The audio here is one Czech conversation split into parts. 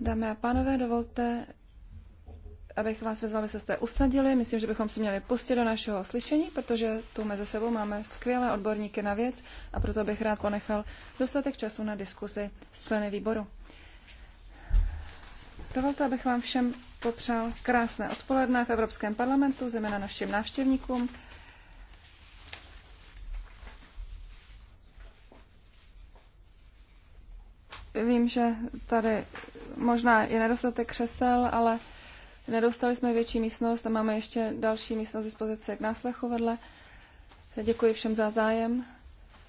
Dámy a pánové, dovolte, abych vás vyzval, abyste se usadili. Myslím, že bychom se měli pustit do našeho slyšení, protože tu mezi sebou máme skvělé odborníky na věc a proto bych rád ponechal dostatek času na diskusi s členy výboru. Dovolte, abych vám všem popřál krásné odpoledne v Evropském parlamentu, zejména našim návštěvníkům. že tady možná je nedostatek křesel, ale nedostali jsme větší místnost a máme ještě další místnost dispozice k náslechu vedle. Děkuji všem za zájem.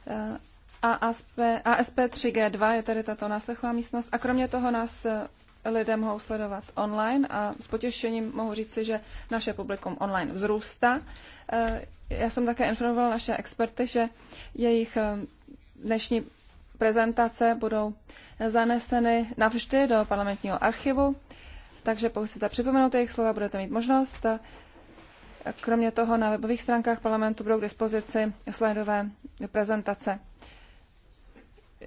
Eh, ASP, ASP 3G2 je tady tato náslechová místnost a kromě toho nás eh, lidé mohou sledovat online a s potěšením mohu říci, že naše publikum online vzrůstá. Eh, já jsem také informovala naše experty, že jejich dnešní prezentace budou zaneseny navždy do parlamentního archivu, takže pokud chcete připomenout jejich slova, budete mít možnost. Kromě toho na webových stránkách parlamentu budou k dispozici slajdové prezentace.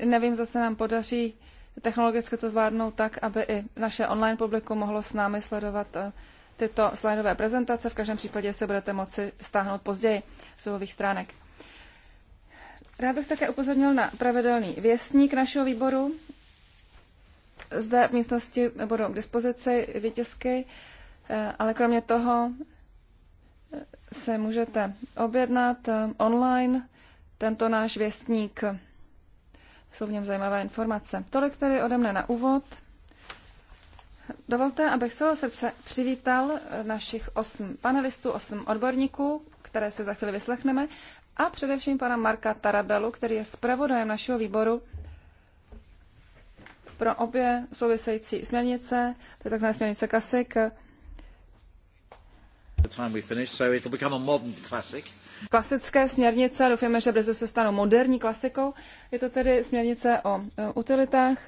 Nevím, zase nám podaří technologicky to zvládnout tak, aby i naše online publikum mohlo s námi sledovat eh, tyto slajdové prezentace. V každém případě se budete moci stáhnout později z webových stránek. Rád bych také upozornil na pravidelný věstník našeho výboru. Zde v místnosti budou k dispozici vytisky, eh, ale kromě toho eh, se můžete objednat eh, online tento náš věstník. Jsou v něm zajímavé informace. Tolik tedy ode mne na úvod. Dovolte, abych celé srdce přivítal našich osm panelistů, osm odborníků, které se za chvíli vyslechneme, a především pana Marka Tarabelu, který je zpravodajem našeho výboru pro obě související směrnice, to je takzvané směrnice klasik. Klasické směrnice, doufáme, že brzy se stanou moderní klasikou. Je to tedy směrnice o e, utilitách.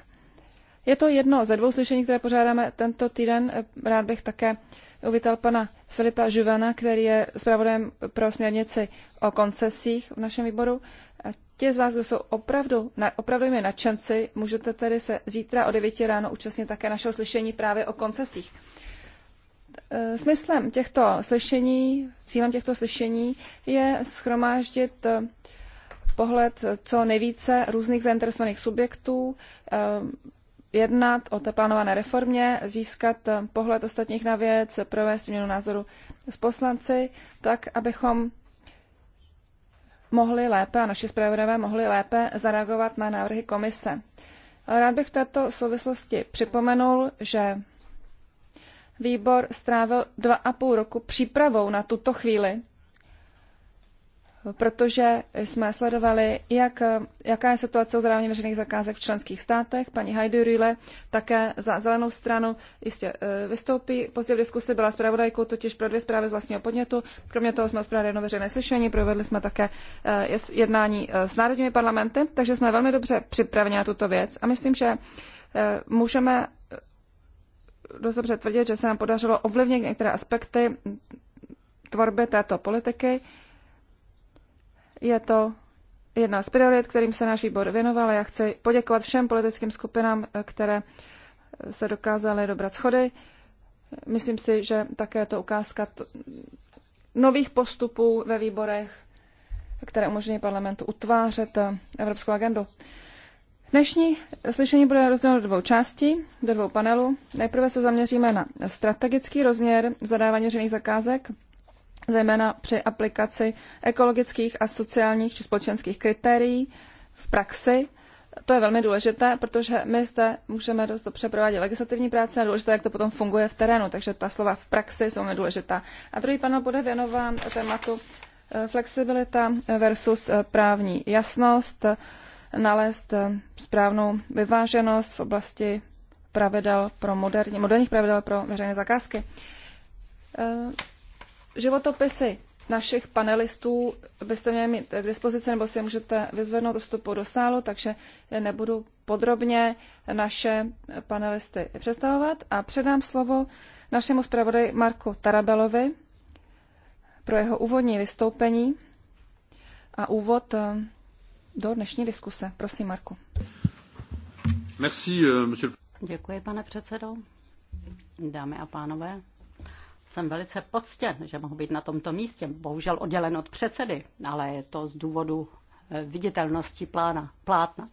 Je to jedno ze dvou slyšení, které pořádáme tento týden. E, rád bych také uvítal pana Filipa Žuvana, který je zpravodajem pro směrnici o koncesích v našem výboru. A ti z vás, kdo jsou opravdu, na, opravdu mi nadšenci, můžete tedy se zítra o 9 ráno účastnit také našeho slyšení právě o koncesích. E, smyslem těchto slyšení, cílem těchto slyšení je schromáždit e, pohled co nejvíce různých zainteresovaných subjektů, e, jednat o té plánované reformě, získat pohled ostatních na věc, provést změnu názoru s poslanci, tak abychom mohli lépe a naši zpravodajové mohli lépe zareagovat na návrhy komise. Ale rád bych v této souvislosti připomenul, že výbor strávil dva a půl roku přípravou na tuto chvíli protože jsme sledovali, jak, jaká je situace o zadávání veřejných zakázek v členských státech. Paní Heidi Rühle také za zelenou stranu jistě e, vystoupí. Později v diskusi byla zpravodajkou totiž pro dvě zprávy z vlastního podnětu. Kromě toho jsme uspořádali jedno veřejné slyšení, provedli jsme také e, jednání e, s národními parlamenty, takže jsme velmi dobře připraveni na tuto věc a myslím, že můžeme dost dobře tvrdit, že se nám podařilo ovlivnit některé aspekty tvorby této politiky je to jedna z priorit, kterým se náš výbor věnoval. Já chci poděkovat všem politickým skupinám, které se dokázaly dobrat schody. Myslím si, že také je to ukázka nových postupů ve výborech, které umožní parlamentu utvářet eh, evropskou agendu. Dnešní slyšení bude rozděleno do dvou částí, do dvou panelů. Nejprve se zaměříme na strategický rozměr zadávání veřejných zakázek zejména při aplikaci ekologických a sociálních či společenských kritérií v praxi. To je velmi důležité, protože my zde můžeme dost dobře provádět legislativní práce a důležité, jak to potom funguje v terénu, takže ta slova v praxi jsou velmi důležitá. A druhý panel bude věnován tématu eh, flexibilita versus eh, právní jasnost, nalézt eh, správnou vyváženost v oblasti pravidel pro moderní, moderních pravidel pro veřejné zakázky životopisy našich panelistů byste měli mít k dispozici, nebo si je můžete vyzvednout dostupu do sálu, takže nebudu podrobně naše panelisty představovat a předám slovo našemu zpravodaji Marku Tarabelovi pro jeho úvodní vystoupení a úvod eh, do dnešní diskuse. Prosím, Marku. Merci, eh, monsieur... Děkuji, pane předsedo. Dámy a pánové, jsem velice poctěn, že mohu být na tomto místě, bohužel oddělen od předsedy, ale je to z důvodu eh, viditelnosti plána, plátna.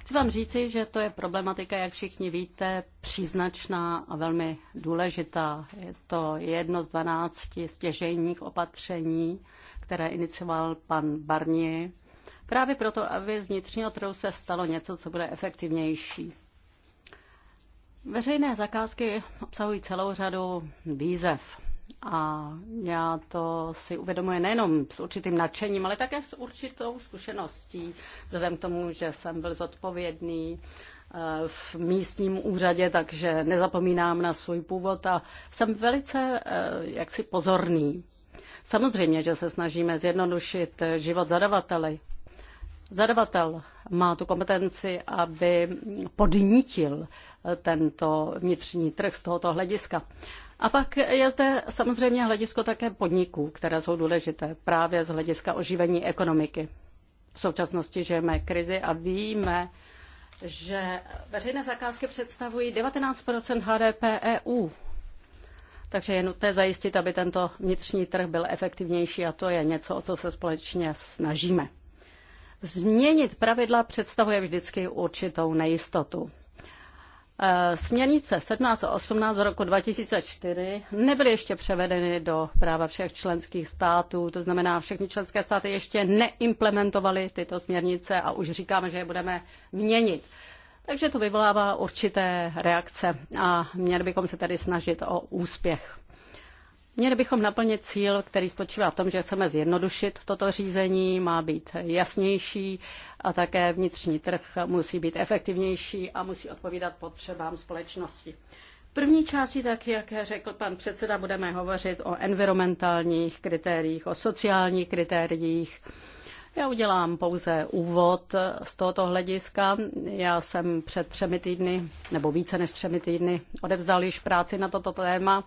Chci vám říci, že to je problematika, jak všichni víte, příznačná a velmi důležitá. Je to jedno z 12 stěžejních opatření, které inicioval pan Barnier. Právě proto, aby z vnitřního trhu se stalo něco, co bude efektivnější. Veřejné zakázky obsahují celou řadu výzev. A já to si uvědomuji nejenom s určitým nadšením, ale také s určitou zkušeností, vzhledem k tomu, že jsem byl zodpovědný eh, v místním úřadě, takže nezapomínám na svůj původ a jsem velice eh, jaksi pozorný. Samozřejmě, že se snažíme zjednodušit život zadavateli. Zadavatel má tu kompetenci, aby podnítil tento vnitřní trh z tohoto hlediska. A pak je zde samozřejmě hledisko také podniků, které jsou důležité právě z hlediska oživení ekonomiky. V současnosti žijeme krizi a víme, že veřejné zakázky představují 19 HDP EU. Takže je nutné zajistit, aby tento vnitřní trh byl efektivnější a to je něco, o co se společně snažíme. Změnit pravidla představuje vždycky určitou nejistotu. Eh, směrnice 17 a 18 z roku 2004 nebyly ještě převedeny do práva všech členských států, to znamená, všechny členské státy ještě neimplementovaly tyto směrnice a už říkáme, že je budeme měnit. Takže to vyvolává určité reakce a měli bychom se tedy snažit o úspěch. Měli bychom naplnit cíl, který spočívá v tom, že chceme zjednodušit toto řízení, má být jasnější a také vnitřní trh musí být efektivnější a musí odpovídat potřebám společnosti. V první části, tak jak řekl pan předseda, budeme hovořit o environmentálních kritériích, o sociálních kritériích. Já udělám pouze úvod z tohoto hlediska. Já jsem před třemi týdny, nebo více než třemi týdny, odevzdal již práci na toto téma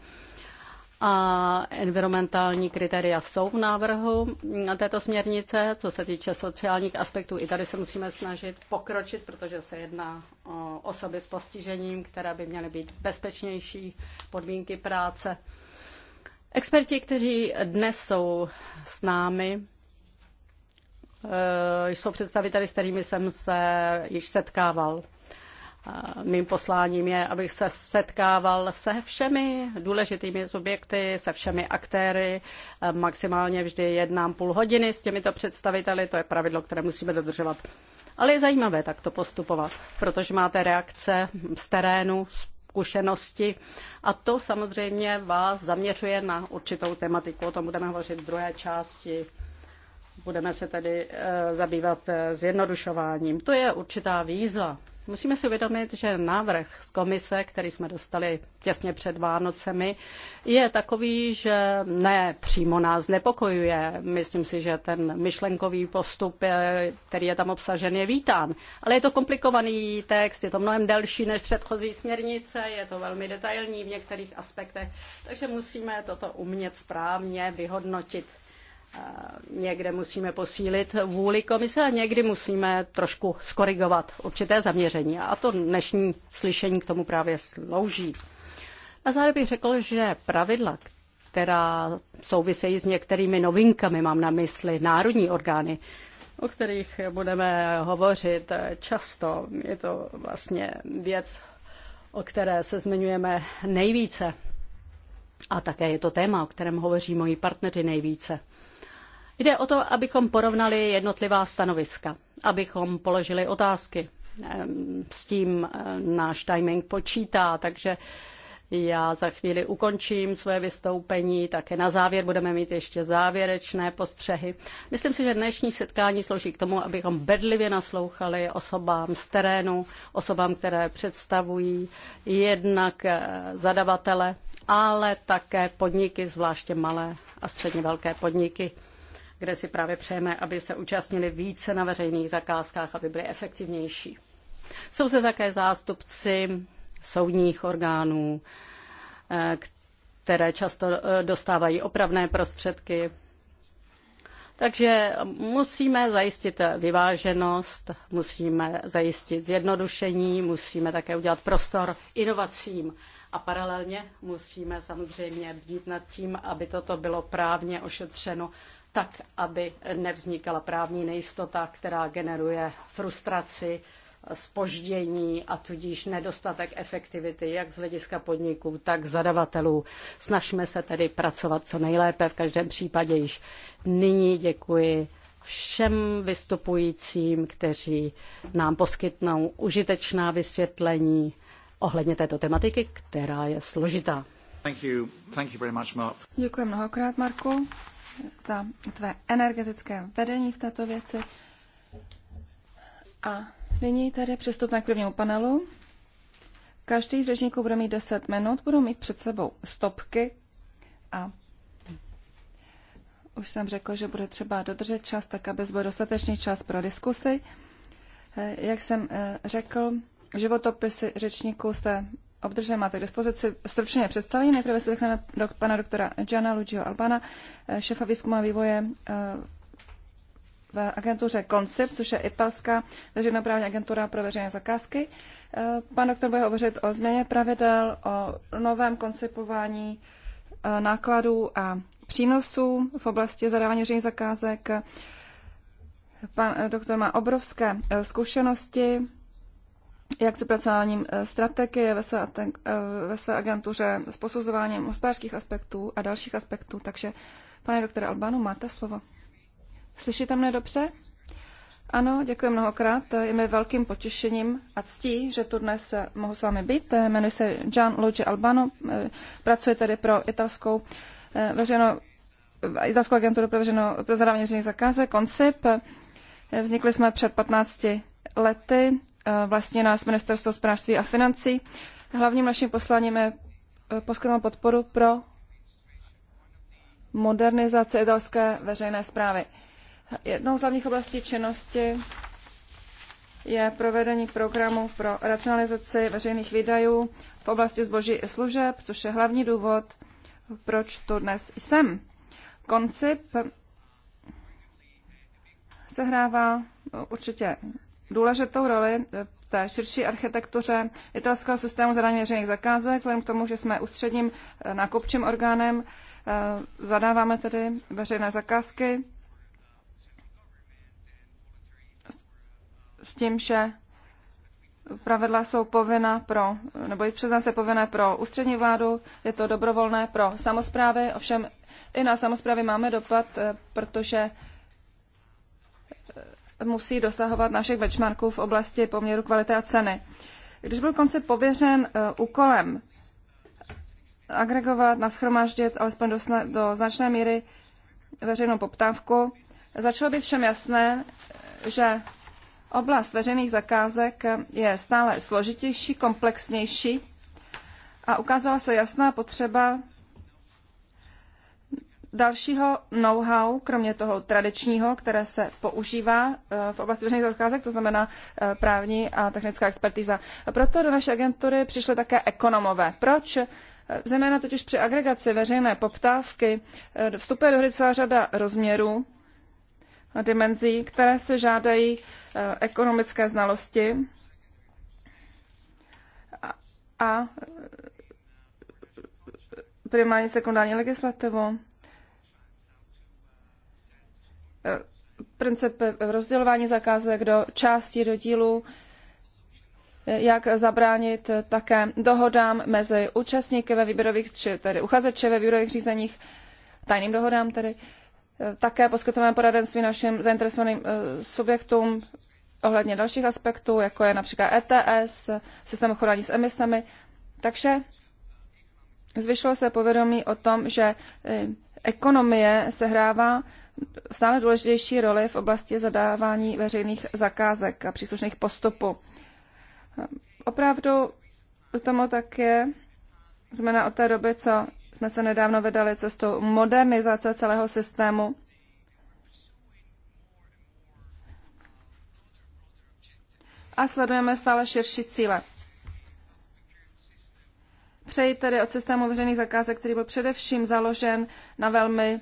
a environmentální kritéria jsou v návrhu této směrnice. Co se týče sociálních aspektů, i tady se musíme snažit pokročit, protože se jedná o osoby s postižením, které by měly být bezpečnější, podmínky práce. Experti, kteří dnes jsou s námi, eh, jsou představiteli, s kterými jsem se již setkával. Mým posláním je, abych se setkával se všemi důležitými subjekty, se všemi aktéry. Maximálně vždy jednám půl hodiny s těmito představiteli, to je pravidlo, které musíme dodržovat. Ale je zajímavé takto postupovat, protože máte reakce z terénu, zkušenosti a to samozřejmě vás zaměřuje na určitou tematiku. O tom budeme hovořit v druhé části Budeme se tedy eh, zabývat eh, zjednodušováním. To je určitá výzva. Musíme si uvědomit, že návrh z komise, který jsme dostali těsně před Vánocemi, je takový, že ne přímo nás nepokojuje. Myslím si, že ten myšlenkový postup, eh, který je tam obsažen, je vítán. Ale je to komplikovaný text, je to mnohem delší než předchozí směrnice, je to velmi detailní v některých aspektech, takže musíme toto umět správně vyhodnotit. Eh, někde musíme posílit vůli komise a někdy musíme trošku skorigovat určité zaměření. A to dnešní slyšení k tomu právě slouží. Na závěr bych řekl, že pravidla, která souvisejí s některými novinkami, mám na mysli národní orgány, o kterých budeme hovořit často. Je to vlastně věc, o které se zmiňujeme nejvíce. A také je to téma, o kterém hovoří moji partneři nejvíce. Jde o to, abychom porovnali jednotlivá stanoviska, abychom položili otázky. S tím eh, náš timing počítá, takže já za chvíli ukončím své vystoupení, také na závěr budeme mít ještě závěrečné postřehy. Myslím si, že dnešní setkání slouží k tomu, abychom bedlivě naslouchali osobám z terénu, osobám, které představují jednak eh, zadavatele, ale také podniky, zvláště malé a středně velké podniky kde si právě přejeme, aby se účastnili více na veřejných zakázkách, aby byli efektivnější. Jsou se také zástupci soudních orgánů, eh, které často eh, dostávají opravné prostředky. Takže musíme zajistit vyváženost, musíme zajistit zjednodušení, musíme také udělat prostor inovacím. A paralelně musíme samozřejmě bdít nad tím, aby toto bylo právně ošetřeno tak aby nevznikala právní nejistota, která generuje frustraci, spoždění a tudíž nedostatek efektivity jak z hlediska podniků, tak zadavatelů. Snažme se tedy pracovat co nejlépe, v každém případě již nyní děkuji všem vystupujícím, kteří nám poskytnou užitečná vysvětlení ohledně této tematiky, která je složitá. Thank you. Thank you much, Děkuji mnohokrát, Marku za tvé energetické vedení v této věci. A nyní tedy přistupme k prvnímu panelu. Každý z řečníků bude mít 10 minut, budou mít před sebou stopky a už jsem řekl, že bude třeba dodržet čas, tak aby byl dostatečný čas pro diskusy. Eh, jak jsem eh, řekl, životopisy řečníků jste obdržel, máte k dispozici. Stručně představení. Nejprve si řekneme do pana doktora Gianna Lugio Albana, eh, šefa výzkumu a vývoje eh, v agentuře Concept, což je italská veřejnoprávní agentura pro veřejné zakázky. Eh, pan doktor bude hovořit o změně pravidel, o novém koncipování nákladů a přínosů v oblasti zadávání veřejných zakázek. Pan doktor má obrovské zkušenosti jak s vypracováním eh, strategie ve své, eh, ve své agentuře, s posuzováním hospodářských aspektů a dalších aspektů. Takže, pane doktore Albanu, máte slovo. Slyšíte mne dobře? Ano, děkuji mnohokrát. Je mi velkým potěšením a ctí, že tu dnes eh, mohu s vámi být. Jmenuji se Gian Luigi Albano, pracuji tady pro italskou veřejnou italskou agenturu pro, veřejno, pro zadávání veřejných zakázek, KONCIP. Vznikli jsme před 15 lety Eh, vlastně nás Ministerstvo hospodářství a financí. Hlavním naším posláním je eh, poskytnout podporu pro modernizaci italské veřejné zprávy. Jednou z hlavních oblastí činnosti je provedení programu pro racionalizaci veřejných výdajů v oblasti zboží i služeb, což je hlavní důvod, proč tu dnes jsem. Koncip sehrává určitě důležitou roli eh, v té širší architektuře italského systému zadání veřejných zakázek, vzhledem k tomu, že jsme ústředním eh, nákupčím orgánem, eh, zadáváme tedy veřejné zakázky s tím, že pravidla jsou povinna pro, nebo jejich přiznání se povinné pro ústřední vládu, je to dobrovolné pro samozprávy, ovšem i na samozprávy máme dopad, protože musí dosahovat našich benchmarků v oblasti poměru kvality a ceny. Když byl konce pověřen eh, úkolem agregovat, nashromáždit alespoň do, do značné míry veřejnou poptávku, začalo být všem jasné, že oblast veřejných zakázek je stále složitější, komplexnější a ukázala se jasná potřeba dalšího know-how, kromě toho tradičního, které se používá eh, v oblasti veřejných zakázek, to znamená eh, právní a technická expertíza. Proto do naší agentury přišly také ekonomové. Proč? Eh, zejména totiž při agregaci veřejné poptávky vstupuje do hry celá řada rozměrů a dimenzí, které se žádají ekonomické znalosti a, a primárně sekundární legislativu princip rozdělování zakázek do částí, do dílů, jak zabránit také dohodám mezi účastníky ve výběrových, či tedy uchazeči ve výběrových řízeních, tajným dohodám tedy. Také poskytujeme poradenství našim zainteresovaným eh, subjektům ohledně dalších aspektů, jako je například ETS, systém obchodování s emisemi. Takže zvyšlo se povědomí o tom, že eh, ekonomie sehrává stále důležitější roli v oblasti zadávání veřejných zakázek a příslušných postupů. Opravdu tomu tak je, znamená od té doby, co jsme se nedávno vydali cestou modernizace celého systému, a sledujeme stále širší cíle. Přeji tedy od systému veřejných zakázek, který byl především založen na velmi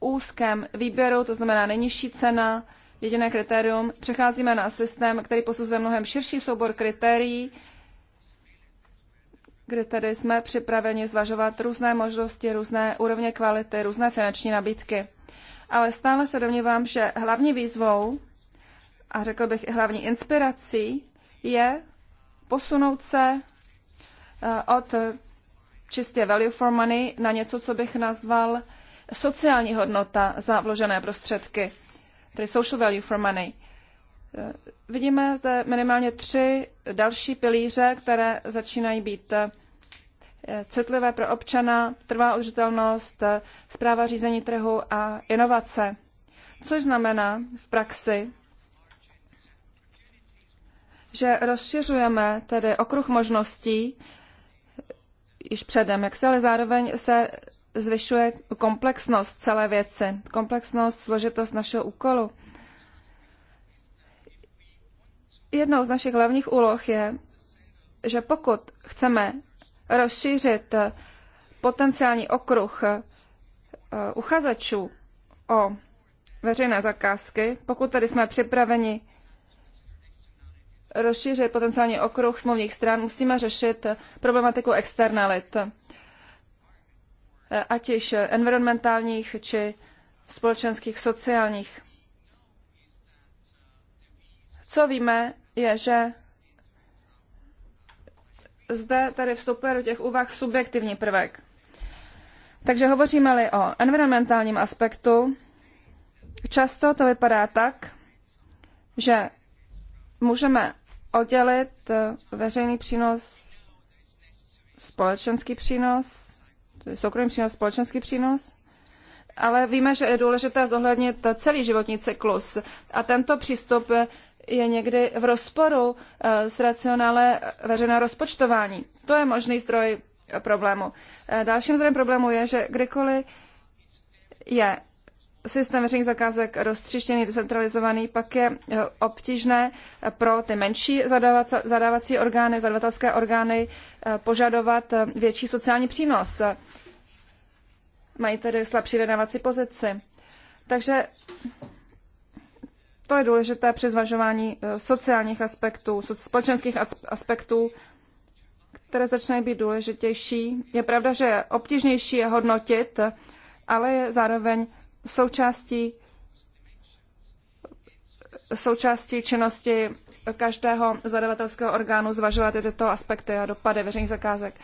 úzkém výběru, to znamená nejnižší cena, jediné kritérium. Přecházíme na systém, který posuzuje mnohem širší soubor kritérií, kde tedy jsme připraveni zvažovat různé možnosti, různé úrovně kvality, různé finanční nabídky. Ale stále se domnívám, že hlavní výzvou a řekl bych i hlavní inspirací je posunout se eh, od čistě value for money na něco, co bych nazval sociální hodnota za vložené prostředky, tedy social value for money. Eh, vidíme zde minimálně tři další pilíře, které začínají být eh, citlivé pro občana, trvá udržitelnost, eh, zpráva řízení trhu a inovace. Což znamená v praxi, že rozšiřujeme tedy okruh možností již předem, jak se ale zároveň se zvyšuje komplexnost celé věci, komplexnost, složitost našeho úkolu. Jednou z našich hlavních úloh je, že pokud chceme rozšířit potenciální okruh eh, uchazečů o veřejné zakázky, pokud tedy jsme připraveni rozšířit potenciální okruh smluvních stran, musíme řešit problematiku externalit. Eh, ať již environmentálních či společenských, sociálních. Co víme, je, že zde tady vstupuje do těch úvah subjektivní prvek. Takže hovoříme-li o environmentálním aspektu, často to vypadá tak, že můžeme oddělit eh, veřejný přínos, společenský přínos soukromý přínos, společenský přínos. Ale víme, že je důležité zohlednit celý životní cyklus. A tento přístup je někdy v rozporu eh, s racionále veřejného rozpočtování. To je možný zdroj problému. Eh, dalším zdrojem problému je, že kdykoliv je systém veřejných zakázek roztřištěný, decentralizovaný, pak je eh, obtížné eh, pro ty menší zadávací orgány, zadavatelské orgány eh, požadovat větší sociální přínos. Mají tedy slabší vydávací pozici. Takže to je důležité při zvažování sociálních aspektů, společenských aspektů, které začínají být důležitější. Je pravda, že je obtížnější je hodnotit, ale je zároveň součástí součástí činnosti každého zadavatelského orgánu zvažovat i tyto aspekty a dopady veřejných zakázek.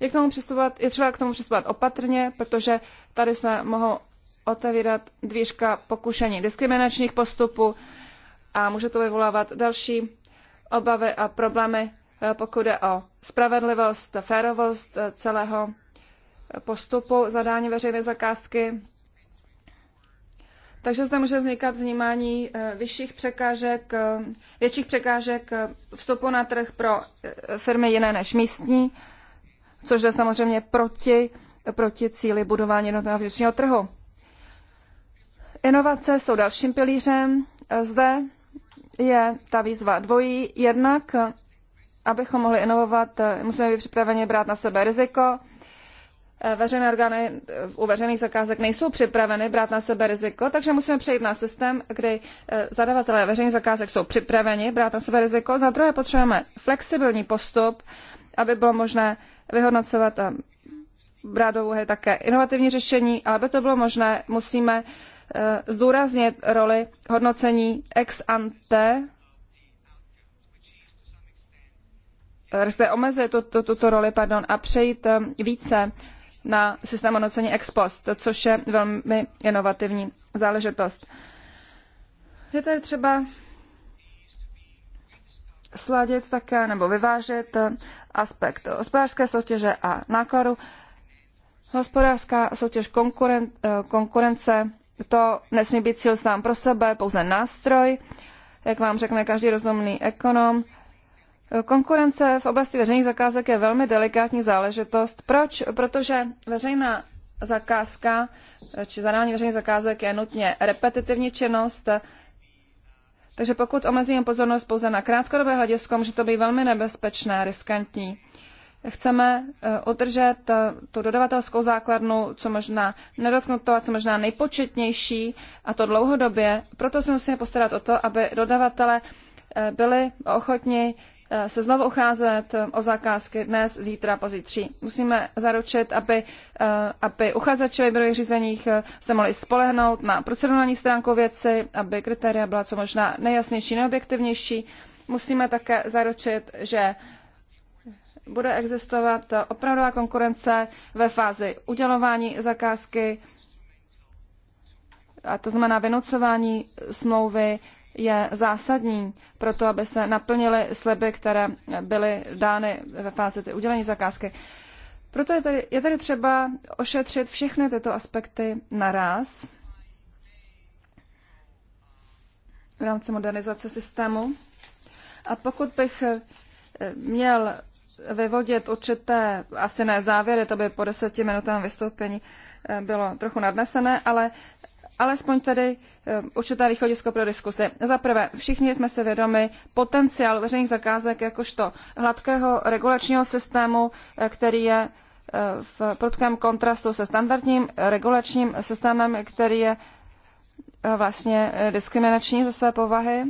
Je, k tomu přistupovat, je třeba k tomu přistupovat opatrně, protože tady se mohou otevírat dvířka pokušení diskriminačních postupů a může to vyvolávat další obavy a problémy, eh, pokud jde o spravedlivost, férovost eh, celého postupu zadání veřejné zakázky. Takže zde může vznikat vnímání eh, vyšších překážek, eh, větších překážek eh, vstupu na trh pro firmy jiné než místní, což je samozřejmě proti, proti cíli budování jednotného vnitřního trhu. Inovace jsou dalším pilířem. Zde je ta výzva dvojí. Jednak, abychom mohli inovovat, musíme být připraveni brát na sebe riziko, Eh, veřejné orgány eh, u veřejných zakázek nejsou připraveny brát na sebe riziko, takže musíme přejít na systém, kdy eh, zadavatelé veřejných zakázek jsou připraveni brát na sebe riziko. Za druhé potřebujeme flexibilní postup, aby bylo možné vyhodnocovat a brát do úhy také inovativní řešení, ale aby to bylo možné, musíme zdůraznit roli hodnocení ex ante, respektive omezit tuto, tuto roli pardon, a přejít více na systém hodnocení ex post, což je velmi inovativní záležitost. Je tady třeba sladit také nebo vyvážit aspekt hospodářské soutěže a nákladu. Hospodářská soutěž konkuren, konkurence, to nesmí být cíl sám pro sebe, pouze nástroj, jak vám řekne každý rozumný ekonom. Konkurence v oblasti veřejných zakázek je velmi delikátní záležitost. Proč? Protože veřejná zakázka eh, či zadání veřejných zakázek je nutně repetitivní činnost, takže pokud omezíme pozornost pouze na krátkodobé hledisko, může to být velmi nebezpečné, riskantní. Chceme eh, udržet eh, tu dodavatelskou základnu, co možná nedotknutou a co možná nejpočetnější, a to dlouhodobě. Proto se musíme postarat o to, aby dodavatele byli ochotni Eh, se znovu ucházet eh, o zakázky dnes, zítra, pozítří. Musíme zaručit, aby, eh, aby uchazeči výběrových řízeních se mohli spolehnout na procedurální stránku věci, aby kritéria byla co možná nejjasnější, neobjektivnější. Musíme také zaručit, že bude existovat opravdová konkurence ve fázi udělování zakázky, a to znamená vynucování smlouvy je zásadní pro to, aby se naplnily sliby, které byly dány ve fázi ty udělení zakázky. Proto je tady, je tady třeba ošetřit všechny tyto aspekty naraz v rámci modernizace systému. A pokud bych eh, měl vyvodit určité, asi ne závěry, to by po deseti minutách vystoupení eh, bylo trochu nadnesené, ale alespoň tedy eh, určité východisko pro diskusi. Za prvé, všichni jsme si vědomi potenciál veřejných zakázek jakožto hladkého regulačního systému, eh, který je eh, v prudkém kontrastu se standardním regulačním systémem, který je vlastně diskriminační ze své povahy.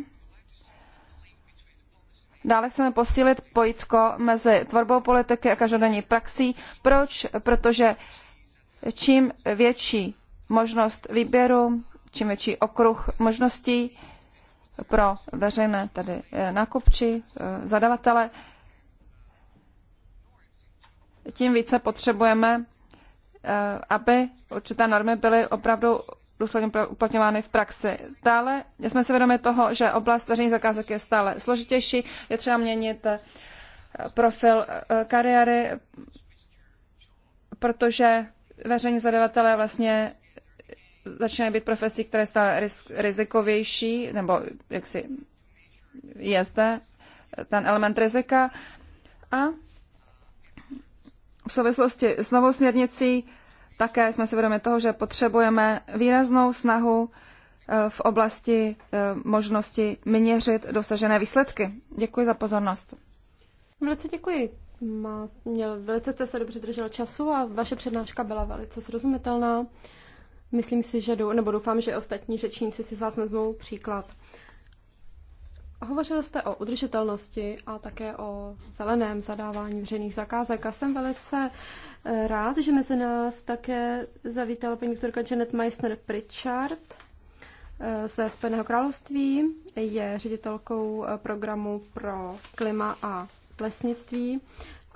Dále chceme posílit pojitko mezi tvorbou politiky a každodenní praxí. Proč? Protože čím větší možnost výběru, čím větší okruh možností pro veřejné tedy eh, nákupči, eh, zadavatele, tím více potřebujeme, eh, aby určité normy byly opravdu důsledně uplatňovány v praxi. Dále jsme si vědomi toho, že oblast veřejných zakázek je stále složitější, je třeba měnit profil kariéry, protože veřejní zadavatelé vlastně začínají být profesí, které stále rizikovější, nebo jak si je zde ten element rizika. A v souvislosti s novou směrnicí také jsme si vědomi toho, že potřebujeme výraznou snahu eh, v oblasti eh, možnosti měřit dosažené výsledky. Děkuji za pozornost. Velice děkuji. měl, velice jste se dobře držel času a vaše přednáška byla velice srozumitelná. Myslím si, že jdu, nebo doufám, že ostatní řečníci si z vás vezmou příklad. Hovořil jste o udržitelnosti a také o zeleném zadávání veřejných zakázek a jsem velice eh, rád, že mezi nás také zavítala paní doktorka Janet Meissner-Pritchard eh, ze Spojeného království. Je ředitelkou eh, programu pro klima a lesnictví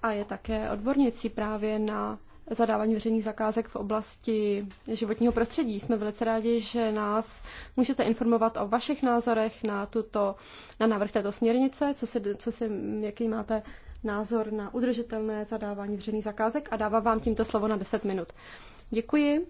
a je také odbornicí právě na zadávání veřejných zakázek v oblasti životního prostředí. Jsme velice rádi, že nás můžete informovat o vašich názorech na, tuto, na návrh této směrnice, co si, co si, jaký máte názor na udržitelné zadávání veřejných zakázek a dávám vám tímto slovo na 10 minut. Děkuji.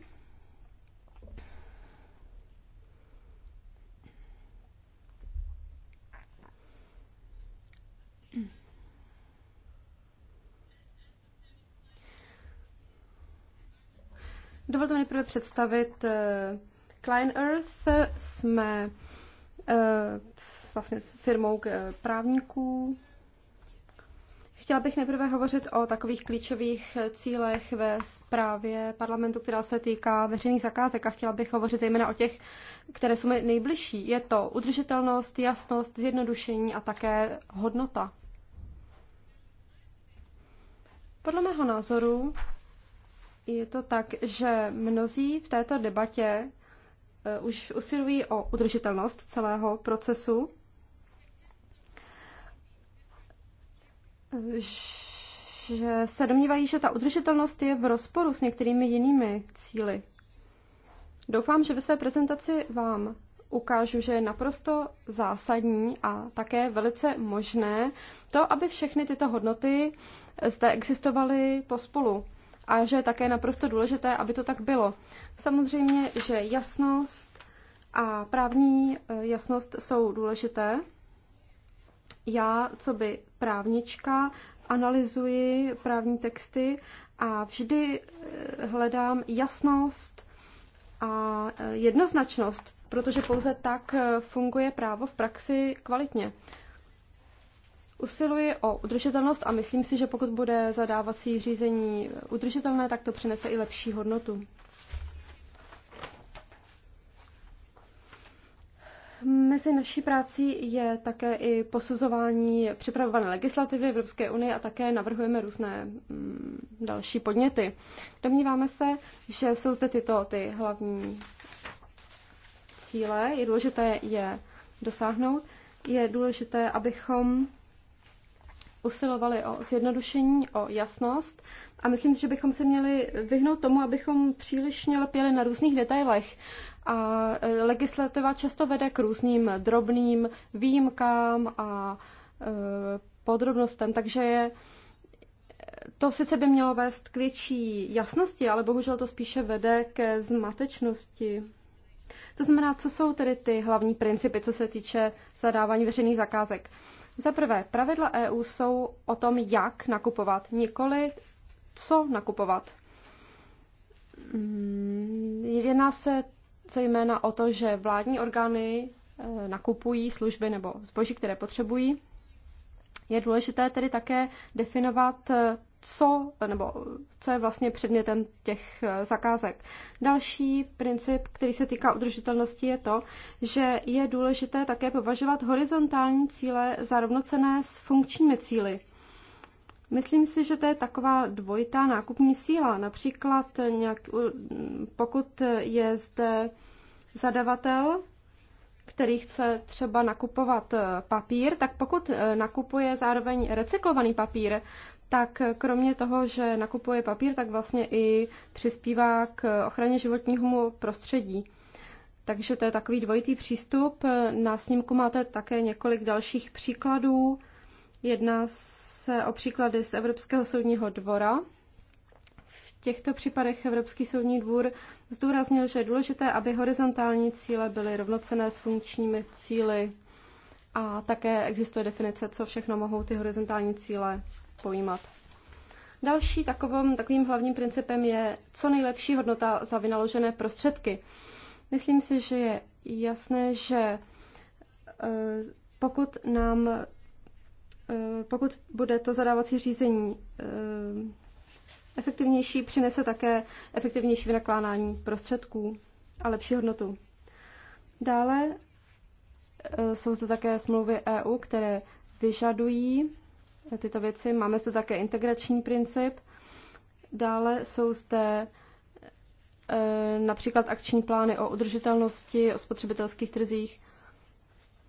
Dovolte mi nejprve představit eh, Klein Earth. Jsme eh, vlastně firmou eh, právníků. Chtěla bych nejprve hovořit o takových klíčových cílech ve zprávě parlamentu, která se týká veřejných zakázek a chtěla bych hovořit zejména o těch, které jsou mi nejbližší. Je to udržitelnost, jasnost, zjednodušení a také hodnota. Podle mého názoru je to tak, že mnozí v této debatě e, už usilují o udržitelnost celého procesu. E, že se domnívají, že ta udržitelnost je v rozporu s některými jinými cíly. Doufám, že ve své prezentaci vám ukážu, že je naprosto zásadní a také velice možné to, aby všechny tyto hodnoty zde existovaly pospolu a že je také naprosto důležité, aby to tak bylo. Samozřejmě, že jasnost a právní eh, jasnost jsou důležité. Já, co by právnička, analyzuji právní texty a vždy eh, hledám jasnost a eh, jednoznačnost, protože pouze tak funguje právo v praxi kvalitně. Usiluji o udržitelnost a myslím si, že pokud bude zadávací řízení udržitelné, tak to přinese i lepší hodnotu. Mezi naší prací je také i posuzování připravované legislativy Evropské unie a také navrhujeme různé mm, další podněty. Domníváme se, že jsou zde tyto ty hlavní cíle. Je důležité je dosáhnout. Je důležité, abychom usilovali o zjednodušení, o jasnost a myslím, že bychom se měli vyhnout tomu, abychom příliš lepěli na různých detailech. A e, legislativa často vede k různým drobným výjimkám a e, podrobnostem, takže je, to sice by mělo vést k větší jasnosti, ale bohužel to spíše vede ke zmatečnosti. To znamená, co jsou tedy ty hlavní principy, co se týče zadávání veřejných zakázek. Za prvé, pravidla EU jsou o tom, jak nakupovat, nikoli co nakupovat. Mm, jedná se zejména o to, že vládní orgány e, nakupují služby nebo zboží, které potřebují. Je důležité tedy také definovat e, co, nebo co je vlastně předmětem těch eh, zakázek. Další princip, který se týká udržitelnosti, je to, že je důležité také považovat horizontální cíle za rovnocené s funkčními cíly. Myslím si, že to je taková dvojitá nákupní síla. Například nějak, pokud je zde zadavatel, který chce třeba nakupovat eh, papír, tak pokud eh, nakupuje zároveň recyklovaný papír, tak kromě toho, že nakupuje papír, tak vlastně i přispívá k ochraně životního prostředí. Takže to je takový dvojitý přístup. Na snímku máte také několik dalších příkladů. Jedná se o příklady z Evropského soudního dvora. V těchto případech Evropský soudní dvůr zdůraznil, že je důležité, aby horizontální cíle byly rovnocené s funkčními cíly a také existuje definice, co všechno mohou ty horizontální cíle pojímat. Další takovým, takovým hlavním principem je co nejlepší hodnota za vynaložené prostředky. Myslím si, že je jasné, že e, pokud nám, e, pokud bude to zadávací řízení e, efektivnější, přinese také efektivnější vynakládání prostředků a lepší hodnotu. Dále jsou zde také smlouvy EU, které vyžadují tyto věci. Máme zde také integrační princip. Dále jsou zde eh, například akční plány o udržitelnosti, o spotřebitelských trzích.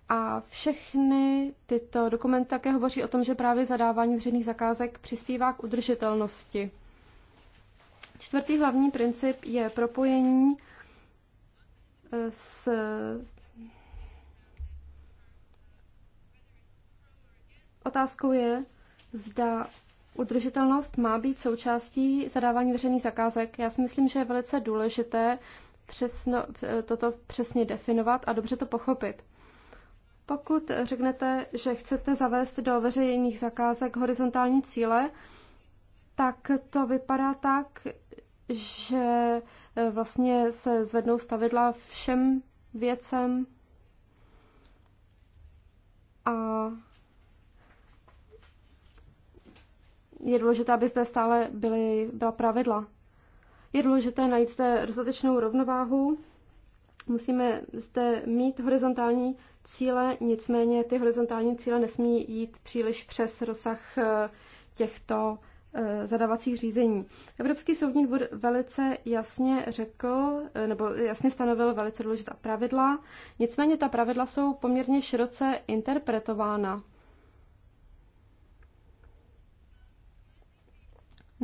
A všechny tyto dokumenty také hovoří o tom, že právě zadávání veřejných zakázek přispívá k udržitelnosti. Čtvrtý hlavní princip je propojení eh, s Otázkou je, zda udržitelnost má být součástí zadávání veřejných zakázek. Já si myslím, že je velice důležité přesno, toto přesně definovat a dobře to pochopit. Pokud řeknete, že chcete zavést do veřejných zakázek horizontální cíle, tak to vypadá tak, že e, vlastně se zvednou stavidla všem věcem a je důležité, aby zde stále byly, byla pravidla. Je důležité najít zde dostatečnou rovnováhu. Musíme zde mít horizontální cíle, nicméně ty horizontální cíle nesmí jít příliš přes rozsah eh, těchto eh, zadavacích řízení. Evropský soudní dvůr velice jasně řekl, eh, nebo jasně stanovil velice důležitá pravidla, nicméně ta pravidla jsou poměrně široce interpretována.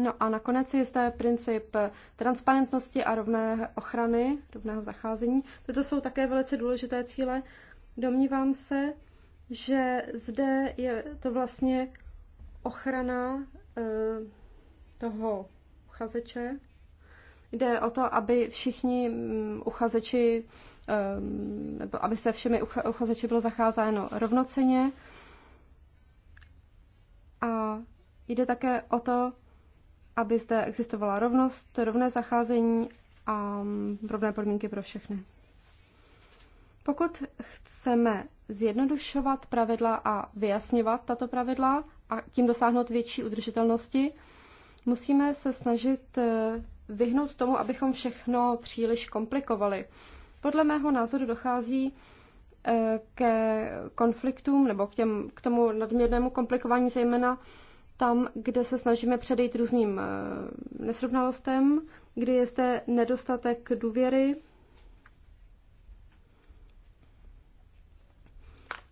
No a nakonec je zde princip transparentnosti a rovné ochrany, rovného zacházení. Toto jsou také velice důležité cíle. Domnívám se, že zde je to vlastně ochrana eh, toho uchazeče. Jde o to, aby všichni mm, uchazeči, eh, aby se všemi uchazeči bylo zacházeno rovnoceně. A jde také o to, aby zde existovala rovnost, rovné zacházení a rovné podmínky pro všechny. Pokud chceme zjednodušovat pravidla a vyjasňovat tato pravidla a tím dosáhnout větší udržitelnosti, musíme se snažit eh, vyhnout tomu, abychom všechno příliš komplikovali. Podle mého názoru dochází eh, ke konfliktům nebo k, těm, k tomu nadměrnému komplikování, zejména tam, kde se snažíme předejít různým eh, nesrovnalostem, kdy je zde nedostatek důvěry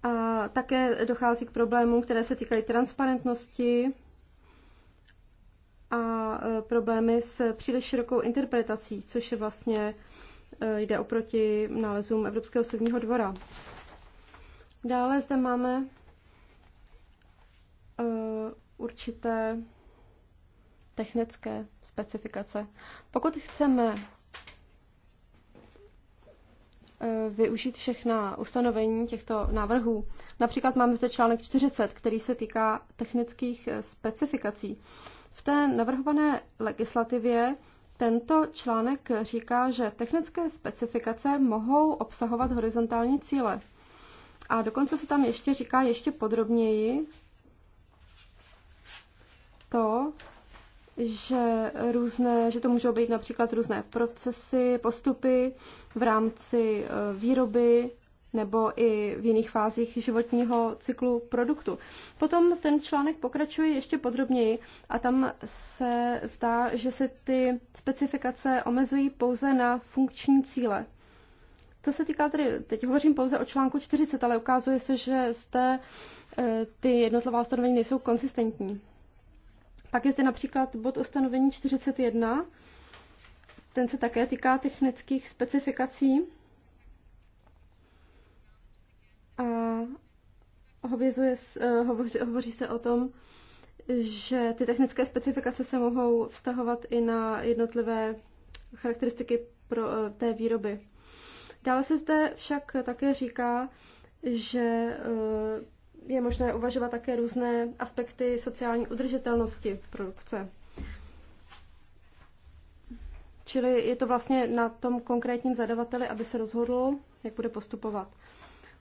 a také dochází k problémům, které se týkají transparentnosti a eh, problémy s příliš širokou interpretací, což je vlastně eh, jde oproti nálezům Evropského soudního dvora. Dále zde máme určité technické specifikace. Pokud chceme eh, využít všechna ustanovení těchto návrhů. Například máme zde článek 40, který se týká technických eh, specifikací. V té navrhované legislativě tento článek říká, že technické specifikace mohou obsahovat horizontální cíle. A dokonce se tam ještě říká ještě podrobněji, to, že, různé, že to můžou být například různé procesy, postupy v rámci eh, výroby nebo i v jiných fázích životního cyklu produktu. Potom ten článek pokračuje ještě podrobněji a tam se zdá, že se ty specifikace omezují pouze na funkční cíle. Co se týká tedy, teď hovořím pouze o článku 40, ale ukazuje se, že zde eh, ty jednotlivá ustanovení nejsou konsistentní. Pak je zde například bod ustanovení 41, ten se také týká technických specifikací a hovězuje, eh, hovoří, hovoří se o tom, že ty technické specifikace se mohou vztahovat i na jednotlivé charakteristiky pro eh, té výroby. Dále se zde však také říká, že eh, je možné uvažovat také různé aspekty sociální udržitelnosti produkce. Čili je to vlastně na tom konkrétním zadavateli, aby se rozhodl, jak bude postupovat.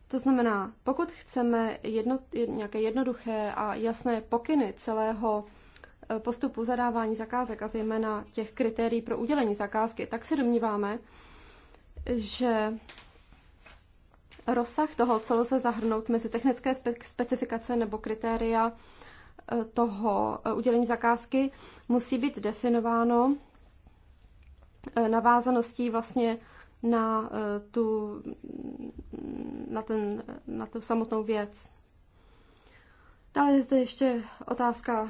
To znamená, pokud chceme jedno, nějaké jednoduché a jasné pokyny celého e, postupu zadávání zakázek a zejména těch kritérií pro udělení zakázky, tak si domníváme, že rozsah toho, co lze zahrnout mezi technické specifikace nebo kritéria e, toho e, udělení zakázky, musí být definováno e, navázaností vlastně na tu, na, ten, na tu samotnou věc. Dále je zde ještě otázka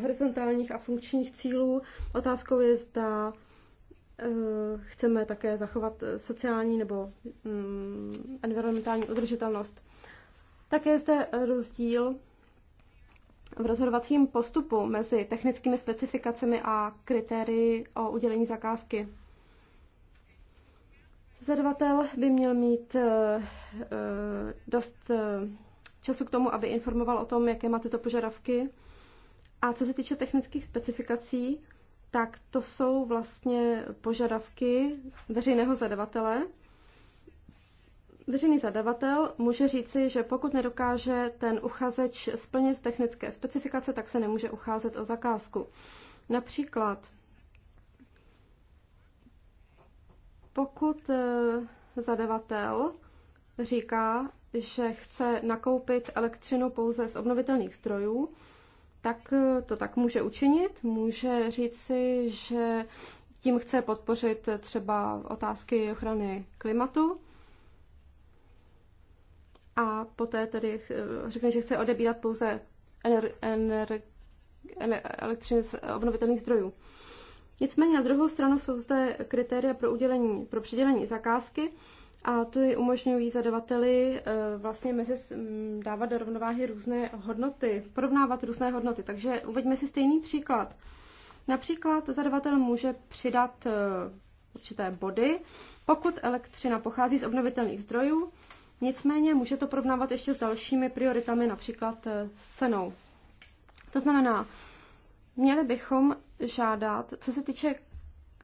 horizontálních a funkčních cílů. Otázkou je, zda Eh, chceme také zachovat sociální nebo mm, environmentální udržitelnost. Také je zde rozdíl v rozhodovacím postupu mezi technickými specifikacemi a kritérii o udělení zakázky. Zadavatel by měl mít eh, eh, dost času k tomu, aby informoval o tom, jaké má tyto požadavky. A co se týče technických specifikací, tak to jsou vlastně požadavky veřejného zadavatele. Veřejný zadavatel může říci, že pokud nedokáže ten uchazeč splnit technické specifikace, tak se nemůže ucházet o zakázku. Například, pokud eh, zadavatel říká, že chce nakoupit elektřinu pouze z obnovitelných zdrojů, tak eh, to tak může učinit. Může říci, že tím chce podpořit třeba otázky ochrany klimatu. A poté tedy eh, řekne, že chce odebírat pouze ener, ener, ener, elektřiny z obnovitelných zdrojů. Nicméně na druhou stranu jsou zde kritéria pro udělení, pro přidělení zakázky, a ty umožňují zadavateli eh, vlastně mezi, dávat do rovnováhy různé hodnoty, porovnávat různé hodnoty. Takže uveďme si stejný příklad. Například zadavatel může přidat eh, určité body, pokud elektřina pochází z obnovitelných zdrojů, nicméně může to porovnávat ještě s dalšími prioritami, například eh, s cenou. To znamená, měli bychom žádat, co se týče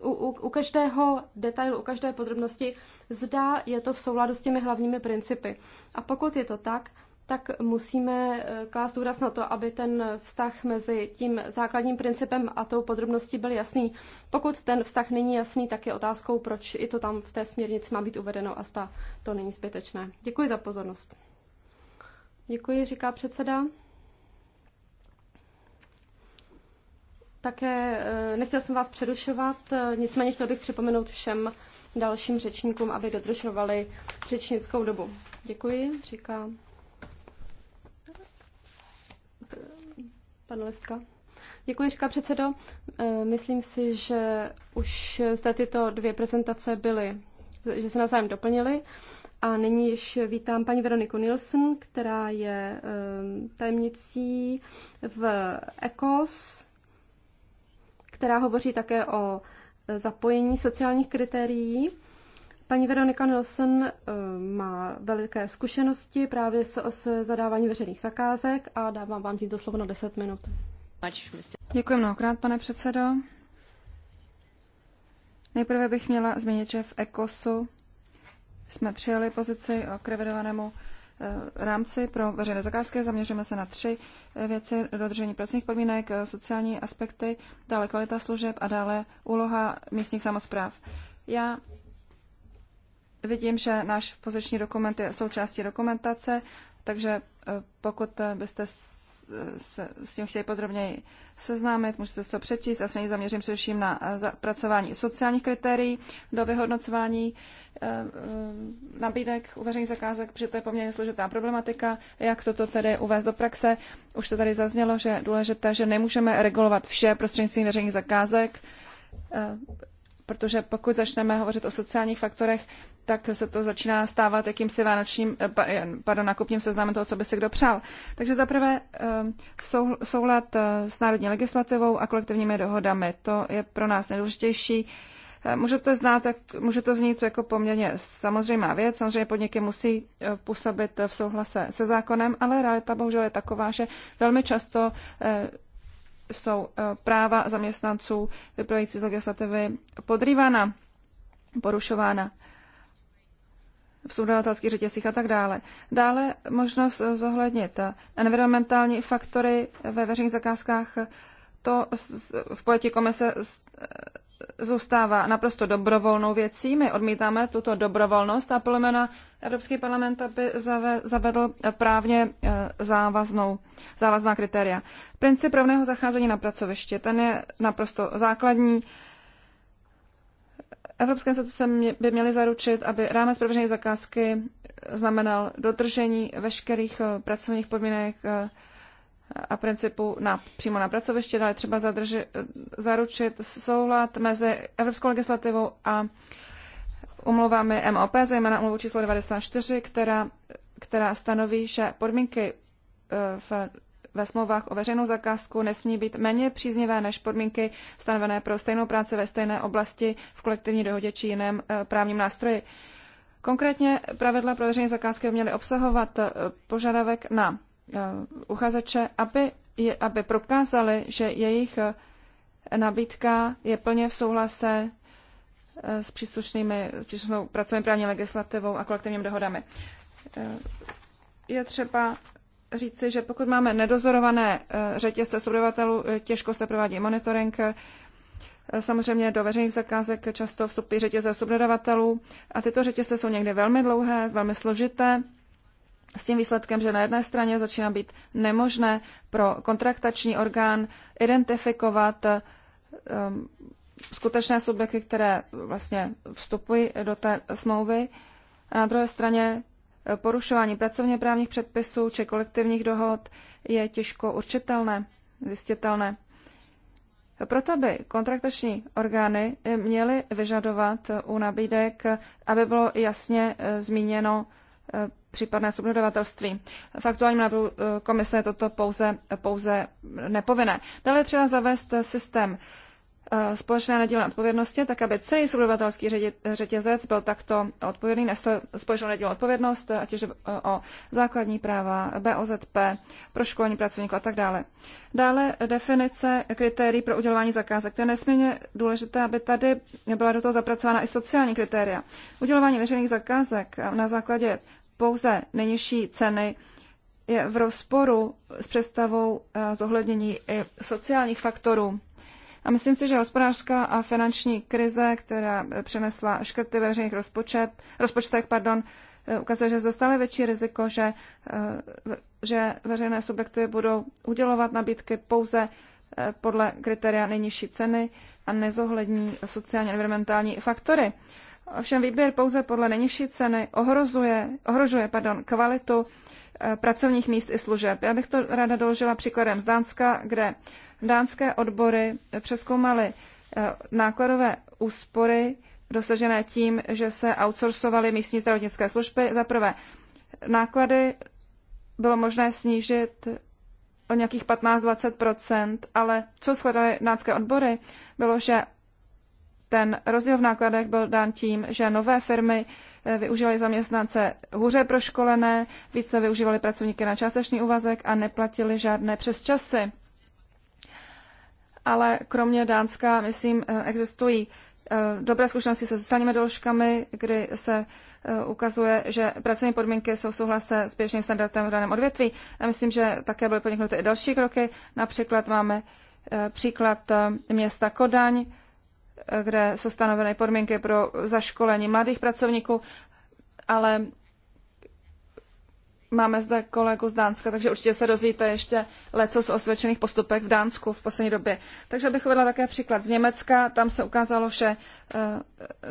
u, u, u každého detailu, u každé podrobnosti, zda je to v souladu s těmi hlavními principy. A pokud je to tak, tak musíme eh, klást důraz na to, aby ten vztah mezi tím základním principem a tou podrobností byl jasný. Pokud ten vztah není jasný, tak je otázkou, proč i to tam v té směrnici má být uvedeno a zda to není zbytečné. Děkuji za pozornost. Děkuji, říká předseda. Také eh, nechtěl jsem vás přerušovat, eh, nicméně chtěl bych připomenout všem dalším řečníkům, aby dodržovali řečnickou dobu. Děkuji, říká panelistka. Děkuji, říká předsedo. Eh, myslím si, že už zde tyto dvě prezentace byly, že se navzájem doplnily. A nyní již vítám paní Veroniku Nilsson, která je tajemnicí v ECOS, která hovoří také o zapojení sociálních kritérií. Paní Veronika Nelson eh, má veliké zkušenosti právě s, s veřejných zakázek a dávám vám tímto slovo na 10 minut. Děkuji mnohokrát, pane předsedo. Nejprve bych měla zmínit, že v ECOSu jsme přijali pozici o krevidovanému Eh, rámci pro veřejné zakázky. Zaměříme se na tři eh, věci. Dodržení pracovních podmínek, eh, sociální aspekty, dále kvalita služeb a dále úloha místních samozpráv. Já vidím, že náš poziční dokument je součástí dokumentace, takže pokud byste se s tím chtěli podrobněji seznámit, můžete to přečíst. Já se zaměřím především na eh, zapracování sociálních kritérií do vyhodnocování eh, eh, nabídek u veřejných zakázek, protože to je poměrně složitá problematika. Jak toto tedy uvést do praxe? Už to tady zaznělo, že je důležité, že nemůžeme regulovat vše prostřednictvím veřejných zakázek, protože pokud začneme hovořit o sociálních faktorech, tak se to začíná stávat jakýmsi vánočním, eh, eh, pardon, nakupním seznamem toho, co by si kdo přál. Takže zaprvé eh, soulad s národní legislativou a kolektivními dohodami, to je pro nás nejdůležitější. Může to, znát, může to znít jako poměrně samozřejmá věc. Samozřejmě podniky musí působit v souhlase se zákonem, ale realita bohužel je taková, že velmi často jsou práva zaměstnanců vyplývající z legislativy podrývána, porušována v subdodatelských řetězích a tak dále. Dále možnost zohlednit environmentální faktory ve veřejných zakázkách. To v pojetí komise zůstává naprosto dobrovolnou věcí. My odmítáme tuto dobrovolnost a apelujeme na Evropský parlament, aby zavedl právně eh, závaznou, závazná kritéria. Princip rovného zacházení na pracovišti, ten je naprosto základní Evropské instituce by měly zaručit, aby rámec pro veřejné zakázky znamenal dodržení veškerých eh, pracovních podmínek eh, a principu na, přímo na pracoviště, ale třeba zadrži, eh, zaručit soulad mezi evropskou legislativou a umluvami MOP, zejména umluvu číslo 94, která, která stanoví, že podmínky v ve smlouvách o veřejnou zakázku nesmí být méně příznivé než podmínky stanovené pro stejnou práci ve stejné oblasti v kolektivní dohodě či jiném eh, právním nástroji. Konkrétně pravidla pro veřejné zakázky by měly obsahovat eh, požadavek na eh, uchazeče, aby, je, aby prokázali, že jejich nabídka je plně v souhlase s příslušnými, příslušnou právní legislativou a kolektivními dohodami. Je třeba říci, že pokud máme nedozorované eh, řetězce subdodavatelů, eh, těžko se provádí monitoring. Eh, samozřejmě do veřejných zakázek často vstupí řetězce subdodavatelů a tyto řetězce jsou někdy velmi dlouhé, velmi složité s tím výsledkem, že na jedné straně začíná být nemožné pro kontraktační orgán identifikovat um, skutečné subjekty, které vlastně vstupují do té smlouvy. A na druhé straně porušování pracovně právních předpisů či kolektivních dohod je těžko určitelné, zjistitelné. Proto by kontraktační orgány měly vyžadovat u nabídek, aby bylo jasně eh, zmíněno eh, případné subdodavatelství. V aktuálním návrhu eh, komise je toto pouze, pouze nepovinné. Dále třeba zavést systém Eh, společné nedílné odpovědnosti, tak aby celý subdodavatelský řetězec byl takto odpovědný, nesl společnou nedílnou odpovědnost, eh, ať už eh, o základní práva, BOZP, pro školní pracovníků a tak dále. Dále definice kritérií pro udělování zakázek. To je nesmírně důležité, aby tady byla do toho zapracována i sociální kritéria. Udělování veřejných zakázek na základě pouze nejnižší ceny je v rozporu s představou zohlednění i sociálních faktorů a myslím si, že hospodářská a finanční krize, která přinesla škrty ve veřejných rozpočet, rozpočtech, pardon, eh, ukazuje, že zastane větší riziko, že, eh, že veřejné subjekty budou udělovat nabídky pouze eh, podle kritéria nejnižší ceny a nezohlední sociálně environmentální faktory. Ovšem výběr pouze podle nejnižší ceny ohrozuje, ohrožuje pardon, kvalitu pracovních míst i služeb. Já bych to ráda doložila příkladem z Dánska, kde dánské odbory přeskoumaly eh, nákladové úspory dosažené tím, že se outsourcovaly místní zdravotnické služby. Za prvé, náklady bylo možné snížit o nějakých 15-20%, ale co shledaly dánské odbory, bylo, že ten rozdíl v nákladech byl dán tím, že nové firmy eh, využívaly zaměstnance hůře proškolené, více využívaly pracovníky na částečný úvazek a neplatili žádné přesčasy ale kromě Dánska, myslím, eh, existují eh, dobré zkušenosti se sociálními doložkami, kdy se eh, ukazuje, že pracovní podmínky jsou souhlasné souhlase s běžným standardem v daném odvětví. A myslím, že také byly podniknuty i další kroky. Například máme příklad města Kodaň, kde jsou stanoveny podmínky pro zaškolení mladých pracovníků, ale Máme zde kolegu z Dánska, takže určitě se dozvíte ještě leco z osvědčených postupek v Dánsku v poslední době. Takže bych uvedla také příklad z Německa. Tam se ukázalo, že eh,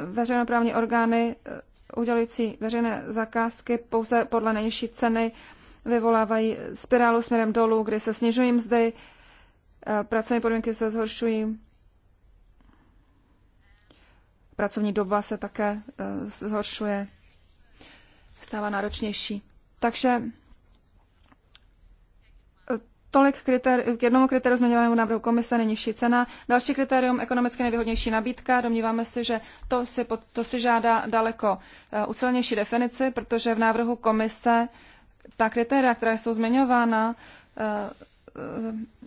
veřejnoprávní orgány eh, udělující veřejné zakázky pouze podle nejnižší ceny vyvolávají spirálu směrem dolů, kdy se snižují mzdy, eh, pracovní podmínky se zhoršují, pracovní doba se také zhoršuje, stává náročnější. Takže eh, tolik kritéri- k jednomu kritériu zmiňovanému návrhu komise není nižší cena. Další kritérium ekonomicky nejvýhodnější nabídka. Domníváme se, že to si, pod, to si žádá daleko eh, ucelnější definici, protože v návrhu komise ta kritéria, která jsou zmiňována, eh,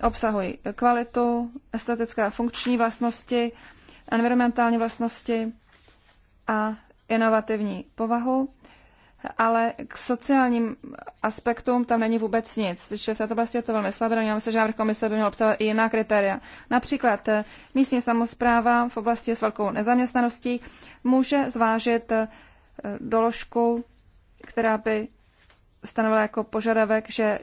obsahují kvalitu, estetické a funkční vlastnosti, environmentální vlastnosti a inovativní povahu ale k sociálním aspektům tam není vůbec nic. Takže v této oblasti je to velmi slabé, Já myslím, že návrh komise by měl obsahovat i jiná kritéria. Například eh, místní samozpráva v oblasti s velkou nezaměstnaností může zvážit eh, doložku, která by stanovila jako požadavek, že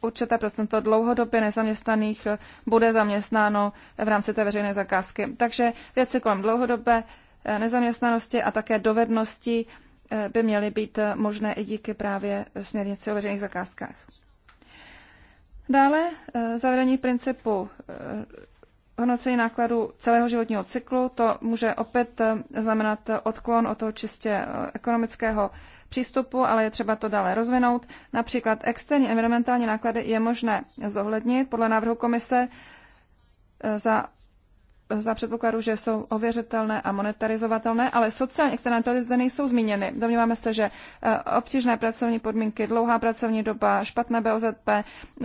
určité procento dlouhodobě nezaměstnaných eh, bude zaměstnáno v rámci té veřejné zakázky. Takže věci kolem dlouhodobé nezaměstnanosti a také dovednosti Eh, by měly být eh, možné i díky právě směrnici o veřejných zakázkách. Dále eh, zavedení principu hodnocení nákladu celého životního cyklu. To může opět znamenat odklon od toho čistě ekonomického přístupu, ale je třeba to dále rozvinout. Například externí environmentální náklady je možné zohlednit podle návrhu komise za za předpokladu, že jsou ověřitelné a monetarizovatelné, ale sociální externalizace nejsou zmíněny. Domníváme se, že eh, obtížné pracovní podmínky, dlouhá pracovní doba, špatné BOZP, eh,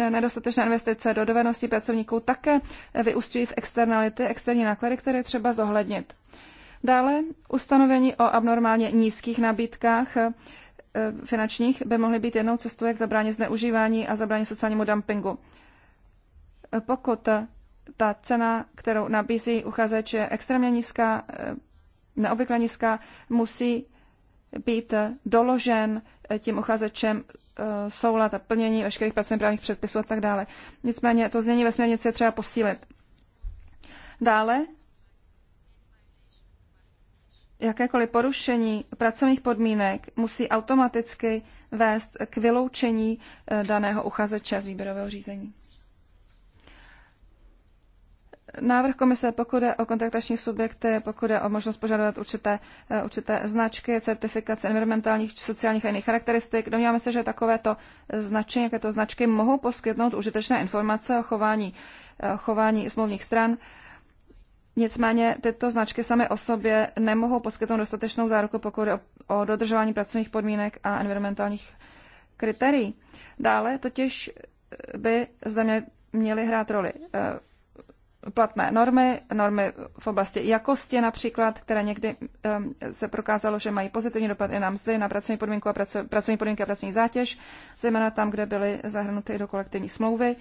nedostatečné investice do dovedností pracovníků také eh, vyústí v externality, externí náklady, které třeba zohlednit. Dále ustanovení o abnormálně nízkých nabídkách finančních by mohly být jednou cestou, jak zabránit zneužívání a zabránit sociálnímu dumpingu. Pokud ta cena, kterou nabízí uchazeč, je extrémně nízká, eh, neobvykle nízká, musí být doložen eh, tím uchazečem eh, soulad a plnění veškerých pracovních právních předpisů a tak dále. Nicméně to znění ve směrnici je třeba posílit. Dále, jakékoliv porušení pracovních podmínek musí automaticky vést k vyloučení daného uchazeče z výběrového řízení. Návrh komise, pokud je o kontaktační subjekty, pokud je o možnost požadovat určité, eh, určité značky, certifikace environmentálních, sociálních a jiných charakteristik, domníváme se, že takovéto značení, jaké to značky, mohou poskytnout užitečné informace o chování, eh, chování smluvních stran. Nicméně tyto značky samy o sobě nemohou poskytnout dostatečnou záruku, pokud je o, o dodržování pracovních podmínek a environmentálních kritérií. Dále totiž eh, by zde měly hrát roli platné normy, normy v oblasti jakosti například, které někdy um, se prokázalo, že mají pozitivní dopad i na mzdy, na pracovní podmínku a praco, pracovní podmínky a pracovní zátěž, zejména tam, kde byly zahrnuty do kolektivní smlouvy.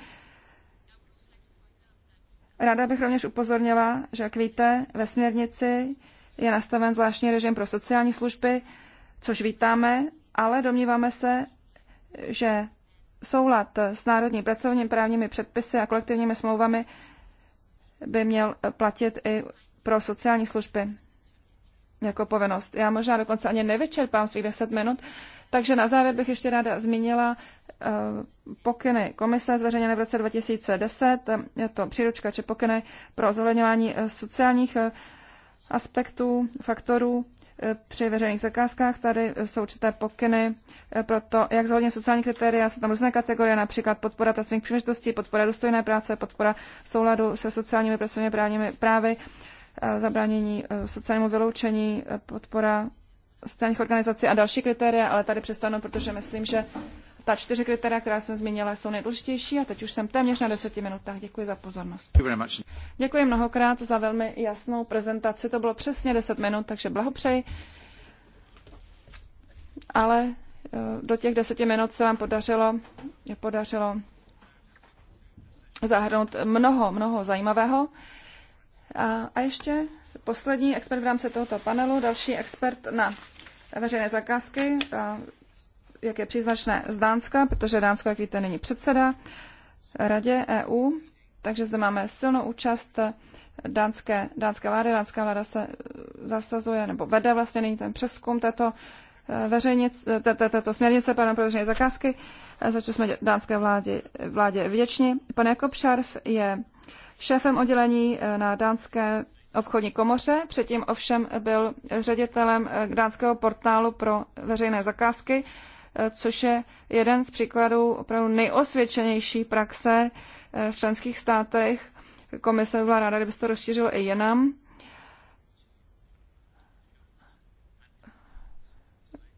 Ráda bych rovněž upozornila, že, jak víte, ve směrnici je nastaven zvláštní režim pro sociální služby, což vítáme, ale domníváme se, že soulad s národní pracovním právními předpisy a kolektivními smlouvami by měl platit i pro sociální služby jako povinnost. Já možná dokonce ani nevyčerpám svých deset minut, takže na závěr bych ještě ráda zmínila eh, pokyny komise zveřejněné v roce 2010. Je to příručka či pokyny pro zohledňování eh, sociálních eh, aspektů, faktorů eh, při veřejných zakázkách. Tady jsou určité pokyny eh, pro to, jak zvolit sociální kritéria. Jsou tam různé kategorie, například podpora pracovních příležitostí, podpora důstojné práce, podpora souladu se sociálními pracovními právními právy, eh, zabránění sociálnímu vyloučení, podpora sociálních organizací a další kritéria, ale tady přestanu, protože myslím, že ta čtyři kritéria, která jsem zmínila, jsou nejdůležitější a teď už jsem téměř na deseti minutách. Děkuji za pozornost. Děkuji mnohokrát za velmi jasnou prezentaci. To bylo přesně deset minut, takže blahopřeji. Ale eh, do těch deseti minut se vám podařilo, podařilo zahrnout mnoho, mnoho zajímavého. A, a ještě poslední expert v rámci tohoto panelu, další expert na veřejné zakázky, jak je příznačné z Dánska, protože Dánsko, jak víte, není předseda Radě EU, takže zde máme silnou účast dánské, dánské vlády. Dánská vláda se eh, zasazuje nebo vede vlastně není ten přeskum této eh, veřejnic, eh, této směrnice, pardon, pro zakázky, za co jsme dánské vládě, vládě vděční. Pan Jakob Šarf je šéfem oddělení na dánské obchodní komoře, předtím ovšem byl ředitelem dánského portálu pro veřejné zakázky Eh, což je jeden z příkladů opravdu nejosvědčenější praxe eh, v členských státech. Komise by byla ráda, kdyby se to rozšířilo i jenom.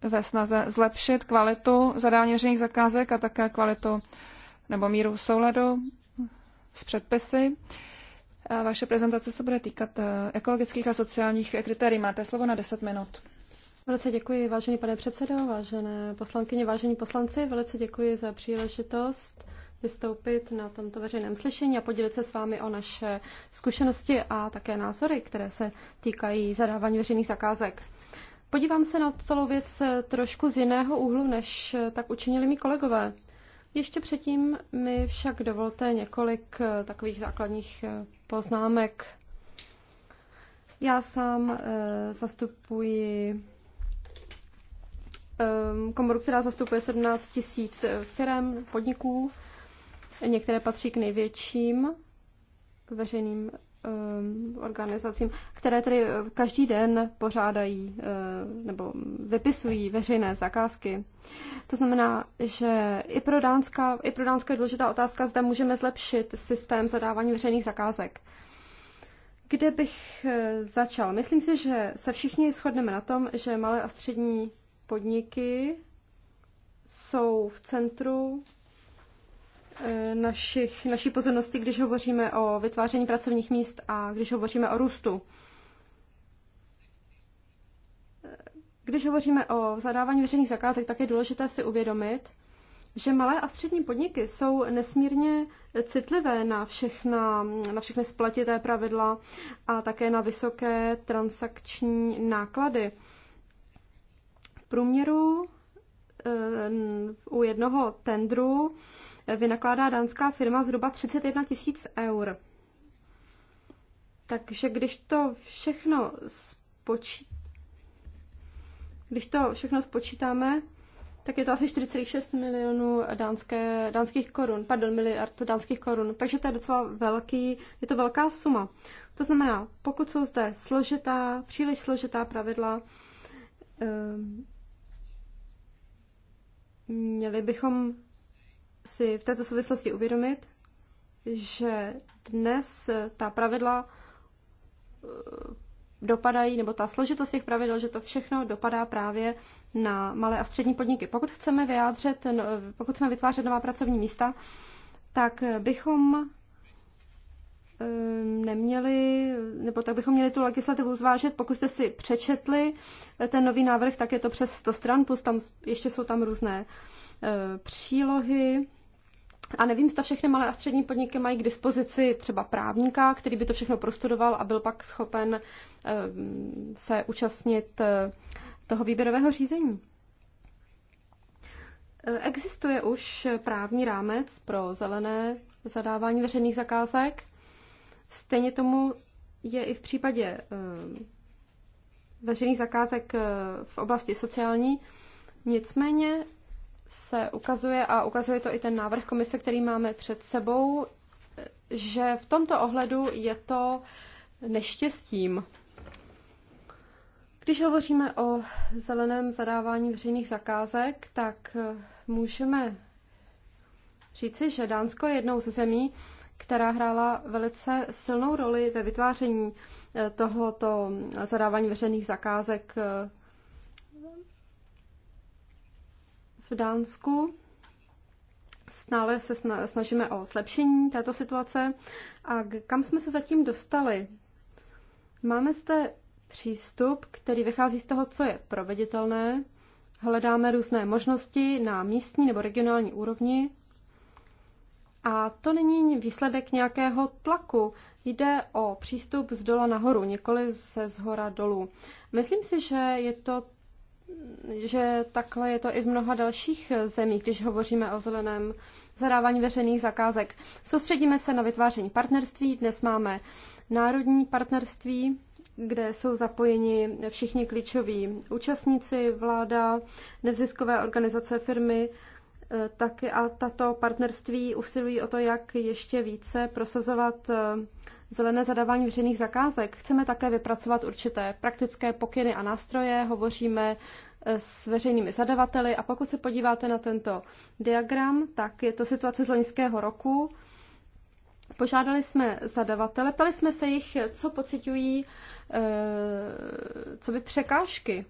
ve snaze zlepšit kvalitu zadání veřejných zakázek a také kvalitu nebo míru souladu s předpisy. Vaše prezentace se bude týkat eh, ekologických a sociálních kritérií. Máte slovo na 10 minut. Velice děkuji, vážený pane předsedo, vážené poslankyně, vážení poslanci. Velice děkuji za příležitost vystoupit na tomto veřejném slyšení a podělit se s vámi o naše zkušenosti a také názory, které se týkají zadávání veřejných zakázek. Podívám se na celou věc trošku z jiného úhlu, než tak učinili mi kolegové. Ještě předtím mi však dovolte několik takových základních poznámek. Já sám eh, zastupuji Ehm, komoru, která zastupuje 17 tisíc eh, firm, podniků. Některé patří k největším veřejným ehm, organizacím, které tedy eh, každý den pořádají eh, nebo vypisují veřejné zakázky. To znamená, že i pro, Dánska, i pro Dánska je důležitá otázka, zda můžeme zlepšit systém zadávání veřejných zakázek. Kde bych začal? Myslím si, že se všichni shodneme na tom, že malé a střední podniky jsou v centru eh, našich, naší pozornosti, když hovoříme o vytváření pracovních míst a když hovoříme o růstu. Když hovoříme o zadávání veřejných zakázek, tak je důležité si uvědomit, že malé a střední podniky jsou nesmírně citlivé na, všechna, na všechny splatité pravidla a také na vysoké transakční náklady průměru eh, u jednoho tendru vynakládá dánská firma zhruba 31 tisíc eur. Takže když to všechno spočí... když to všechno spočítáme, tak je to asi 4,6 milionů dánské, dánských korun, pardon, miliard dánských korun. Takže to je docela velký, je to velká suma. To znamená, pokud jsou zde složitá, příliš složitá pravidla, um, Měli bychom si v této souvislosti uvědomit, že dnes ta pravidla eh, dopadají, nebo ta složitost těch pravidel, že to všechno dopadá právě na malé a střední podniky. Pokud chceme vyjádřit, no, pokud chceme vytvářet nová pracovní místa, tak bychom Ehm, neměli, nebo tak bychom měli tu legislativu zvážet. Pokud jste si přečetli eh, ten nový návrh, tak je to přes 100 stran, plus tam ještě jsou tam různé eh, přílohy. A nevím, zda všechny malé a střední podniky mají k dispozici třeba právníka, který by to všechno prostudoval a byl pak schopen ehm, se účastnit eh, toho výběrového řízení. Existuje už právní rámec pro zelené zadávání veřejných zakázek. Stejně tomu je i v případě eh, veřejných zakázek eh, v oblasti sociální. Nicméně se ukazuje, a ukazuje to i ten návrh komise, který máme před sebou, že v tomto ohledu je to neštěstím. Když hovoříme o zeleném zadávání veřejných zakázek, tak eh, můžeme říci, že Dánsko je jednou ze zemí, která hrála velice silnou roli ve vytváření eh, tohoto zadávání veřejných zakázek eh, v Dánsku. Stále se snažíme o zlepšení této situace. A kam jsme se zatím dostali? Máme zde přístup, který vychází z toho, co je proveditelné. Hledáme různé možnosti na místní nebo regionální úrovni a to není výsledek nějakého tlaku. Jde o přístup z dola nahoru, nikoli se z hora dolů. Myslím si, že je to že takhle je to i v mnoha dalších zemích, když hovoříme o zeleném zadávání veřejných zakázek. Soustředíme se na vytváření partnerství. Dnes máme národní partnerství, kde jsou zapojeni všichni klíčoví účastníci, vláda, neziskové organizace, firmy, Eh, tak a tato partnerství usilují o to, jak ještě více prosazovat eh, zelené zadávání veřejných zakázek. Chceme také vypracovat určité praktické pokyny a nástroje, hovoříme eh, s veřejnými zadavateli a pokud se podíváte na tento diagram, tak je to situace z loňského roku. Požádali jsme zadavatele, ptali jsme se jich, co pocitují, co by překážky.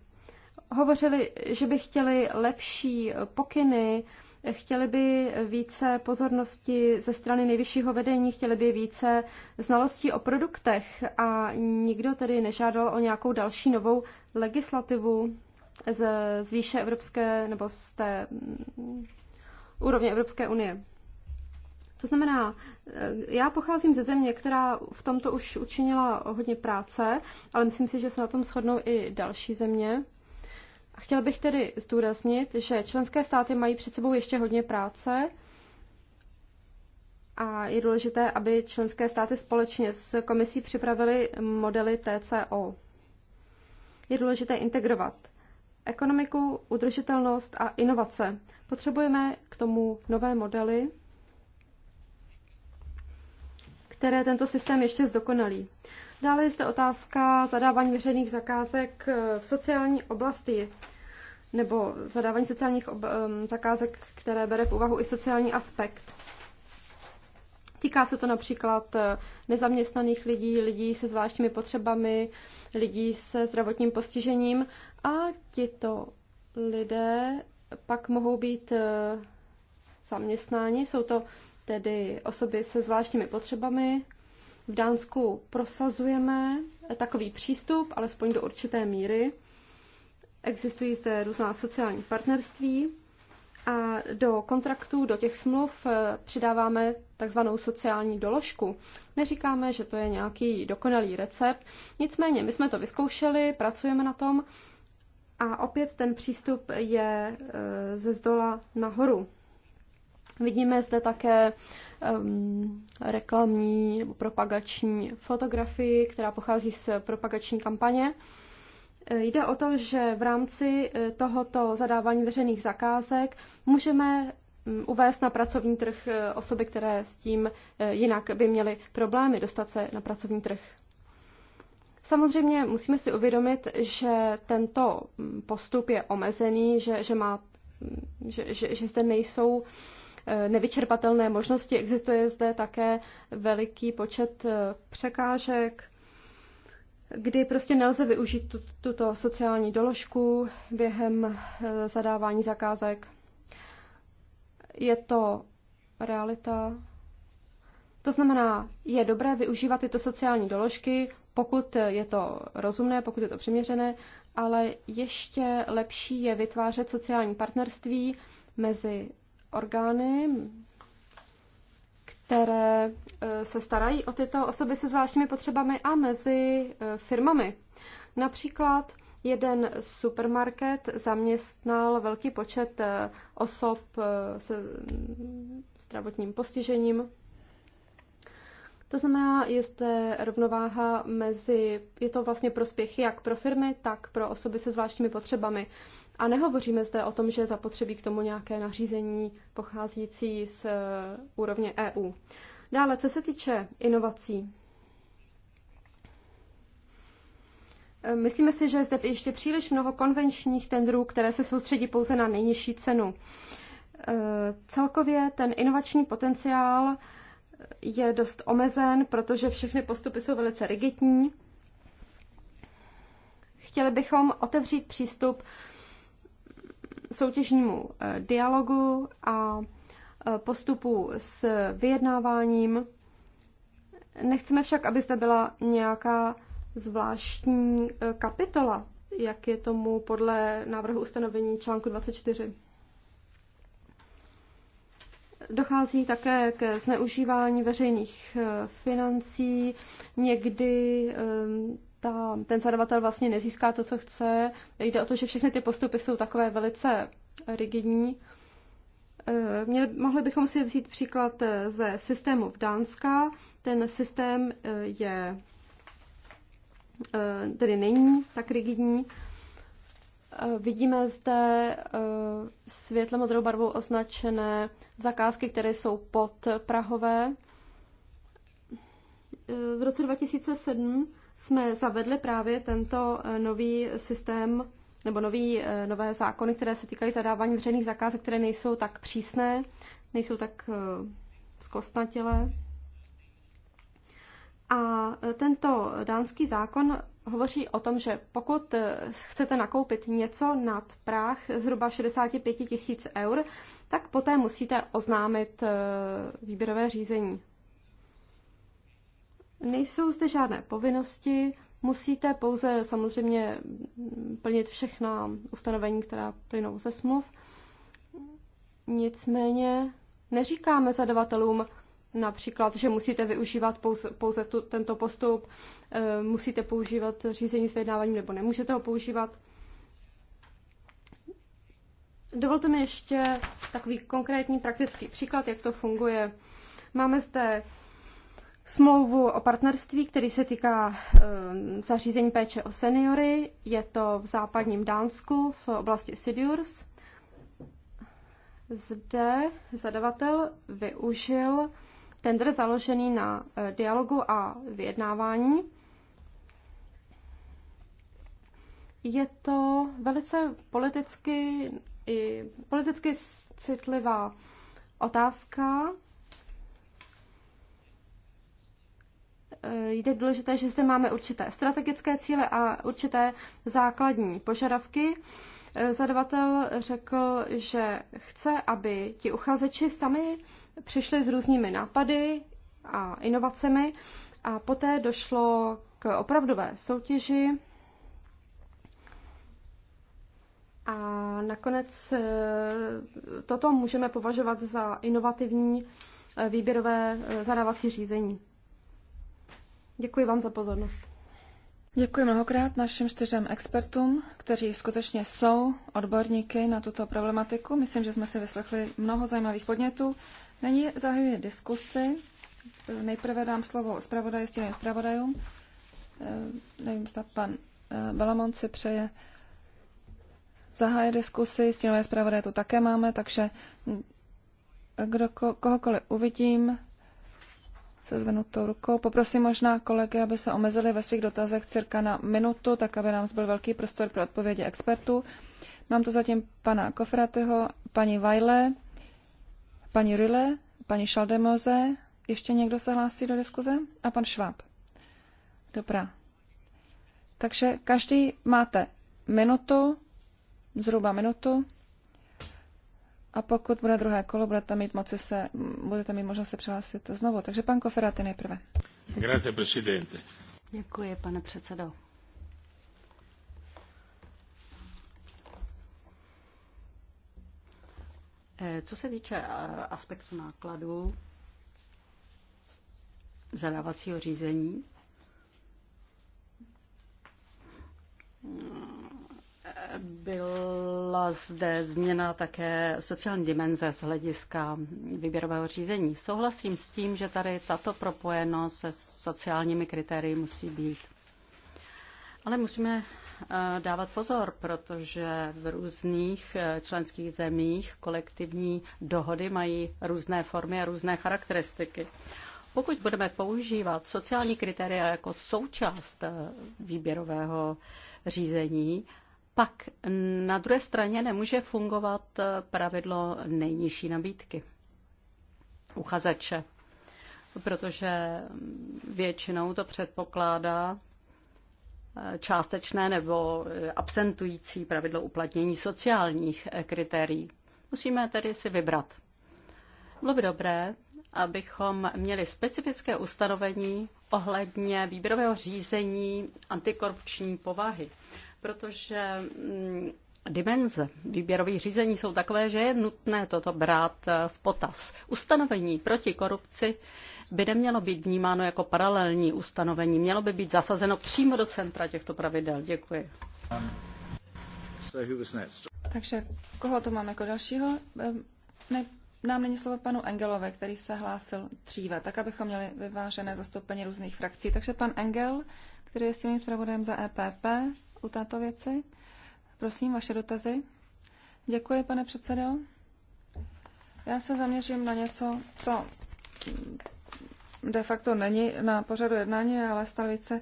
Hovořili, že by chtěli lepší pokyny, chtěli by více pozornosti ze strany nejvyššího vedení, chtěli by více znalostí o produktech a nikdo tedy nežádal o nějakou další novou legislativu z, z výše Evropské nebo z té mm, úrovně Evropské unie. To znamená, eh, já pocházím ze země, která v tomto už učinila hodně práce, ale myslím si, že se na tom shodnou i další země. A chtěl bych tedy zdůraznit, že členské státy mají před sebou ještě hodně práce a je důležité, aby členské státy společně s komisí připravily modely TCO. Je důležité integrovat ekonomiku, udržitelnost a inovace. Potřebujeme k tomu nové modely, které tento systém ještě zdokonalí. Dále je zde otázka zadávání veřejných zakázek eh, v sociální oblasti nebo zadávání sociálních ob- zakázek, které bere v úvahu i sociální aspekt. Týká se to například eh, nezaměstnaných lidí, lidí se zvláštními potřebami, lidí se zdravotním postižením a tito lidé pak mohou být eh, zaměstnáni. Jsou to tedy osoby se zvláštními potřebami, v Dánsku prosazujeme takový přístup, alespoň do určité míry. Existují zde různá sociální partnerství a do kontraktů, do těch smluv eh, přidáváme takzvanou sociální doložku. Neříkáme, že to je nějaký dokonalý recept, nicméně my jsme to vyzkoušeli, pracujeme na tom a opět ten přístup je eh, ze zdola nahoru. Vidíme zde také um, reklamní nebo propagační fotografii, která pochází z propagační kampaně. E, jde o to, že v rámci e, tohoto zadávání veřejných zakázek můžeme mm, uvést na pracovní trh e, osoby, které s tím jinak by měly problémy dostat se na pracovní trh. Samozřejmě musíme si uvědomit, že tento mm, postup je omezený, že, že, má, mm, že, že, že zde nejsou Eh, nevyčerpatelné možnosti. Existuje zde také veliký počet eh, překážek, kdy prostě nelze využít tuto sociální doložku během eh, zadávání zakázek. Je to realita. To znamená, je dobré využívat tyto sociální doložky, pokud je to rozumné, pokud je to přiměřené, ale ještě lepší je vytvářet sociální partnerství mezi orgány, které e, se starají o tyto osoby se zvláštními potřebami a mezi e, firmami. Například jeden supermarket zaměstnal velký počet e, osob se zdravotním postižením. To znamená, je zde rovnováha mezi, je to vlastně prospěch jak pro firmy, tak pro osoby se zvláštními potřebami. A nehovoříme zde o tom, že zapotřebí k tomu nějaké nařízení pocházící z eh, úrovně EU. Dále, co se týče inovací. Eh, myslíme si, že je zde ještě příliš mnoho konvenčních tendrů, které se soustředí pouze na nejnižší cenu. Eh, celkově ten inovační potenciál je dost omezen, protože všechny postupy jsou velice rigidní. Chtěli bychom otevřít přístup soutěžnímu eh, dialogu a eh, postupu s vyjednáváním. Nechceme však, aby zde byla nějaká zvláštní eh, kapitola, jak je tomu podle návrhu ustanovení článku 24. Dochází také ke zneužívání veřejných financí. Někdy ehm, ta, ten zadavatel vlastně nezíská to, co chce. Jde o to, že všechny ty postupy jsou takové velice rigidní. Eh, měli, mohli bychom si vzít příklad eh, ze systému v Dánska. Ten systém eh, je tedy není tak rigidní. Vidíme zde světle modrou barvou označené zakázky, které jsou pod Prahové. V roce 2007 jsme zavedli právě tento eh, nový systém nebo nový, eh, nové zákony, které se týkají zadávání veřejných zakázek, které nejsou tak přísné, nejsou tak eh, zkostnatělé. A tento dánský zákon hovoří o tom, že pokud chcete nakoupit něco nad práh zhruba 65 tisíc eur, tak poté musíte oznámit výběrové řízení Nejsou zde žádné povinnosti, musíte pouze samozřejmě plnit všechna ustanovení, která plynou ze smluv. Nicméně neříkáme zadavatelům například, že musíte využívat pouze, pouze tu, tento postup, eh, musíte používat řízení s vyjednáváním nebo nemůžete ho používat. Dovolte mi ještě takový konkrétní praktický příklad, jak to funguje. Máme zde smlouvu o partnerství, který se týká eh, zařízení péče o seniory. Je to v západním Dánsku v oblasti Sidurs. Zde zadavatel využil tender založený na eh, dialogu a vyjednávání. Je to velice politicky, i politicky citlivá otázka, Eh, jde důležité, že zde máme určité strategické cíle a určité základní požadavky. Eh, zadavatel řekl, že chce, aby ti uchazeči sami přišli s různými nápady a inovacemi a poté došlo k opravdové soutěži a nakonec eh, toto můžeme považovat za inovativní výběrové zadávací řízení. Děkuji vám za pozornost. Děkuji mnohokrát našim čtyřem expertům, kteří skutečně jsou odborníky na tuto problematiku. Myslím, že jsme si vyslechli mnoho zajímavých podnětů. Není zahajuje diskusy. Nejprve dám slovo zpravodaji, stínovým zpravodajům. Eh, nevím, zda pan eh, Balamon si přeje zahájit diskusy. Stínové zpravodaje tu také máme, takže kdo, kohokoliv uvidím, se zvenutou rukou. Poprosím možná kolegy, aby se omezili ve svých dotazech cirka na minutu, tak aby nám zbyl velký prostor pro odpovědi expertů. Mám tu zatím pana Kofratyho, paní Vajle, paní Rille, paní Šaldemoze. Ještě někdo se hlásí do diskuze? A pan Šváb. Dobrá. Takže každý máte minutu, zhruba minutu. A pokud bude druhé kolo, budete mít, moci se, budete mít možnost se přihlásit znovu. Takže pan Koferaty nejprve. Grazie, presidente. Děkuji, pane předsedo. Eh, co se týče eh, aspektu nákladů zadávacího řízení, byla zde změna také sociální dimenze z hlediska výběrového řízení. Souhlasím s tím, že tady tato propojenost se sociálními kritérii musí být. Ale musíme eh, dávat pozor, protože v různých eh, členských zemích kolektivní dohody mají různé formy a různé charakteristiky. Pokud budeme používat sociální kritéria jako součást eh, výběrového řízení, pak na druhé straně nemůže fungovat eh, pravidlo nejnižší nabídky uchazeče, protože většinou to předpokládá eh, částečné nebo eh, absentující pravidlo uplatnění sociálních kritérií. Musíme tedy si vybrat. Bylo by dobré, abychom měli specifické ustanovení ohledně výběrového řízení antikorupční povahy protože mm, dimenze výběrových řízení jsou takové, že je nutné toto brát eh, v potaz. Ustanovení proti korupci by nemělo být vnímáno jako paralelní ustanovení, mělo by být zasazeno přímo do centra těchto pravidel. Děkuji. Takže koho tu máme jako dalšího? Ehm, ne, nám není slovo panu Engelové, který se hlásil dříve, tak abychom měli vyvážené zastoupení různých frakcí. Takže pan Engel, který je svým zpravodajem za EPP, u této věci. Prosím, vaše dotazy. Děkuji, pane předsedo. Já se zaměřím na něco, co de facto není na pořadu jednání, ale stále více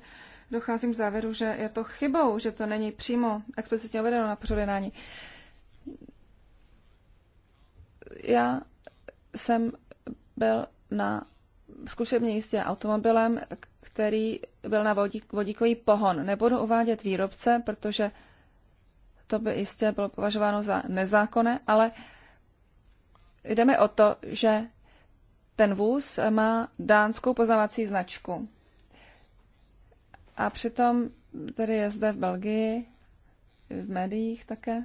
docházím k závěru, že je to chybou, že to není přímo explicitně uvedeno na pořadu jednání. Já jsem byl na zkušebně jízdě automobilem, který byl na vodík, vodíkový pohon. Nebudu uvádět výrobce, protože to by jistě bylo považováno za nezákonné, ale jde mi o to, že ten vůz má dánskou poznávací značku. A přitom tedy je zde v Belgii, v médiích také.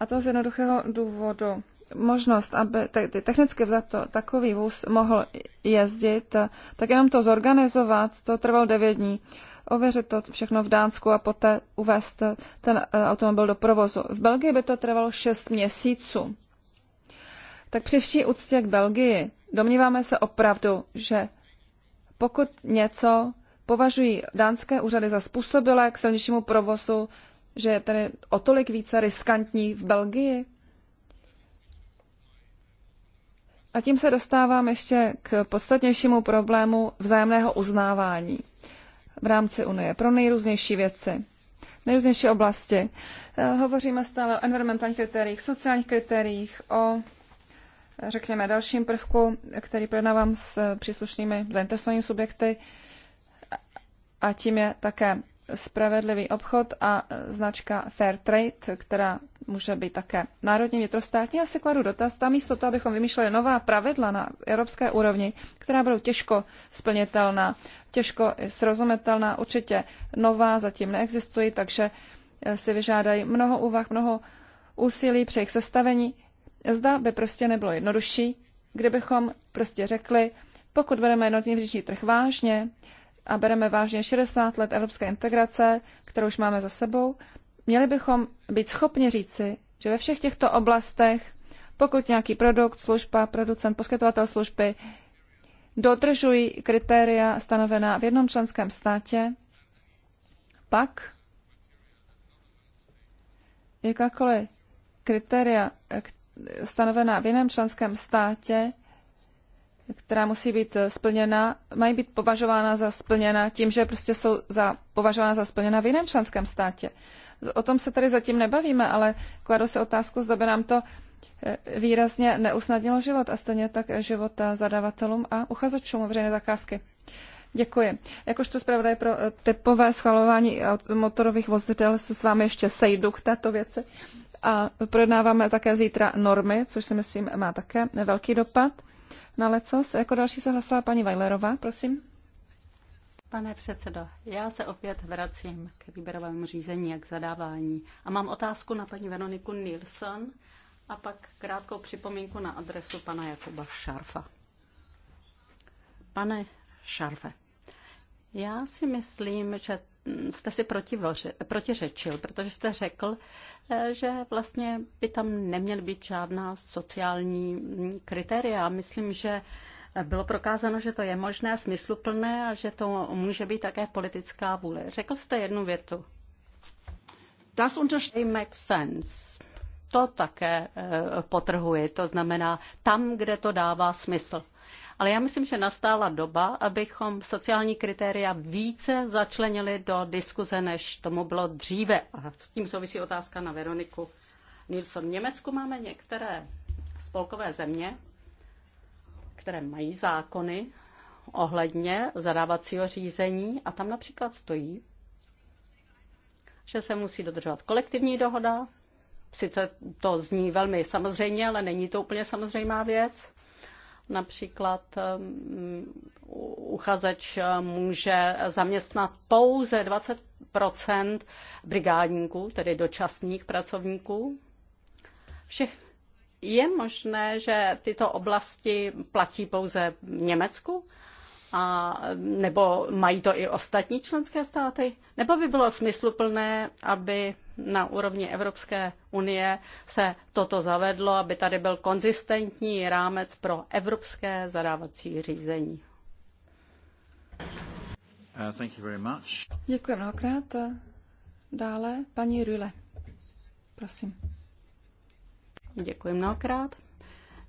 A to z jednoduchého důvodu možnost, aby technicky vzato takový vůz mohl jezdit, tak jenom to zorganizovat, to trvalo 9 dní. Ověřit to všechno v Dánsku a poté uvést ten eh, automobil do provozu. V Belgii by to trvalo 6 měsíců. Tak při vší úctě k Belgii domníváme se opravdu, že pokud něco považují dánské úřady za způsobilé k silnějšímu provozu, že je tedy o tolik více riskantní v Belgii? A tím se dostávám ještě k podstatnějšímu problému vzájemného uznávání v rámci Unie pro nejrůznější věci, nejrůznější oblasti. Eh, hovoříme stále o environmentálních kritériích, sociálních kritériích, o řekněme dalším prvku, který projednávám s příslušnými zainteresovanými subjekty a tím je také spravedlivý obchod a e, značka Fair Trade, která může být také národně vnitrostátní. Já si kladu dotaz, tam místo toho, abychom vymýšleli nová pravidla na evropské úrovni, která budou těžko splnitelná, těžko srozumitelná, určitě nová zatím neexistují, takže e, si vyžádají mnoho úvah, mnoho úsilí při jejich sestavení. Zda by prostě nebylo jednodušší, kdybychom prostě řekli, pokud budeme jednotný vnitřní trh vážně, a bereme vážně 60 let evropské integrace, kterou už máme za sebou, měli bychom být schopni říci, že ve všech těchto oblastech, pokud nějaký produkt, služba, producent, poskytovatel služby dodržují kritéria stanovená v jednom členském státě, pak jakákoliv kritéria stanovená v jiném členském státě která musí být eh, splněna, mají být považována za splněna tím, že prostě jsou za, považována za splněna v jiném členském státě. O tom se tady zatím nebavíme, ale kladu se otázku, zda by nám to eh, výrazně neusnadnilo život a stejně tak život eh, zadavatelům a uchazečům veřejné zakázky. Děkuji. Jakožto zpravodaj pro typové schvalování motorových vozidel se s vámi ještě sejdu k této věci. A projednáváme také zítra normy, což si myslím má také velký dopad na lecos. Jako další se hlasila paní Vajlerová, prosím. Pane předsedo, já se opět vracím k výběrovému řízení a k zadávání. A mám otázku na paní Veroniku Nilsson a pak krátkou připomínku na adresu pana Jakuba Šarfa. Pane Šarfe, já si myslím, že jste si protiřečil, protože jste řekl, eh, že vlastně by tam neměly být žádná sociální mm, kritéria. Myslím, že bylo prokázáno, že to je možné, smysluplné a že to může být také politická vůle. Řekl jste jednu větu. Das makes sense. To také eh, potrhuje, To znamená tam, kde to dává smysl. Ale já myslím, že nastála doba, abychom sociální kritéria více začlenili do diskuze, než tomu bylo dříve. A s tím souvisí otázka na Veroniku Nilsson. V Německu máme některé spolkové země, které mají zákony ohledně zadávacího řízení a tam například stojí, že se musí dodržovat kolektivní dohoda, sice to zní velmi samozřejmě, ale není to úplně samozřejmá věc. Například um, uchazeč eh, může zaměstnat pouze 20 brigádníků, tedy dočasných pracovníků. Všech je možné, že tyto oblasti platí pouze v Německu? a, nebo mají to i ostatní členské státy? Nebo by bylo smysluplné, aby na úrovni Evropské unie se toto zavedlo, aby tady byl konzistentní rámec pro evropské zadávací řízení? Uh, thank you very much. Děkuji mnohokrát. Dále paní Rüle. Prosím. Děkuji mnohokrát.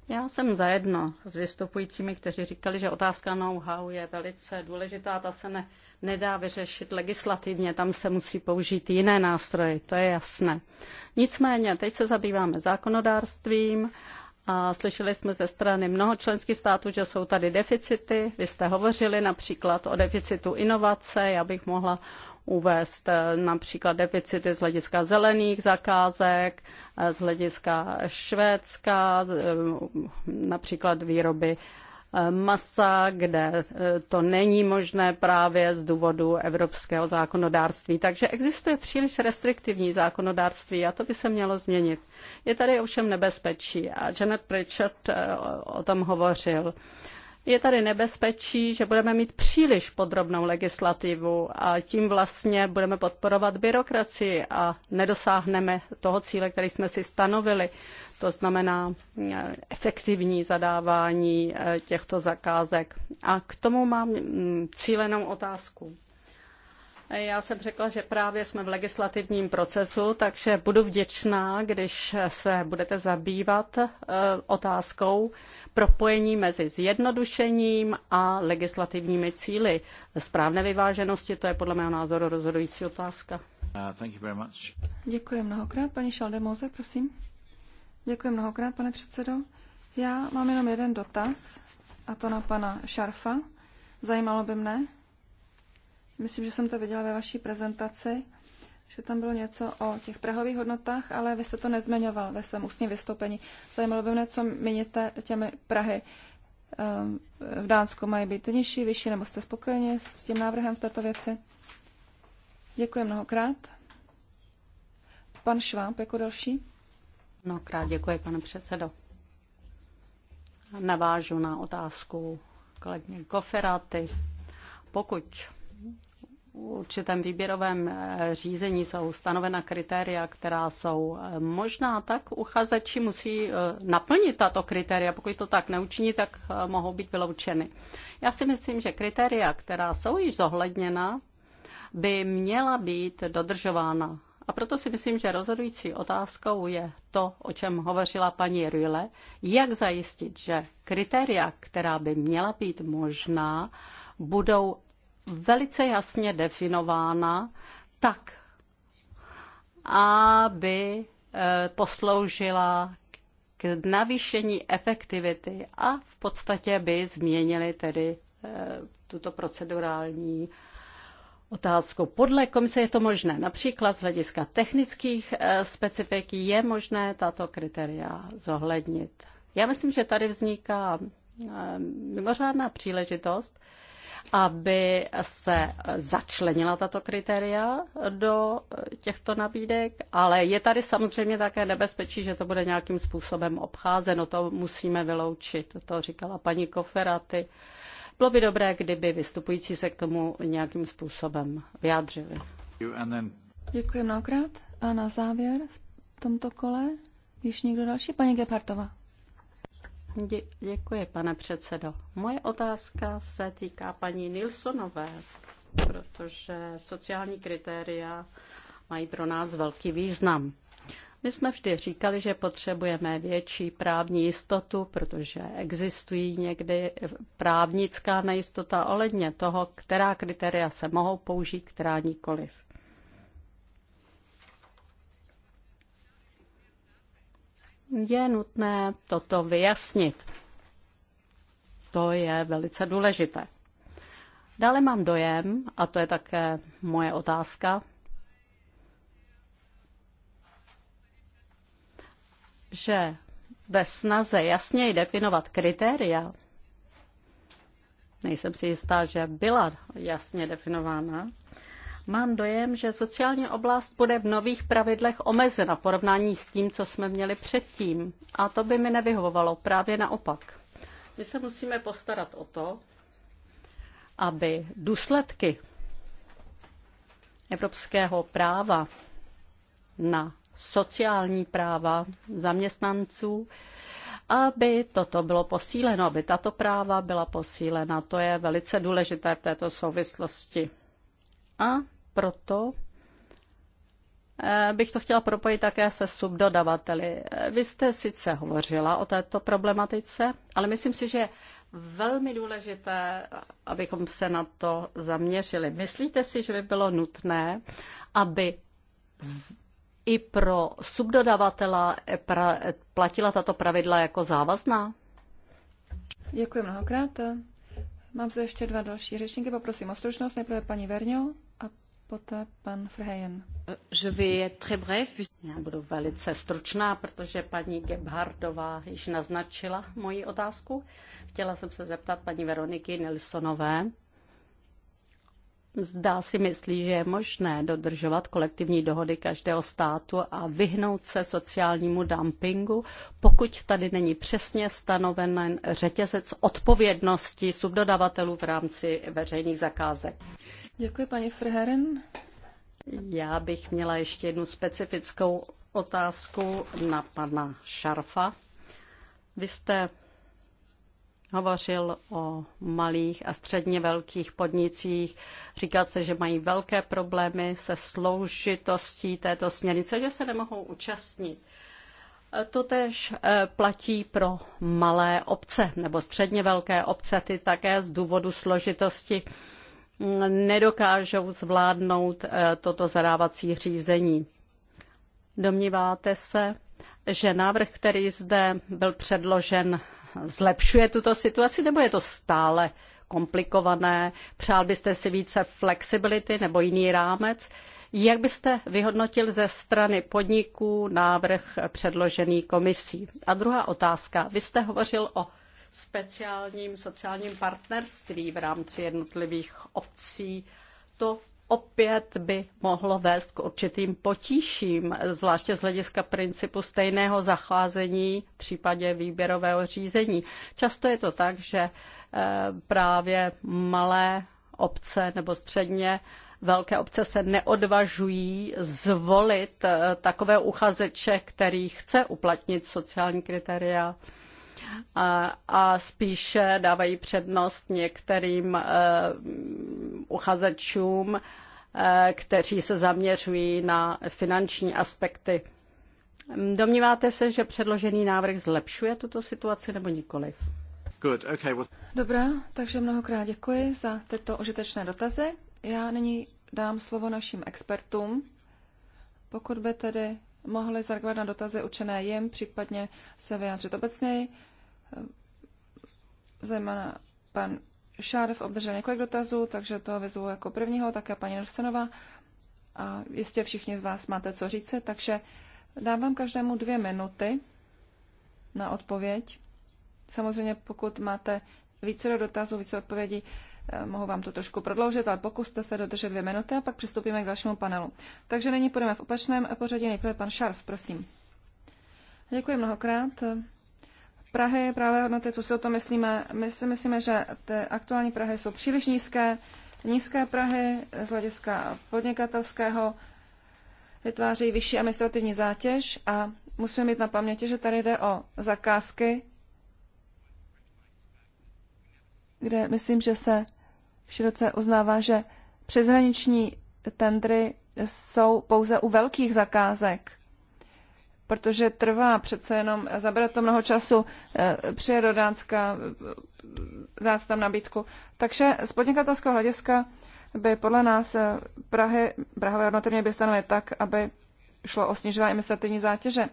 Já jsem zajedno s vystupujícími, kteří říkali, že otázka know-how je velice důležitá, ta se ne, nedá vyřešit legislativně, tam se musí použít jiné nástroje, to je jasné. Nicméně, teď se zabýváme zákonodárstvím a slyšeli jsme ze strany mnoho členských států, že jsou tady deficity. Vy jste hovořili například o deficitu inovace, já bych mohla uvést eh, například deficity z hlediska zelených zakázek, eh, z hlediska Švédska, eh, například výroby masa, kde to není možné právě z důvodu evropského zákonodárství. Takže existuje příliš restriktivní zákonodárství a to by se mělo změnit. Je tady ovšem nebezpečí a Janet Pritchard o tom hovořil je tady nebezpečí, že budeme mít příliš podrobnou legislativu a tím vlastně budeme podporovat byrokracii a nedosáhneme toho cíle, který jsme si stanovili. To znamená eh, efektivní zadávání eh, těchto zakázek. A k tomu mám mm, cílenou otázku. Já jsem řekla, že právě jsme v legislativním procesu, takže budu vděčná, když se budete zabývat eh, otázkou propojení mezi zjednodušením a legislativními cíly. Správné vyváženosti, to je podle mého názoru rozhodující otázka. Uh, Děkuji mnohokrát. Paní Šaldemoze, prosím. Děkuji mnohokrát, pane předsedo. Já mám jenom jeden dotaz, a to na pana Šarfa. Zajímalo by mne, Myslím, že jsem to viděla ve vaší prezentaci, že tam bylo něco o těch prahových hodnotách, ale vy jste to nezmiňoval ve svém ústním vystoupení. Zajímalo by mě, co měníte těmi Prahy. Ehm, v Dánsku mají být nižší, vyšší, nebo jste spokojeni s tím návrhem v této věci? Děkuji mnohokrát. Pan Šváb jako další. Mnohokrát děkuji, pane předsedo. Navážu na otázku kolegyně Koferaty. Pokud určitém výběrovém eh, řízení jsou stanovena kritéria, která jsou eh, možná, tak uchazeči musí eh, naplnit tato kritéria. Pokud to tak neučiní, tak mohou být vyloučeny. Já si myslím, že kritéria, která jsou již zohledněna, by měla být dodržována. A proto si myslím, že rozhodující otázkou je to, o čem hovořila paní Rüle, jak zajistit, že kritéria, která by měla být možná, budou velice jasně definována tak, aby e, posloužila k navýšení efektivity a v podstatě by změnili tedy e, tuto procedurální otázku. Podle komise je to možné. Například z hlediska technických e, specifik je možné tato kritéria zohlednit. Já myslím, že tady vzniká mimořádná příležitost, aby se začlenila tato kritéria do těchto nabídek, ale je tady samozřejmě také nebezpečí, že to bude nějakým způsobem obcházeno. To musíme vyloučit, to říkala paní Koferaty. Bylo by dobré, kdyby vystupující se k tomu nějakým způsobem vyjádřili. Děkuji mnohokrát. A na závěr v tomto kole ještě někdo další? Paní Gepartova. Dě- děkuji, pane předsedo. Moje otázka se týká paní Nilsonové, protože sociální kritéria mají pro nás velký význam. My jsme vždy říkali, že potřebujeme větší právní jistotu, protože existují někdy právnická nejistota ohledně toho, která kritéria se mohou použít, která nikoliv. je nutné toto vyjasnit. To je velice důležité. Dále mám dojem, a to je také moje otázka, že ve snaze jasněji definovat kritéria, nejsem si jistá, že byla jasně definována, Mám dojem, že sociální oblast bude v nových pravidlech omezena v porovnání s tím, co jsme měli předtím. A to by mi nevyhovovalo, právě naopak. My se musíme postarat o to, aby důsledky evropského práva na sociální práva zaměstnanců, aby toto bylo posíleno, aby tato práva byla posílena. To je velice důležité v této souvislosti. A proto eh, bych to chtěla propojit také se subdodavateli. Eh, vy jste sice hovořila o této problematice, ale myslím si, že je velmi důležité, abychom se na to zaměřili. Myslíte si, že by bylo nutné, aby i pro subdodavatela eh, platila tato pravidla jako závazná? Děkuji mnohokrát. Mám zde ještě dva další řečníky, poprosím o stručnost. Nejprve paní Verňo poté pan Frhejen. Já budu velice stručná, protože paní Gebhardová již naznačila moji otázku. Chtěla jsem se zeptat paní Veroniky Nilsonové. Zdá si myslí, že je možné dodržovat kolektivní dohody každého státu a vyhnout se sociálnímu dumpingu, pokud tady není přesně stanoven řetězec odpovědnosti subdodavatelů v rámci veřejných zakázek. Děkuji, paní Frheren. Já bych měla ještě jednu specifickou otázku na pana Šarfa. Vy jste hovořil o malých a středně velkých podnicích. Říkal se, že mají velké problémy se sloužitostí této směrnice, že se nemohou účastnit. To tež eh, platí pro malé obce nebo středně velké obce, ty také z důvodu složitosti nedokážou zvládnout eh, toto zadávací řízení. Domníváte se, že návrh, který zde byl předložen, zlepšuje tuto situaci, nebo je to stále komplikované? Přál byste si více flexibility nebo jiný rámec? Jak byste vyhodnotil ze strany podniků návrh předložený komisí? A druhá otázka. Vy jste hovořil o speciálním sociálním partnerství v rámci jednotlivých obcí. To opět by mohlo vést k určitým potížím, zvláště z hlediska principu stejného zacházení v případě výběrového řízení. Často je to tak, že eh, právě malé obce nebo středně velké obce se neodvažují zvolit eh, takové uchazeče, který chce uplatnit sociální kritéria a, a spíše dávají přednost některým eh, uchazečům, eh, kteří se zaměřují na finanční aspekty. Domníváte se, že předložený návrh zlepšuje tuto situaci nebo nikoliv? Dobrá, takže mnohokrát děkuji za tyto užitečné dotazy. Já nyní dám slovo našim expertům. Pokud by tedy mohli zareagovat na dotazy učené jim, případně se vyjádřit obecněji, Eh, zejména pan Šárev obdržel několik dotazů, takže to vyzvu jako prvního, také paní Nersenova. A jistě všichni z vás máte co říci, takže dávám každému dvě minuty na odpověď. Samozřejmě, pokud máte více dotazů, více odpovědí, eh, mohu vám to trošku prodloužit, ale pokuste se dodržet dvě minuty a pak přistoupíme k dalšímu panelu. Takže nyní půjdeme v opačném pořadí. Nejprve pan Šarf, prosím. Děkuji mnohokrát. Prahy, právě hodnoty, co si o tom myslíme. My si myslíme, že ty aktuální Prahy jsou příliš nízké. Nízké Prahy z hlediska podnikatelského vytvářejí vyšší administrativní zátěž a musíme mít na paměti, že tady jde o zakázky, kde myslím, že se široce uznává, že přeshraniční tendry jsou pouze u velkých zakázek protože trvá přece jenom, zabere to mnoho času, eh, přijet do Dánska, eh, dát tam nabídku. Takže z podnikatelského hlediska by podle nás eh, Prahy, Prahové hodnoty měly by stanovit tak, aby šlo o snižování administrativní zátěže.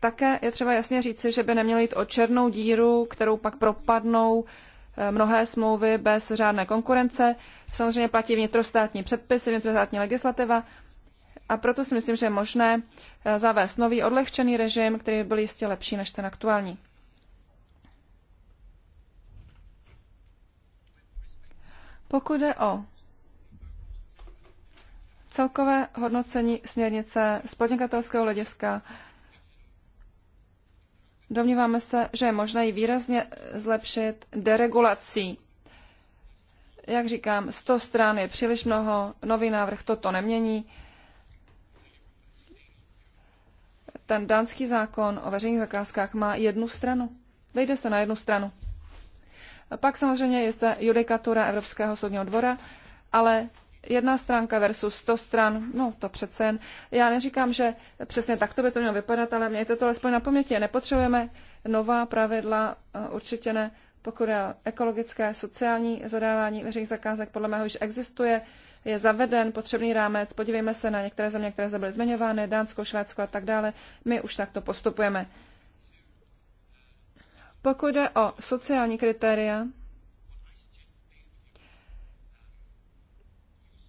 Také je třeba jasně říci, že by nemělo jít o černou díru, kterou pak propadnou mnohé smlouvy bez řádné konkurence. Samozřejmě platí vnitrostátní předpisy, vnitrostátní legislativa, a proto si myslím, že je možné eh, zavést nový odlehčený režim, který by byl jistě lepší než ten aktuální. Pokud jde o celkové hodnocení směrnice z podnikatelského hlediska, domníváme se, že je možné ji výrazně zlepšit deregulací. Jak říkám, 100 strán je příliš mnoho, nový návrh toto nemění. ten dánský zákon o veřejných zakázkách má jednu stranu. Vejde se na jednu stranu. A pak samozřejmě je zde judikatura Evropského soudního dvora, ale jedna stránka versus sto stran, no to přece jen. Já neříkám, že přesně takto by to mělo vypadat, ale mějte to alespoň na paměti. Nepotřebujeme nová pravidla, eh, určitě ne, pokud je ekologické, sociální zadávání veřejných zakázek, podle mého již existuje je zaveden potřebný rámec. Podívejme se na některé země, které zde byly zmiňovány, Dánsko, Švédsko a tak dále. My už takto postupujeme. Pokud jde o sociální kritéria,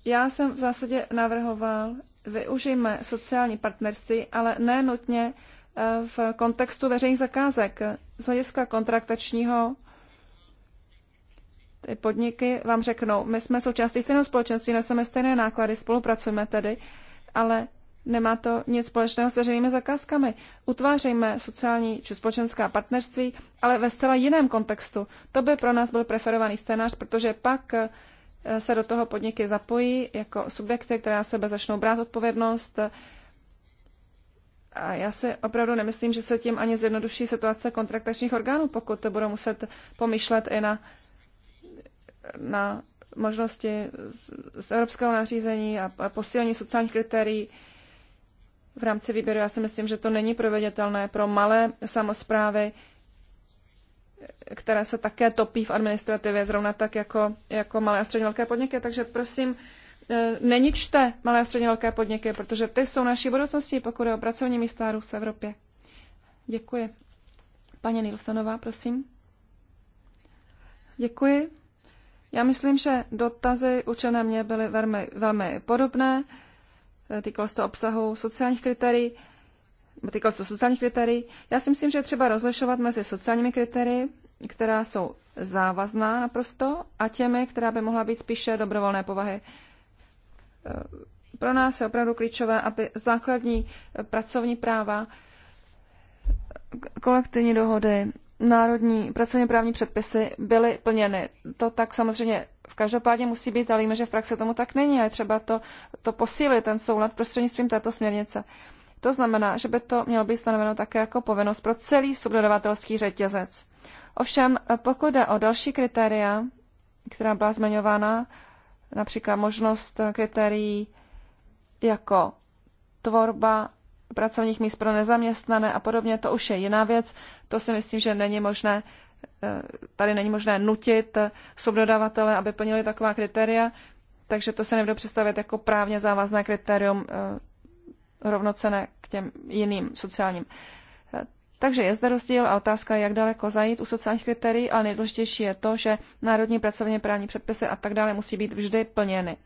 já jsem v zásadě navrhoval, využijme sociální partnerství, ale ne nutně eh, v kontextu veřejných zakázek. Z hlediska kontraktačního ty podniky vám řeknou, my jsme součástí stejného společenství, neseme stejné náklady, spolupracujeme tedy, ale nemá to nic společného s veřejnými zakázkami. Utvářejme sociální či společenská partnerství, ale ve zcela jiném kontextu. To by pro nás byl preferovaný scénář, protože pak eh, se do toho podniky zapojí jako subjekty, které na sebe začnou brát odpovědnost. A já si opravdu nemyslím, že se tím ani zjednoduší situace kontraktačních orgánů, pokud to budou muset pomýšlet i na na možnosti z evropského nařízení a posílení sociálních kritérií v rámci výběru. Já si myslím, že to není proveditelné pro malé samozprávy, které se také topí v administrativě, zrovna tak jako, jako malé a středně velké podniky. Takže prosím, e, neničte malé a středně velké podniky, protože ty jsou naší budoucností, pokud je o pracovní místa v Evropě. Děkuji. Paní Nilsonová, prosím. Děkuji. Já myslím, že dotazy učené mě byly velmi, velmi podobné. Týkalo se to obsahu sociálních kritérií. Týkalo se to sociálních kritérií. Já si myslím, že je třeba rozlišovat mezi sociálními kritérii, která jsou závazná naprosto, a těmi, která by mohla být spíše dobrovolné povahy. Pro nás je opravdu klíčové, aby základní pracovní práva, kolektivní dohody, národní pracovně právní předpisy byly plněny. To tak samozřejmě v každopádě musí být, ale víme, že v praxi tomu tak není a je třeba to, to posílit, ten soulad prostřednictvím této směrnice. To znamená, že by to mělo být stanoveno také jako povinnost pro celý subdodavatelský řetězec. Ovšem, pokud jde o další kritéria, která byla zmiňována, například možnost kritérií jako tvorba pracovních míst pro nezaměstnané a podobně, to už je jiná věc. To si myslím, že není možné, eh, tady není možné nutit subdodavatele, aby plnili taková kritéria, takže to se nebude představit jako právně závazné kritérium eh, rovnocené k těm jiným sociálním. Eh, takže je zde rozdíl a otázka je, jak daleko zajít u sociálních kritérií, ale nejdůležitější je to, že národní pracovně právní předpisy a tak dále musí být vždy plněny.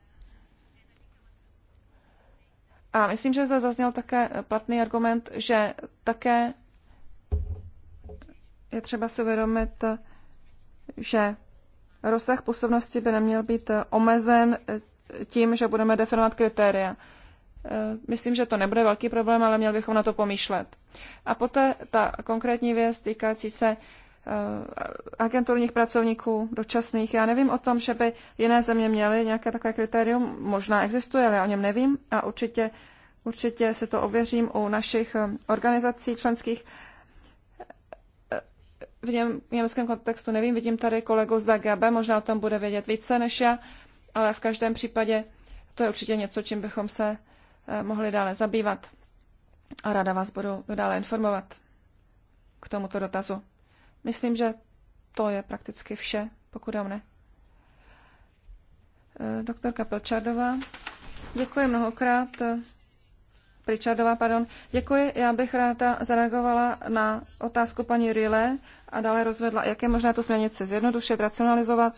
A myslím, že zde zazněl také platný argument, že také je třeba si uvědomit, že rozsah působnosti by neměl být omezen tím, že budeme definovat kritéria. Myslím, že to nebude velký problém, ale měl bychom na to pomýšlet. A poté ta konkrétní věc týkající se Eh, agenturních pracovníků, dočasných. Já nevím o tom, že by jiné země měly nějaké takové kritérium. Možná existuje, ale já o něm nevím a určitě, určitě se to ověřím u našich eh, organizací členských. Eh, v něm, německém kontextu nevím, vidím tady kolegu z DGB, možná o tom bude vědět více než já, ale v každém případě to je určitě něco, čím bychom se mohli dále zabývat. A ráda vás budu dále informovat k tomuto dotazu. Myslím, že to je prakticky vše, pokud o mne. Eh, doktorka Pročardová. Děkuji mnohokrát. Eh, Pričardová, pardon. Děkuji. Já bych ráda zareagovala na otázku paní Rile a dále rozvedla, jak je možné tu směrnici zjednodušit, racionalizovat.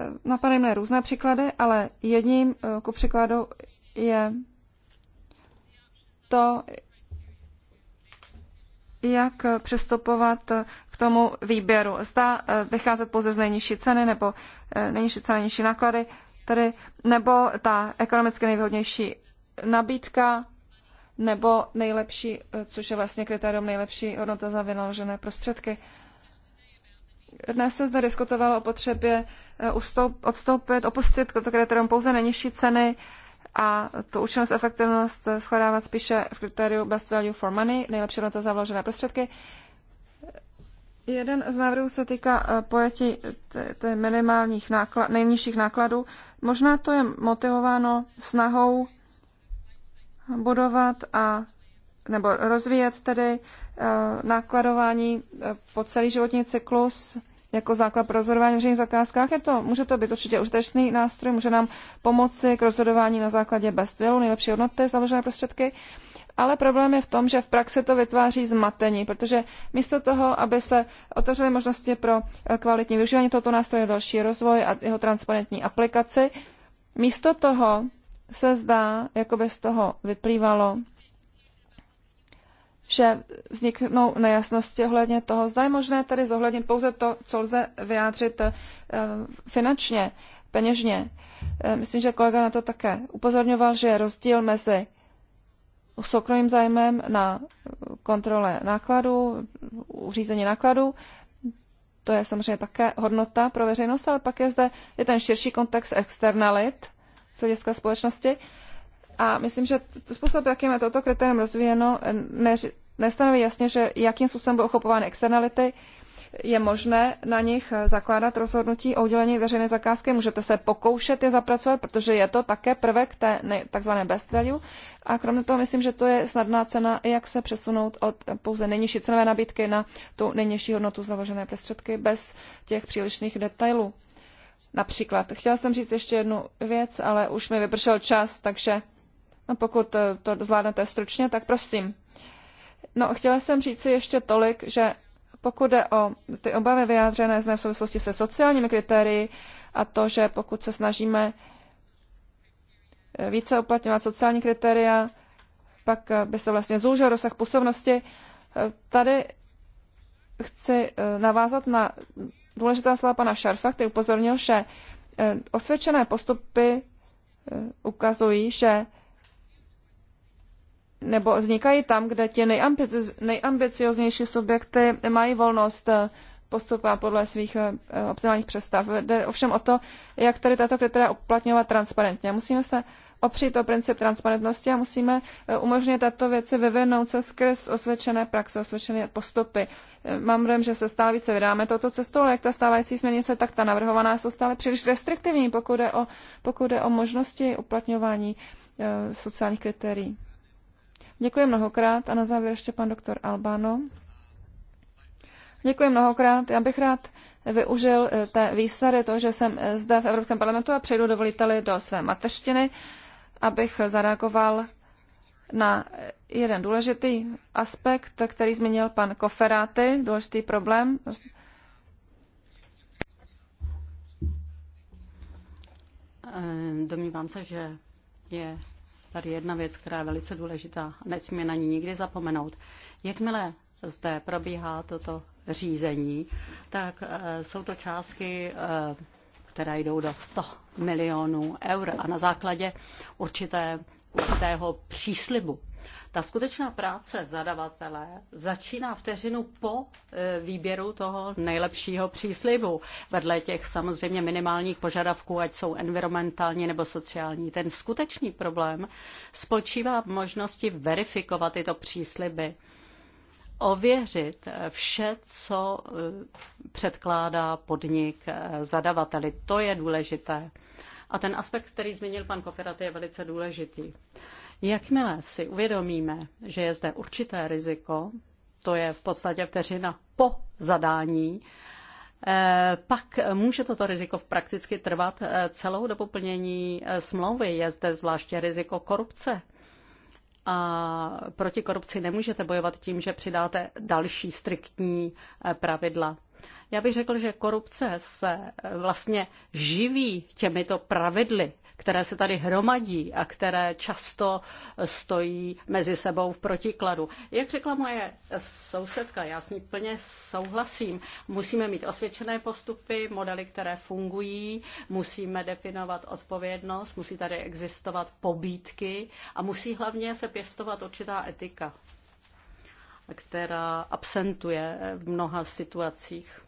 Eh, Napadají mě různé příklady, ale jedním ku příkladu je to, jak přistupovat k tomu výběru. Zda eh, vycházet pouze z nejnižší ceny nebo eh, nejnižší ceny, nejnižší náklady, tedy, nebo ta ekonomicky nejvhodnější nabídka, nebo nejlepší, eh, což je vlastně kritérium nejlepší hodnota za vynaložené prostředky. Dnes se zde diskutovalo o potřebě ustoup, odstoupit, opustit to kritérium pouze nejnižší ceny a tu účinnost, efektivnost shledávat spíše v kritériu best value for money, nejlepší na to založené prostředky. Jeden z návrhů se týká eh, pojetí minimálních náklad, nejnižších nákladů. Možná to je motivováno snahou budovat a nebo rozvíjet tedy eh, nákladování eh, po celý životní cyklus jako základ pro rozhodování v veřejných zakázkách. Je to, může to být určitě užitečný nástroj, může nám pomoci k rozhodování na základě bestvělu, nejlepší hodnoty, založené prostředky. Ale problém je v tom, že v praxi to vytváří zmatení, protože místo toho, aby se otevřely možnosti pro eh, kvalitní využívání tohoto nástroje, další rozvoj a jeho transparentní aplikaci, místo toho se zdá, jako by z toho vyplývalo, že vzniknou nejasnosti ohledně toho, zda je možné tady zohlednit pouze to, co lze vyjádřit eh, finančně, peněžně. Eh, myslím, že kolega na to také upozorňoval, že je rozdíl mezi soukromým zájmem na kontrole nákladů, uřízení nákladů, to je samozřejmě také hodnota pro veřejnost, ale pak je zde je ten širší kontext externalit z hlediska společnosti a myslím, že způsob, jakým je toto kritérium rozvíjeno, nestanoví jasně, že jakým způsobem budou ochopovány externality, je možné na nich zakládat rozhodnutí o udělení veřejné zakázky. Můžete se pokoušet je zapracovat, protože je to také prvek té takzvané best value. A kromě toho myslím, že to je snadná cena, jak se přesunout od pouze nejnižší cenové nabídky na tu nejnižší hodnotu založené prostředky bez těch přílišných detailů. Například. Chtěla jsem říct ještě jednu věc, ale už mi vypršel čas, takže No pokud eh, to zvládnete stručně, tak prosím. No, chtěla jsem si ještě tolik, že pokud jde o ty obavy vyjádřené zde v souvislosti se sociálními kritérii a to, že pokud se snažíme eh, více uplatňovat sociální kritéria, pak eh, by se vlastně zúžil rozsah působnosti. Tady chci navázat na důležitá slova pana Šarfa, který upozornil, že osvědčené postupy ukazují, že nebo vznikají tam, kde ti nejambicioznější subjekty mají volnost eh, postupá podle svých eh, optimálních představ. Jde ovšem o to, jak tady tato kritéria uplatňovat transparentně. Musíme se opřít o princip transparentnosti a musíme eh, umožnit tato věci vyvinout se skrz osvědčené praxe, osvědčené postupy. Mám dojem, že se stále více vydáme touto cestou, ale jak ta stávající směrnice, tak ta navrhovaná jsou stále příliš restriktivní, pokud je o, pokud je o možnosti uplatňování sociálních kritérií. Děkuji mnohokrát a na závěr ještě pan doktor Albano. Děkuji mnohokrát. Já bych rád využil eh, té výsady toho, že jsem eh, zde v Evropském parlamentu a přejdu dovoliteli do své mateřštiny, abych zareagoval na eh, jeden důležitý aspekt, který zmínil pan Koferáty, důležitý problém. Domnívám se, že je tady jedna věc, která je velice důležitá, nesmíme na ní nikdy zapomenout. Jakmile zde probíhá toto řízení, tak eh, jsou to částky, eh, které jdou do 100 milionů eur a na základě určité, určitého příslibu ta skutečná práce zadavatele začíná vteřinu po e, výběru toho nejlepšího příslibu. Vedle těch samozřejmě minimálních požadavků, ať jsou environmentální nebo sociální. Ten skutečný problém spočívá v možnosti verifikovat tyto přísliby ověřit vše, co e, předkládá podnik e, zadavateli. To je důležité. A ten aspekt, který zmínil pan Koferaty, je velice důležitý. Jakmile si uvědomíme, že je zde určité riziko, to je v podstatě vteřina po zadání, eh, pak může toto riziko v prakticky trvat eh, celou dobu plnění eh, smlouvy. Je zde zvláště riziko korupce. A proti korupci nemůžete bojovat tím, že přidáte další striktní pravidla. Já bych řekl, že korupce se vlastně živí těmito pravidly které se tady hromadí a které často stojí mezi sebou v protikladu. Jak řekla moje sousedka, já s ní plně souhlasím, musíme mít osvědčené postupy, modely, které fungují, musíme definovat odpovědnost, musí tady existovat pobídky a musí hlavně se pěstovat určitá etika která absentuje v mnoha situacích.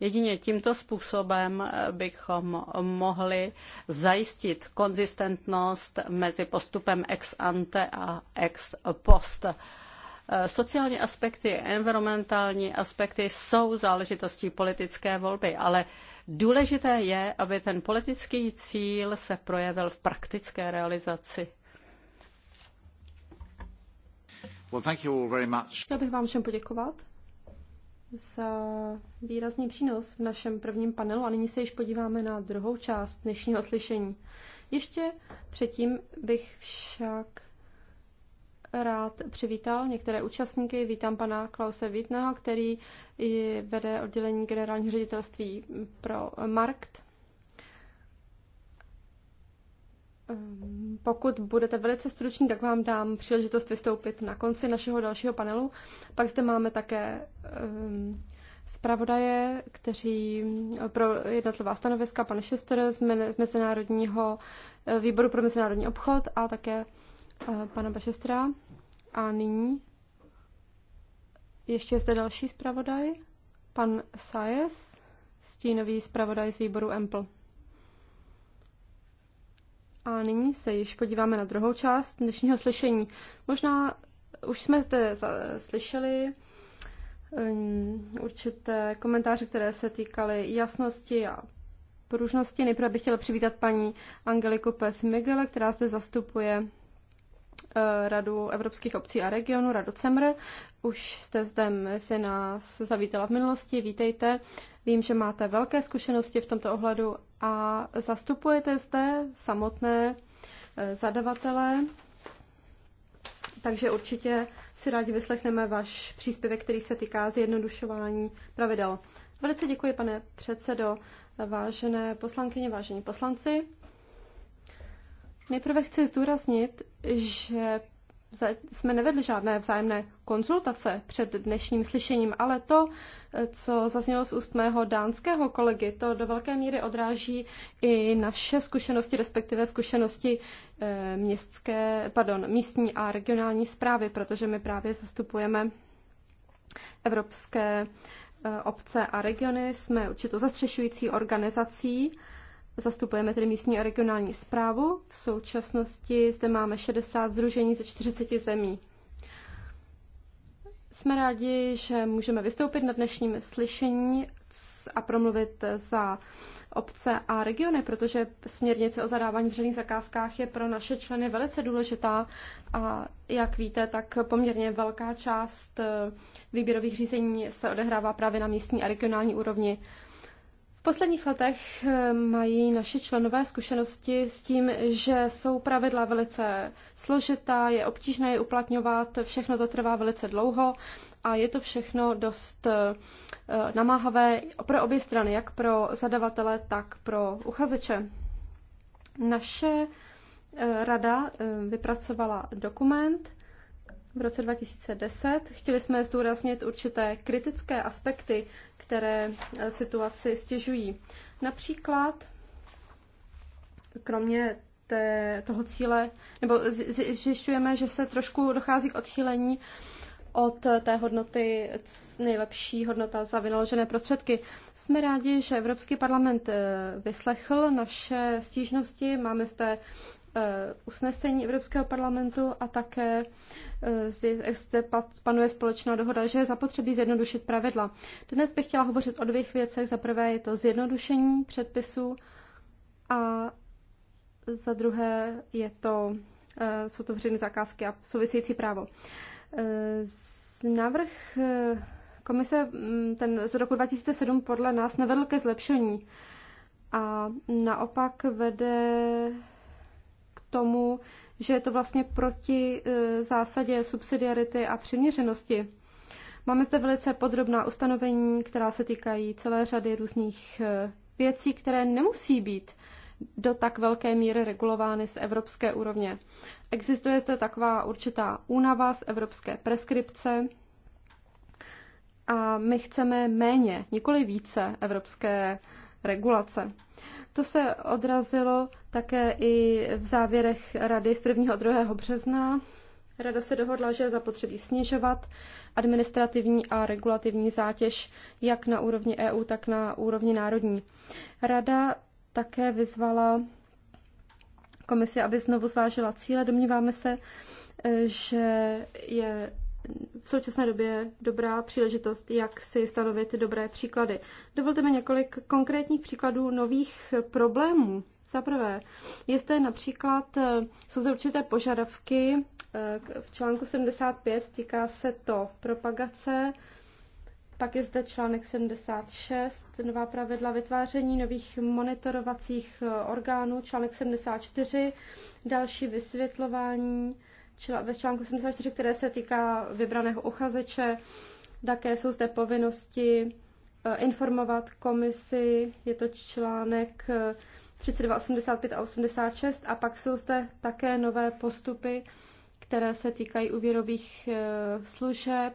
Jedině tímto způsobem eh, bychom mohli zajistit konzistentnost mezi postupem ex ante a ex post. Eh, sociální aspekty, environmentální aspekty jsou záležitostí politické volby, ale důležité je, aby ten politický cíl se projevil v praktické realizaci. Well, thank you all very much. Chtěl bych vám všem poděkovat za výrazný přínos v našem prvním panelu a nyní se již podíváme na druhou část dnešního slyšení. Ještě předtím bych však rád přivítal některé účastníky. Vítám pana Klause Vítného, který vede oddělení generálního ředitelství pro Markt Ehm, pokud budete velice struční, tak vám dám příležitost vystoupit na konci našeho dalšího panelu. Pak zde máme také ehm, zpravodaje, kteří eh, pro jednotlivá stanoviska, pan Šester z Mezinárodního eh, výboru pro mezinárodní obchod a také eh, pana Bašestra. A nyní ještě je zde další zpravodaj, pan Sajes, stínový zpravodaj z výboru EMPL. A nyní se již podíváme na druhou část dnešního slyšení. Možná už jsme zde slyšeli určité komentáře, které se týkaly jasnosti a pružnosti. Nejprve bych chtěla přivítat paní Angeliku Peth Miguel, která zde zastupuje eh, Radu evropských obcí a regionů, Radu CEMR. Už jste zde mezi nás zavítala v minulosti, vítejte. Vím, že máte velké zkušenosti v tomto ohledu a zastupujete zde samotné eh, zadavatele, takže určitě si rádi vyslechneme váš příspěvek, který se týká zjednodušování pravidel. Velice děkuji, pane předsedo, vážené poslankyně, vážení poslanci. Nejprve chci zdůraznit, že jsme nevedli žádné vzájemné konzultace před dnešním slyšením, ale to, co zaznělo z úst mého dánského kolegy, to do velké míry odráží i naše zkušenosti, respektive zkušenosti eh, městské, pardon, místní a regionální zprávy, protože my právě zastupujeme evropské eh, obce a regiony, jsme určitou zastřešující organizací Zastupujeme tedy místní a regionální zprávu. V současnosti zde máme 60 združení ze 40 zemí. Jsme rádi, že můžeme vystoupit na dnešním slyšení a promluvit za obce a regiony, protože směrnice o zadávání veřejných zakázkách je pro naše členy velice důležitá a jak víte, tak poměrně velká část výběrových řízení se odehrává právě na místní a regionální úrovni posledních letech eh, mají naši členové zkušenosti s tím, že jsou pravidla velice složitá, je obtížné je uplatňovat, všechno to trvá velice dlouho a je to všechno dost eh, namáhavé pro obě strany, jak pro zadavatele, tak pro uchazeče. Naše eh, rada vypracovala dokument, v roce 2010. Chtěli jsme zdůraznit určité kritické aspekty, které eh, situaci stěžují. Například, kromě té, toho cíle, nebo zjišťujeme, že se trošku dochází k odchýlení od té hodnoty nejlepší hodnota za vynaložené prostředky. Jsme rádi, že Evropský parlament eh, vyslechl naše stížnosti. Máme zde Eh, usnesení Evropského parlamentu a také zde eh, eh, panuje společná dohoda, že je zapotřebí zjednodušit pravidla. Dnes bych chtěla hovořit o dvěch věcech. Za prvé je to zjednodušení předpisů a za druhé je to, jsou to veřejné zakázky a související právo. Návrh komise mm, ten z roku 2007 podle nás nevedl ke zlepšení a naopak vede tomu, že je to vlastně proti e, zásadě subsidiarity a přiměřenosti. Máme zde velice podrobná ustanovení, která se týkají celé řady různých e, věcí, které nemusí být do tak velké míry regulovány z evropské úrovně. Existuje zde taková určitá únava z evropské preskripce a my chceme méně, nikoli více evropské regulace. To se odrazilo také i v závěrech rady z 1. a 2. března. Rada se dohodla, že je zapotřebí snižovat administrativní a regulativní zátěž jak na úrovni EU, tak na úrovni národní. Rada také vyzvala komisi, aby znovu zvážila cíle. Domníváme se, že je v současné době dobrá příležitost, jak si stanovit dobré příklady. Dovolte mi několik konkrétních příkladů nových problémů. Za prvé, jestli například, eh, jsou zde určité požadavky eh, v článku 75, týká se to propagace, pak je zde článek 76, nová pravidla vytváření nových monitorovacích eh, orgánů, článek 74, další vysvětlování, ve článku 74, které se týká vybraného uchazeče. Také jsou zde povinnosti eh, informovat komisi, je to článek 32, eh, 85 a 86 a pak jsou zde také nové postupy, které se týkají úvěrových eh, služeb,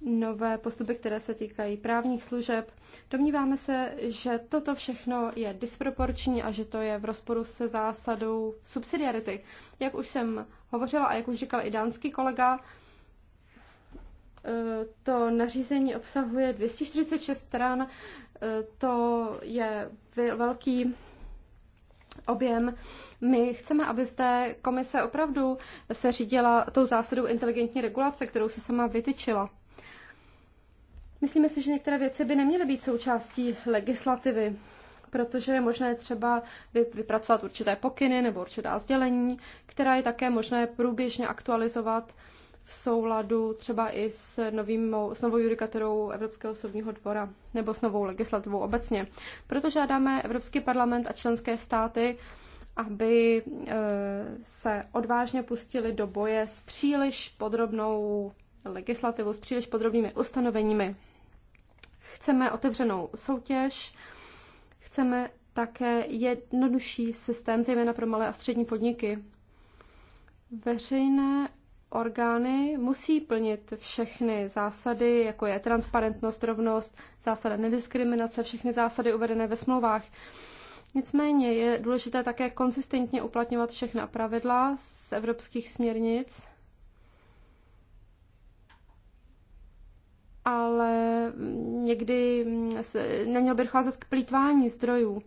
nové postupy, které se týkají právních služeb. Domníváme se, že toto všechno je disproporční a že to je v rozporu se zásadou subsidiarity. Jak už jsem hovořila a jak už říkal i dánský kolega, eh, to nařízení obsahuje 246 stran, eh, to je velký objem. My chceme, aby zde komise opravdu se řídila tou zásadou inteligentní regulace, kterou se sama vytyčila. Myslíme si, že některé věci by neměly být součástí legislativy, protože je možné třeba vypracovat určité pokyny nebo určitá sdělení, která je také možné průběžně aktualizovat v souladu třeba i s, novým, s novou judikaturou Evropského soudního dvora nebo s novou legislativou obecně. Proto žádáme Evropský parlament a členské státy, aby e, se odvážně pustili do boje s příliš podrobnou legislativou, s příliš podrobnými ustanoveními. Chceme otevřenou soutěž, chceme také jednodušší systém, zejména pro malé a střední podniky. Veřejné orgány musí plnit všechny zásady, jako je transparentnost, rovnost, zásada nediskriminace, všechny zásady uvedené ve smlouvách. Nicméně je důležité také konsistentně uplatňovat všechna pravidla z evropských směrnic ale někdy neměl by docházet k plítvání zdrojů,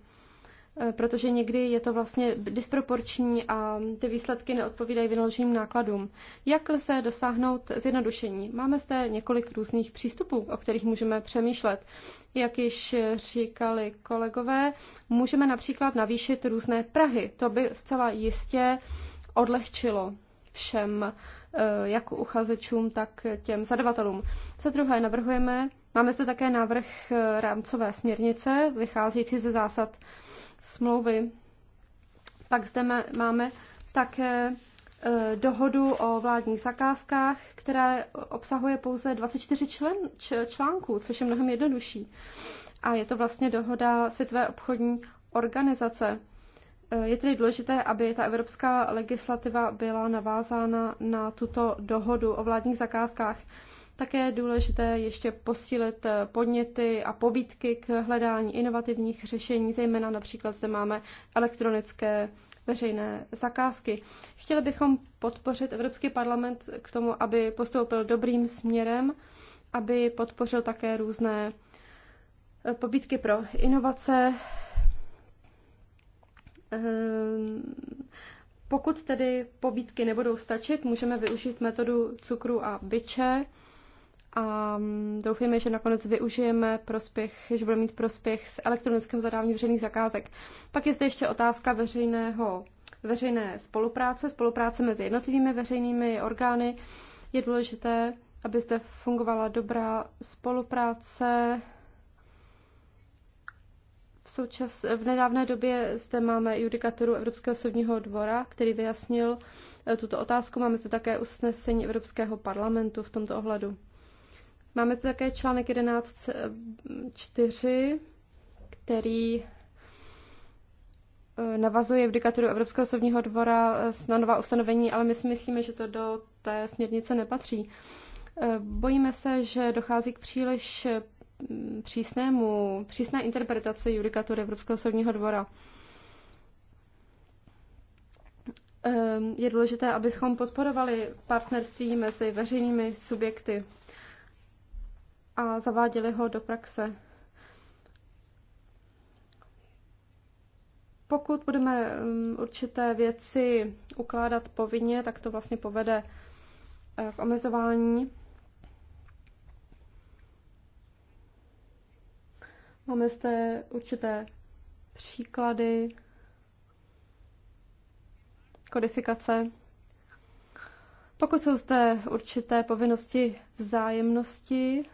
eh, protože někdy je to vlastně disproporční a ty výsledky neodpovídají vynaloženým nákladům. Jak lze dosáhnout zjednodušení? Máme zde několik různých přístupů, o kterých můžeme přemýšlet. Jak již říkali kolegové, můžeme například navýšit různé Prahy. To by zcela jistě odlehčilo všem Eh, jak uchazečům, tak těm zadavatelům. Za druhé navrhujeme, máme zde také návrh eh, rámcové směrnice, vycházející ze zásad smlouvy. Pak zde máme také eh, dohodu o vládních zakázkách, která obsahuje pouze 24 člen, č, článků, což je mnohem jednodušší. A je to vlastně dohoda Světové obchodní organizace. Je tedy důležité, aby ta evropská legislativa byla navázána na tuto dohodu o vládních zakázkách. Také je důležité ještě posílit podněty a pobídky k hledání inovativních řešení, zejména například zde máme elektronické veřejné zakázky. Chtěli bychom podpořit Evropský parlament k tomu, aby postoupil dobrým směrem, aby podpořil také různé pobídky pro inovace, Ehm, pokud tedy pobídky nebudou stačit, můžeme využít metodu cukru a byče a mm, doufejme, že nakonec využijeme prospěch, že budeme mít prospěch s elektronickým zadávání veřejných zakázek. Pak je zde ještě otázka veřejného, veřejné spolupráce, spolupráce mezi jednotlivými veřejnými orgány. Je důležité, aby zde fungovala dobrá spolupráce v, součas, v nedávné době zde máme judikaturu Evropského soudního dvora, který vyjasnil eh, tuto otázku. Máme zde také usnesení Evropského parlamentu v tomto ohledu. Máme zde také článek 11.4, který eh, navazuje judikaturu Evropského soudního dvora eh, na nová ustanovení, ale my si myslíme, že to do té směrnice nepatří. Bojíme se, že dochází k příliš Mm, přísnému, přísné interpretaci judikatury Evropského soudního dvora. Ehm, je důležité, abychom podporovali partnerství mezi veřejnými subjekty a zaváděli ho do praxe. Pokud budeme mm, určité věci ukládat povinně, tak to vlastně povede eh, k omezování Máme zde určité příklady kodifikace. Pokud jsou zde určité povinnosti vzájemnosti,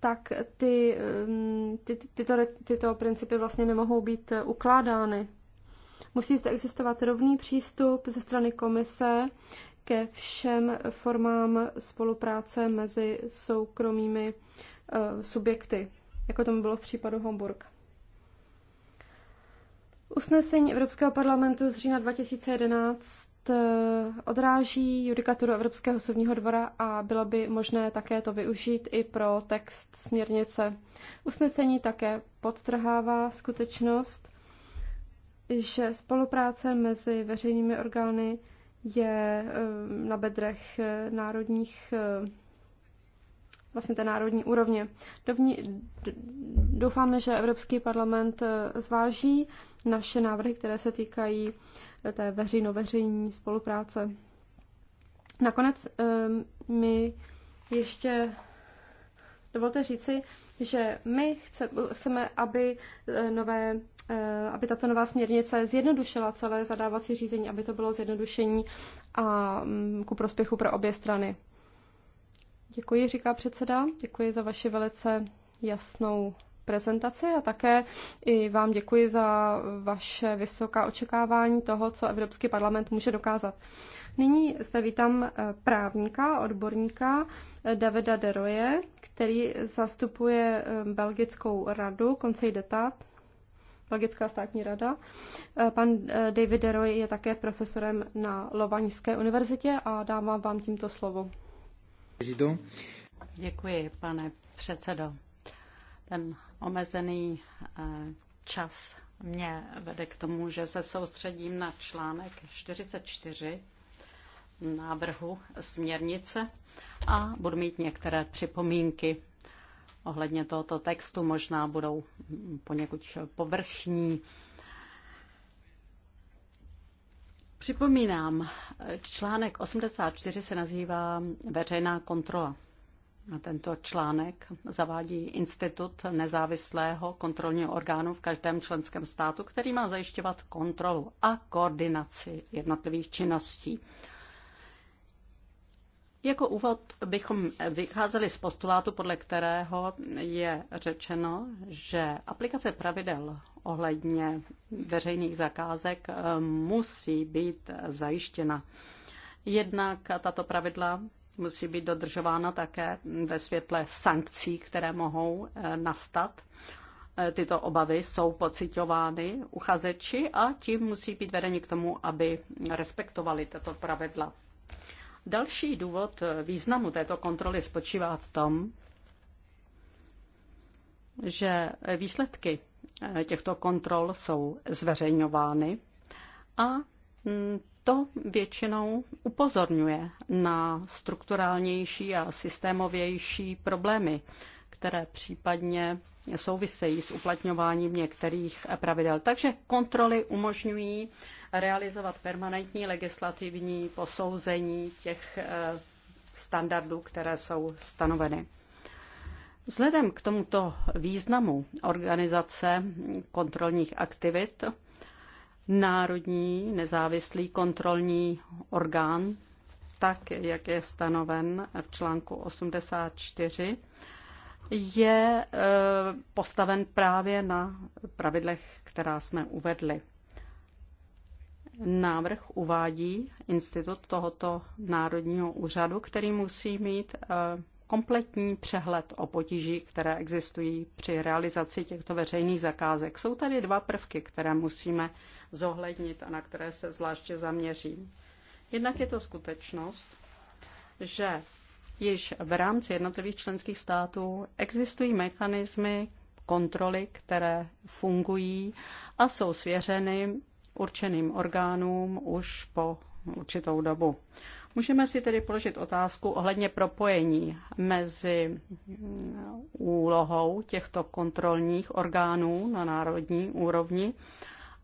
tak um, ty, ty, tyto, tyto principy vlastně nemohou být ukládány. Musí zde existovat rovný přístup ze strany komise ke všem formám spolupráce mezi soukromými eh, subjekty, jako tomu bylo v případu Homburg. Usnesení Evropského parlamentu z října 2011 eh, odráží judikaturu Evropského soudního dvora a bylo by možné také to využít i pro text směrnice. Usnesení také podtrhává skutečnost, že spolupráce mezi veřejnými orgány je eh, na bedrech eh, národních eh, vlastně té národní úrovně. Dovní, doufáme, že Evropský parlament zváží naše návrhy, které se týkají té veřejno-veřejní spolupráce. Nakonec mi ještě dovolte říci, že my chceme, aby nové Eh, aby tato nová směrnice zjednodušila celé zadávací řízení, aby to bylo zjednodušení a mm, ku prospěchu pro obě strany. Děkuji, říká předseda. Děkuji za vaši velice jasnou prezentaci a také i vám děkuji za vaše vysoká očekávání toho, co Evropský parlament může dokázat. Nyní se vítám eh, právníka, odborníka eh, Davida Deroje, který zastupuje Belgickou radu Conseil d'État Belgická státní rada. Eh, pan eh, David Deroy je také profesorem na Lovaňské univerzitě a dávám vám tímto slovo. Děkuji, pane předsedo. Ten omezený eh, čas mě vede k tomu, že se soustředím na článek 44 návrhu směrnice a budu mít některé připomínky ohledně tohoto textu možná budou poněkud površní. Připomínám, článek 84 se nazývá veřejná kontrola. A tento článek zavádí institut nezávislého kontrolního orgánu v každém členském státu, který má zajišťovat kontrolu a koordinaci jednotlivých činností. Jako úvod bychom vycházeli z postulátu, podle kterého je řečeno, že aplikace pravidel ohledně veřejných zakázek eh, musí být zajištěna. Jednak tato pravidla musí být dodržována také ve světle sankcí, které mohou eh, nastat. Eh, tyto obavy jsou pocitovány uchazeči a tím musí být vedeni k tomu, aby respektovali tato pravidla. Další důvod významu této kontroly spočívá v tom, že výsledky eh, těchto kontrol jsou zveřejňovány a mm, to většinou upozorňuje na strukturálnější a systémovější problémy, které případně souvisejí s uplatňováním některých pravidel. Takže kontroly umožňují realizovat permanentní legislativní posouzení těch eh, standardů, které jsou stanoveny. Vzhledem k tomuto významu organizace kontrolních aktivit, národní nezávislý kontrolní orgán, tak jak je stanoven v článku 84, je eh, postaven právě na pravidlech, která jsme uvedli. Návrh uvádí institut tohoto národního úřadu, který musí mít eh, kompletní přehled o potížích, které existují při realizaci těchto veřejných zakázek. Jsou tady dva prvky, které musíme zohlednit a na které se zvláště zaměřím. Jednak je to skutečnost, že již v rámci jednotlivých členských států existují mechanismy kontroly, které fungují a jsou svěřeny určeným orgánům už po určitou dobu. Můžeme si tedy položit otázku ohledně propojení mezi úlohou těchto kontrolních orgánů na národní úrovni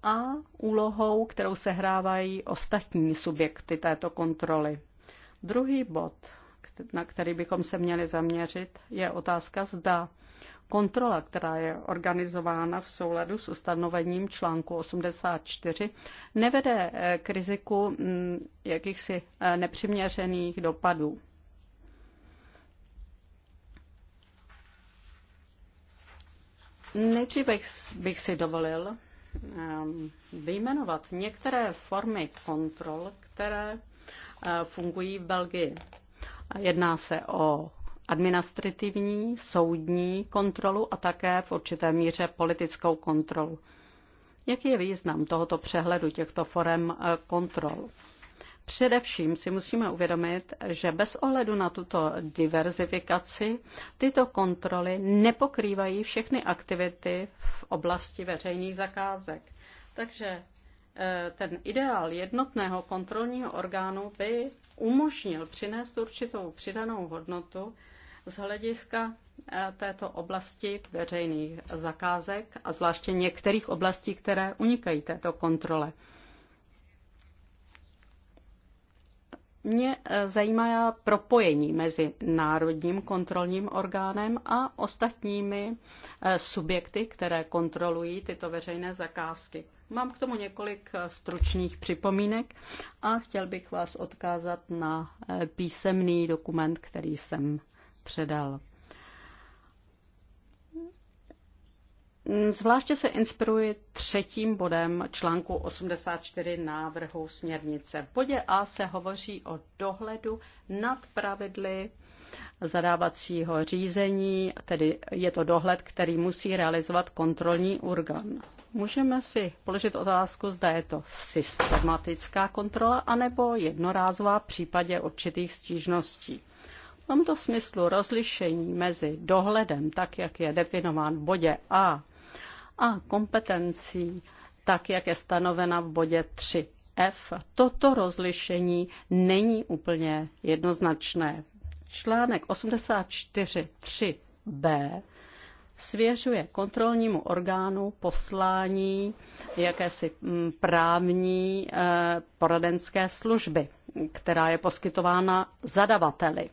a úlohou, kterou sehrávají ostatní subjekty této kontroly. Druhý bod, na který bychom se měli zaměřit, je otázka, zda Kontrola, která je organizována v souladu s ustanovením článku 84, nevede eh, k riziku mm, jakýchsi eh, nepřiměřených dopadů. Nejdřív bych, bych si dovolil ehm, vyjmenovat některé formy kontrol, které eh, fungují v Belgii. Jedná se o administrativní, soudní kontrolu a také v určité míře politickou kontrolu. Jaký je význam tohoto přehledu těchto forem eh, kontrol? Především si musíme uvědomit, že bez ohledu na tuto diverzifikaci tyto kontroly nepokrývají všechny aktivity v oblasti veřejných zakázek. Takže eh, ten ideál jednotného kontrolního orgánu by umožnil přinést určitou přidanou hodnotu z hlediska eh, této oblasti veřejných zakázek a zvláště některých oblastí, které unikají této kontrole. Mě eh, zajímá propojení mezi národním kontrolním orgánem a ostatními eh, subjekty, které kontrolují tyto veřejné zakázky. Mám k tomu několik stručných připomínek a chtěl bych vás odkázat na písemný dokument, který jsem předal. Zvláště se inspiruji třetím bodem článku 84 návrhu směrnice. V bodě A se hovoří o dohledu nad pravidly zadávacího řízení, tedy je to dohled, který musí realizovat kontrolní orgán. Můžeme si položit otázku, zda je to systematická kontrola anebo jednorázová v případě určitých stížností. V tomto smyslu rozlišení mezi dohledem, tak jak je definován v bodě A, a kompetencí, tak jak je stanovena v bodě 3f, toto rozlišení není úplně jednoznačné. Článek 84.3b svěřuje kontrolnímu orgánu poslání jakési mm, právní eh, poradenské služby, která je poskytována zadavateli.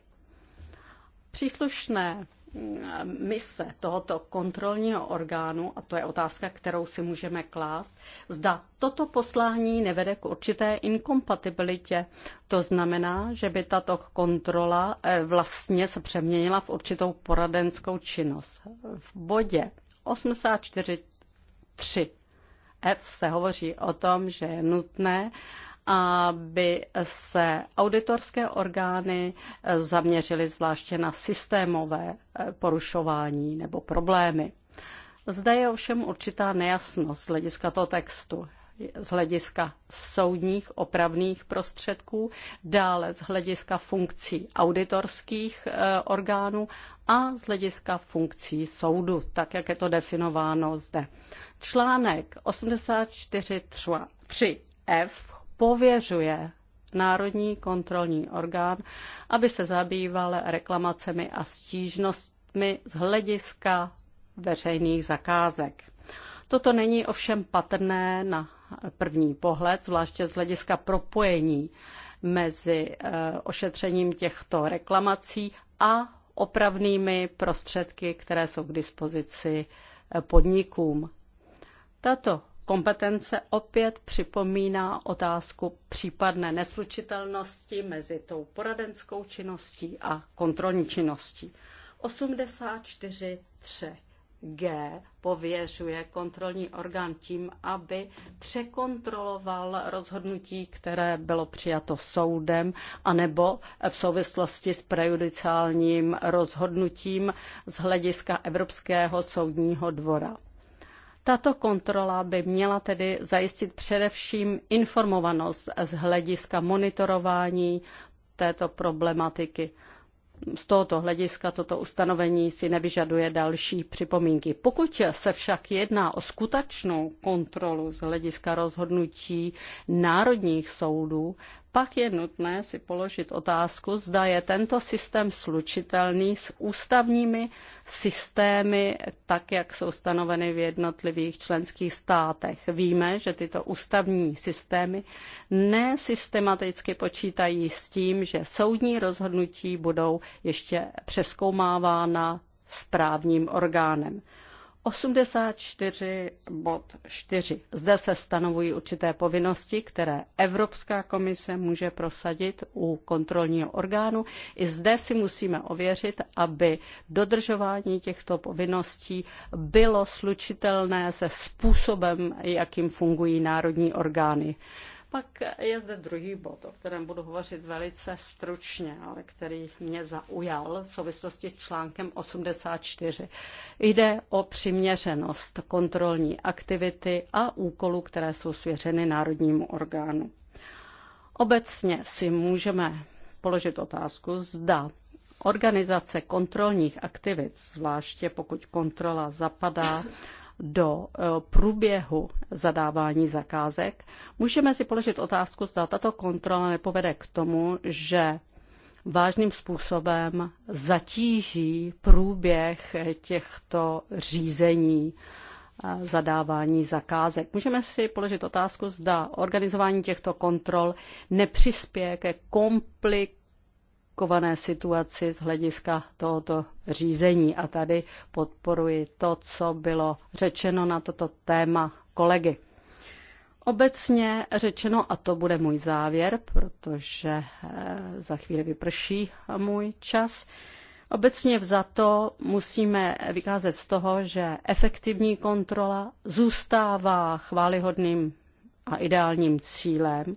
Příslušné mm, mise tohoto kontrolního orgánu, a to je otázka, kterou si můžeme klást, zda toto poslání nevede k určité inkompatibilitě. To znamená, že by tato kontrola eh, vlastně se přeměnila v určitou poradenskou činnost. V bodě 84.3 F se hovoří o tom, že je nutné, aby se auditorské orgány eh, zaměřily zvláště na systémové eh, porušování nebo problémy. Zde je ovšem určitá nejasnost z hlediska toho textu z hlediska soudních opravných prostředků, dále z hlediska funkcí auditorských eh, orgánů a z hlediska funkcí soudu, tak jak je to definováno zde. Článek 84.3f pověřuje Národní kontrolní orgán, aby se zabýval reklamacemi a stížnostmi z hlediska veřejných zakázek. Toto není ovšem patrné na první pohled, zvláště z hlediska propojení mezi eh, ošetřením těchto reklamací a opravnými prostředky, které jsou k dispozici eh, podnikům. Tato kompetence opět připomíná otázku případné neslučitelnosti mezi tou poradenskou činností a kontrolní činností. 84.3 G pověřuje kontrolní orgán tím, aby překontroloval rozhodnutí, které bylo přijato soudem, anebo v souvislosti s prejudiciálním rozhodnutím z hlediska Evropského soudního dvora. Tato kontrola by měla tedy zajistit především informovanost z hlediska monitorování této problematiky. Z tohoto hlediska toto ustanovení si nevyžaduje další připomínky. Pokud se však jedná o skutečnou kontrolu z hlediska rozhodnutí národních soudů, pak je nutné si položit otázku, zda je tento systém slučitelný s ústavními systémy, tak jak jsou stanoveny v jednotlivých členských státech. Víme, že tyto ústavní systémy nesystematicky počítají s tím, že soudní rozhodnutí budou ještě přeskoumávána správním orgánem. 84 bod 4. Zde se stanovují určité povinnosti, které Evropská komise může prosadit u kontrolního orgánu. I zde si musíme ověřit, aby dodržování těchto povinností bylo slučitelné se způsobem, jakým fungují národní orgány. Pak je zde druhý bod, o kterém budu hovořit velice stručně, ale který mě zaujal v souvislosti s článkem 84. Jde o přiměřenost kontrolní aktivity a úkolů, které jsou svěřeny národnímu orgánu. Obecně si můžeme položit otázku, zda organizace kontrolních aktivit, zvláště pokud kontrola zapadá do eh, průběhu zadávání zakázek, můžeme si položit otázku, zda tato kontrola nepovede k tomu, že vážným způsobem zatíží průběh těchto řízení eh, zadávání zakázek. Můžeme si položit otázku, zda organizování těchto kontrol nepřispěje ke komplik komplikované situaci z hlediska tohoto řízení. A tady podporuji to, co bylo řečeno na toto téma kolegy. Obecně řečeno, a to bude můj závěr, protože eh, za chvíli vyprší můj čas, Obecně vzato musíme vykázet z toho, že efektivní kontrola zůstává chválihodným a ideálním cílem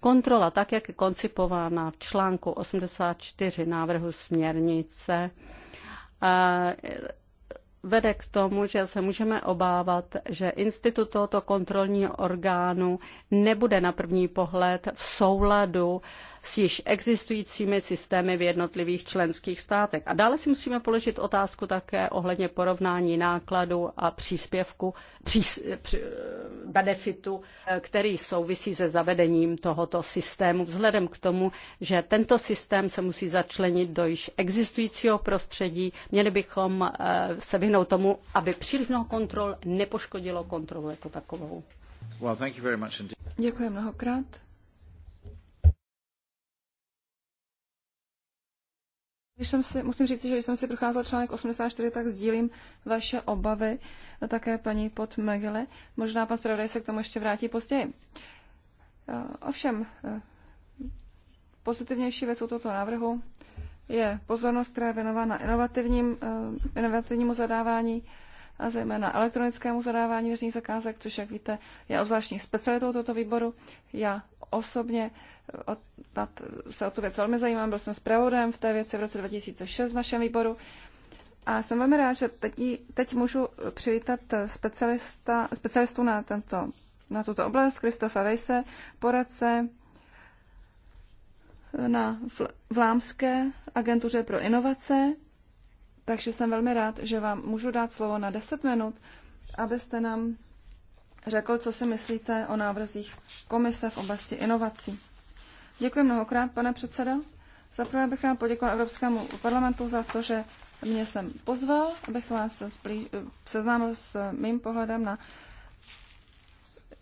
Kontrola, tak jak je koncipována v článku 84 návrhu směrnice, eh, vede k tomu, že se můžeme obávat, že institut tohoto kontrolního orgánu nebude na první pohled v souladu s již existujícími systémy v jednotlivých členských státech. A dále si musíme položit otázku také ohledně porovnání nákladu a příspěvku, přís, při, eh, benefitu, eh, který souvisí se zavedením tohoto systému, vzhledem k tomu, že tento systém se musí začlenit do již existujícího prostředí. Měli bychom eh, se vyhnout tomu, aby příliš mnoho kontrol nepoškodilo kontrolu jako takovou. Well, thank you very much Děkuji mnohokrát. Když jsem si, musím říct, že když jsem si procházel článek 84, tak sdílím vaše obavy, také paní pod Megele. Možná pan zpravodaj se k tomu ještě vrátí později. Eh, ovšem, eh, pozitivnější věc u tohoto návrhu je pozornost, která je věnována inovativním, eh, inovativnímu zadávání a zejména elektronickému zadávání veřejných zakázek, což, jak víte, je obzvláštní specialitou tohoto výboru. Já osobně o, na, se o tu věc velmi zajímám, byl jsem zpravodajem v té věci v roce 2006 v našem výboru. A jsem velmi rád, že teď, teď můžu přivítat specialista, specialistu na, tento, na tuto oblast, Kristofa Vejse, poradce na Vlámské agentuře pro inovace. Takže jsem velmi rád, že vám můžu dát slovo na 10 minut, abyste nám řekl, co si myslíte o návrzích komise v oblasti inovací. Děkuji mnohokrát, pane předsedo. Zaprvé bych rád poděkoval Evropskému parlamentu za to, že mě jsem pozval, abych vás seznámil s mým pohledem na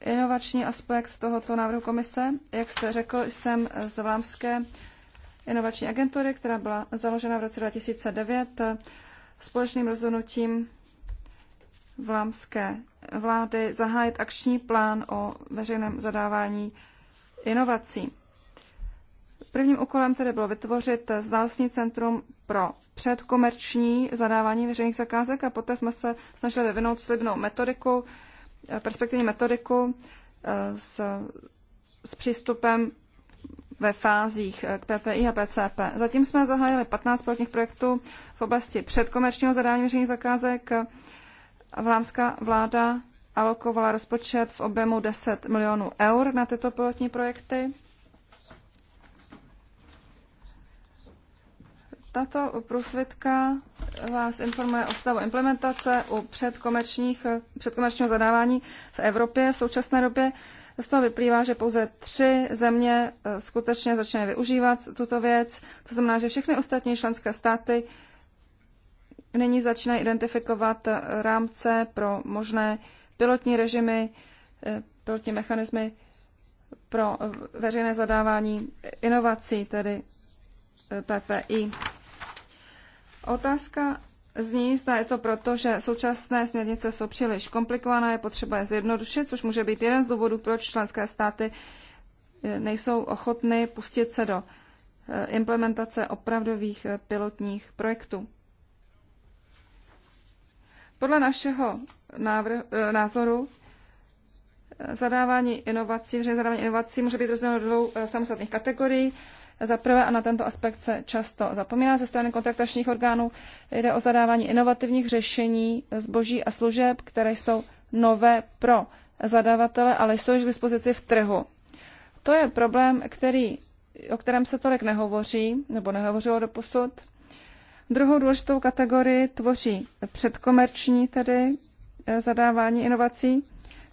inovační aspekt tohoto návrhu komise. Jak jste řekl, jsem z Vlámské inovační agentury, která byla založena v roce 2009 společným rozhodnutím vlámské vlády zahájit akční plán o veřejném zadávání inovací. Prvním úkolem tedy bylo vytvořit znalostní centrum pro předkomerční zadávání veřejných zakázek a poté jsme se snažili vyvinout slibnou metodiku, eh, perspektivní metodiku eh, s, s přístupem ve fázích eh, k PPI a PCP. Zatím jsme zahájili 15 pilotních projektů v oblasti předkomerčního zadání veřejných zakázek. Vlámská vláda alokovala rozpočet v objemu 10 milionů eur na tyto pilotní projekty. Tato průsvitka vás informuje o stavu implementace u předkomerčních, předkomerčního zadávání v Evropě v současné době. Z toho vyplývá, že pouze tři země eh, skutečně začínají využívat tuto věc. To znamená, že všechny ostatní členské státy nyní začínají identifikovat eh, rámce pro možné pilotní režimy, eh, pilotní mechanismy pro veřejné zadávání inovací, tedy PPI. Otázka zní, zda je to proto, že současné směrnice jsou příliš komplikované, je potřeba je zjednodušit, což může být jeden z důvodů, proč členské státy eh, nejsou ochotny pustit se do eh, implementace opravdových eh, pilotních projektů. Podle našeho návrh, názoru zadávání inovací, že zadávání inovací může být rozděleno do dvou samostatných kategorií. Za prvé, a na tento aspekt se často zapomíná ze strany kontraktačních orgánů, jde o zadávání inovativních řešení zboží a služeb, které jsou nové pro zadavatele, ale jsou již k dispozici v trhu. To je problém, který, o kterém se tolik nehovoří, nebo nehovořilo do posud. Druhou důležitou kategorii tvoří předkomerční tedy eh, zadávání inovací,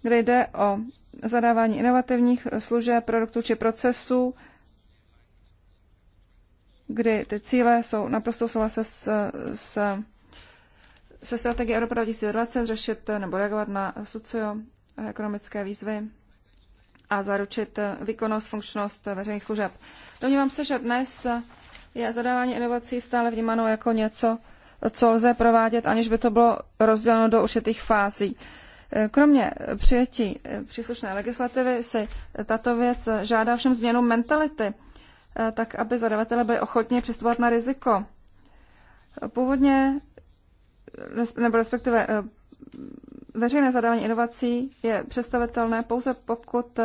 kde jde o zadávání inovativních eh, služeb, produktů či procesů kdy ty cíle jsou naprosto se, s, s, se strategií Evropa 2020 řešit nebo reagovat na socioekonomické výzvy a zaručit výkonnost, funkčnost veřejných služeb. Domnívám se, že dnes je zadávání inovací stále vnímáno jako něco, co lze provádět, aniž by to bylo rozděleno do určitých fází. Kromě přijetí příslušné legislativy si tato věc žádá všem změnu mentality Eh, tak aby zadavatele byli ochotní přistupovat na riziko. Původně, nebo respektive eh, veřejné zadávání inovací je představitelné pouze pokud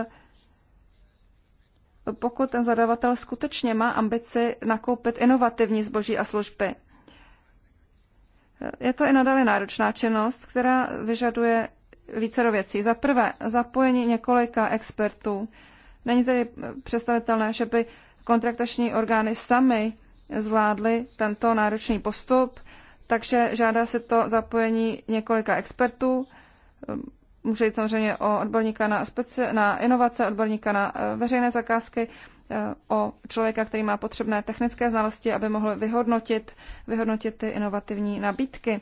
pokud ten zadavatel skutečně má ambici nakoupit inovativní zboží a služby. Eh, je to i nadále náročná činnost, která vyžaduje více věcí. Za prvé, zapojení několika expertů. Není tedy představitelné, že by kontraktační orgány sami zvládly tento náročný postup, takže žádá se to zapojení několika expertů. Může jít samozřejmě o odborníka na, speci- na inovace, odborníka na eh, veřejné zakázky, eh, o člověka, který má potřebné technické znalosti, aby mohl vyhodnotit, vyhodnotit ty inovativní nabídky.